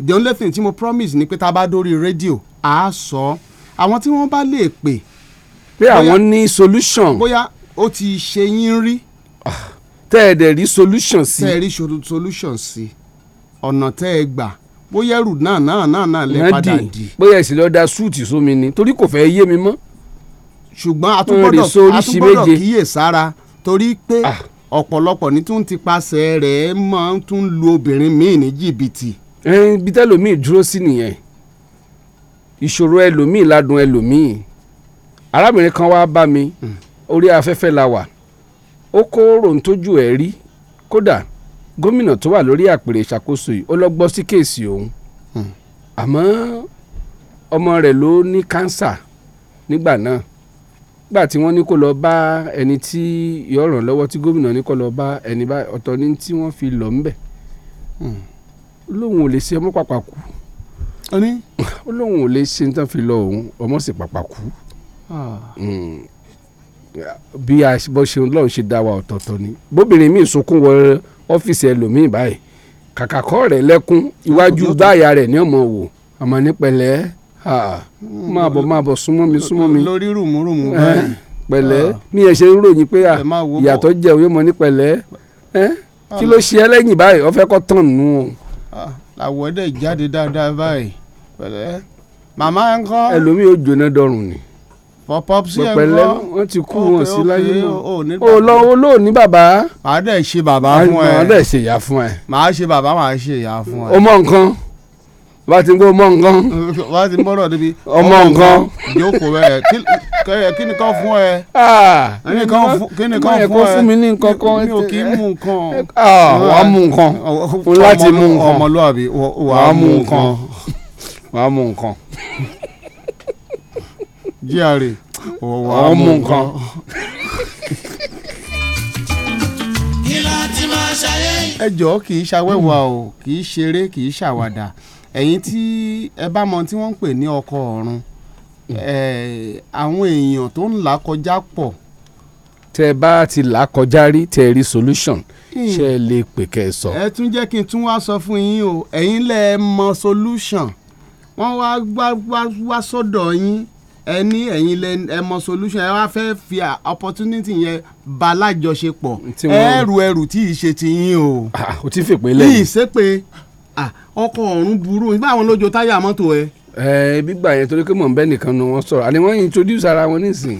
the only thing tí mo promise ni pé tá a bá dórí rédíò á sọ àwọn tí wọ́n bá lè pè. pé àwọn ní solution. bóyá ó ti ṣe yín rí. Ah, tẹ́ ẹ dẹ̀ rí solution sí. tẹ́ ẹ rí solution sí ọ̀nà tẹ́ ẹ gbà bóyá ẹrù náà náà náà náà lè padà di. bóyá ẹ̀sìn lọ́ọ́ da súùtì sómi ni torí kò fẹ́ yé mi mọ́. ṣùgbọ́n a tún gbọ́dọ̀ kíyè sára torí pé ah ọ̀pọ̀lọpọ̀ ní tún ti paṣẹ rẹ̀ máa ń tún lu obìnrin míì ní jìbìtì. ibi tẹ́lòmíì dúró sí nìyẹn ìṣòro ẹlòmíì ládùn ẹlòmíì arábìnrin kan wá bá mi hmm. orí afẹ́fẹ́ la wà ó kó ròǹtójú ẹ̀ rí kódà gómìnà tó wà lórí àpèrè ìṣàkóso yìí ó lọ gbọ́ sí kéèsì òun hmm. àmọ́ ọmọ rẹ̀ ló ní kánsà nígbà náà gbà tí wọ́n ní kó lọ bá ẹni tí yọ ràn lọ́wọ́ tí gómìnà ní kó lọ bá ẹni bá ọ̀tọ̀ ní tí wọ́n fi lọ ńbẹ̀ hmm. lóun ò lè ṣe ọmọ pàpà kú ó ní lóun ò lè ṣe tán fi lọ òun ọmọ sì pàpà kú ah. hmm. bí a bọ́ ṣe lọ́n ṣe dá wa ọ̀tọ̀ọ̀tọ̀ ni bóbìnrin mi sunkún wọ ọ́fíìsì ẹlòmíì báyìí kàkàkọ́ rẹ̀ lẹ́kún iwájú báyà rẹ̀ ní ọmọ wò àmọ́ nípẹ̀lẹ́ máa bọ̀ máa bọ̀ súnmọ́ mi súnmọ́ mi. lórí rùmùrùmù báyìí. pẹ̀lẹ́ mi ah. ẹ̀ ṣe ń ròyìn pé ìyàtọ̀ jẹ́ òye mọ́ ní pẹ̀lẹ́ kí ló ṣe ẹlẹ́yìn báyìí ó fẹ́ kó tàn nù. Ah, àwọ̀ dẹ̀ jáde dáadáa báyìí pẹ̀lẹ́ màmá ẹ̀ ń kọ́. ẹlòmíì ó jóná dọrùn ni pọpọp sí ẹ gbọ́ wọ́n ti kú wọn sí láyé náà o lọ o lóò ní bàbá. màá dẹ̀ ṣe bàbá fún ẹ màá dẹ̀ ṣe ìyá fún ẹ. màá ṣe bàbá màá ṣe ìyá fún ẹ. o mọ nǹkan bá ti ń gbó mọ nǹkan. bá ti ń bọ́rọ̀ níbi. ọmọ nǹkan. jókòó ẹ kí ni kan fún ẹ. Ah! kí ni kan fún ẹ. kí ni kan fún mi ní nǹkan kan. mi ò kì í mú nǹkan. Ah, wà á mú nǹkan. fún láti mú nǹkan. ọmọlúwàbí wà á mú nǹkan. wà á mú nǹkan. jíàrè wà á mú nǹkan. ẹ jọ̀ọ́ kì í ṣawẹ́wà o kì í ṣeré kì í ṣàwàdà ẹ̀yin tí ẹ bá mọ tí wọ́n ń pè ní ọkọ̀ ọ̀run hmm. àwọn èèyàn tó ń là kọjá pọ̀. tẹ bá ti là kọjá rí tẹ rí solution hmm. ṣe é lè pè kẹ sọ. ẹ tún jẹ́ kí n tún wá sọ fún yín o ẹ̀yin lẹ mọ solution wọ́n wá wá wá sọ́dọ̀ yín ẹ ní ẹ̀yin lẹ ẹ mọ solution ẹ wá fẹ́ fi opportunity yẹn ba alájọṣepọ̀ ẹrù ẹrù tí ì ṣe ti yín o. Ah, o ti fèpè lẹ́yìn. ní ìsèpè ah ọkọ̀ ọ̀run burú nígbà àwọn lójó táyà mọ́tò ẹ. ẹ gbígbà yẹn torí pé mò ń bẹ́ nìkan nu wọn sọ̀rọ̀ àní wọ́n introduce ara wọn nísìn.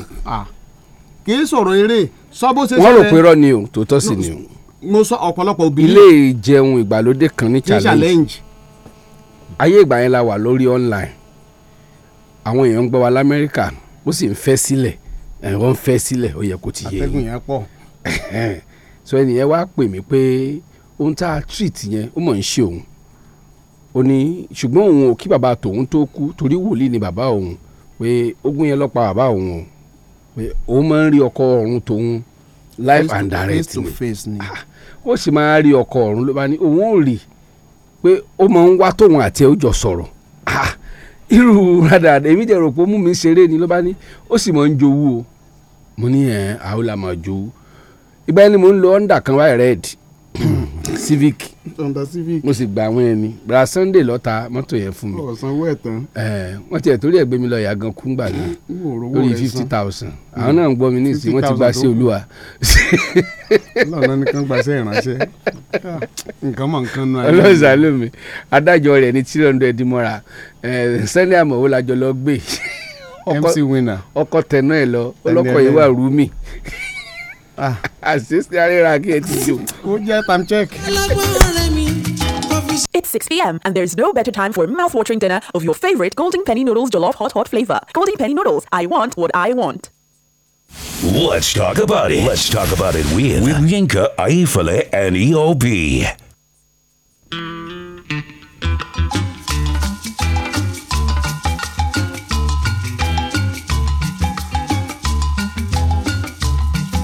kì í sọ̀rọ̀ eré sọ bó ṣe ṣe. wọ́n rò pé rọ ni o tòótọ́ sì ni o. mo sọ ọ̀pọ̀lọpọ̀ obìnrin. ilé ìjẹun ìgbàlódé kan ní challenge. ayé ìgbà yẹn la wà lórí online àwọn èèyàn ń gbọ́ wa lamẹ́ríkà ó sì ń fẹ́ sílẹ̀ ẹ̀ wọ́n ń fẹ́ sílẹ̀ ó yẹ kó ti yé e. atẹ́gùn yẹn pọ̀. so ẹnìyẹn wá pè mí pé ohun tá a ó ní ṣùgbọ́n òun ò kí bàbá tòun tó kú torí wòlíì ni bàbá òun pé ogun yẹn ló pa bàbá òun o pé òun máa ń rí ọkọ ọ̀run tòun life and direct ni ah, ó sì máa ń rí ọkọ ọ̀run ló bá ní òun ò rí pé ó máa ń wá tóun àti ẹ̀ ó jọ sọ̀rọ̀ ah, irú rádà èmi dẹ̀ rò mú mi ṣeré ni ló bá ní ó sì máa ń jowú o mo ní ẹ̀ àwọn làmọ̀ jowú ìgbà yẹn ni mo ń lo under kan wáyé red civic honda civic mo sì gba àwọn ẹni bra sunday lọ́ta mọ́tò yẹn fún mi. ọ̀sánwó ẹ̀ tán. ẹ wọ́n tiẹ̀ torí ẹ̀ gbé mi lọ yàgàn kúngbà náà lórí fifty thousand mm. àwọn náà ń gbọ́ mi ní ìsìn wọ́n ti gba sí olúwa. lọ́nà nìkan gbàṣẹ́ ìránṣẹ́ ah, nǹkan mọ̀ nǹkan nù. ọlọ́sà lómi adájọ́ rẹ̀ ní three hundred mọ́ra sunday àmọ̀wó lajọ lọ gbé. mc winner ọkọ̀ tẹ̀ náà ẹ lọ ọlọ́kọ̀ yìí wà rúmi. àṣìṣe àríra kí ẹ ti jò. ó jẹ́ check. It's 6 p.m. and there's no better time for mouth-watering dinner of your favorite Golden Penny Noodles Jollof Hot Hot flavor. Golden Penny Noodles, I want what I want. Let's talk about it. Let's talk about it with, with Yinka, Aifale, and EOB.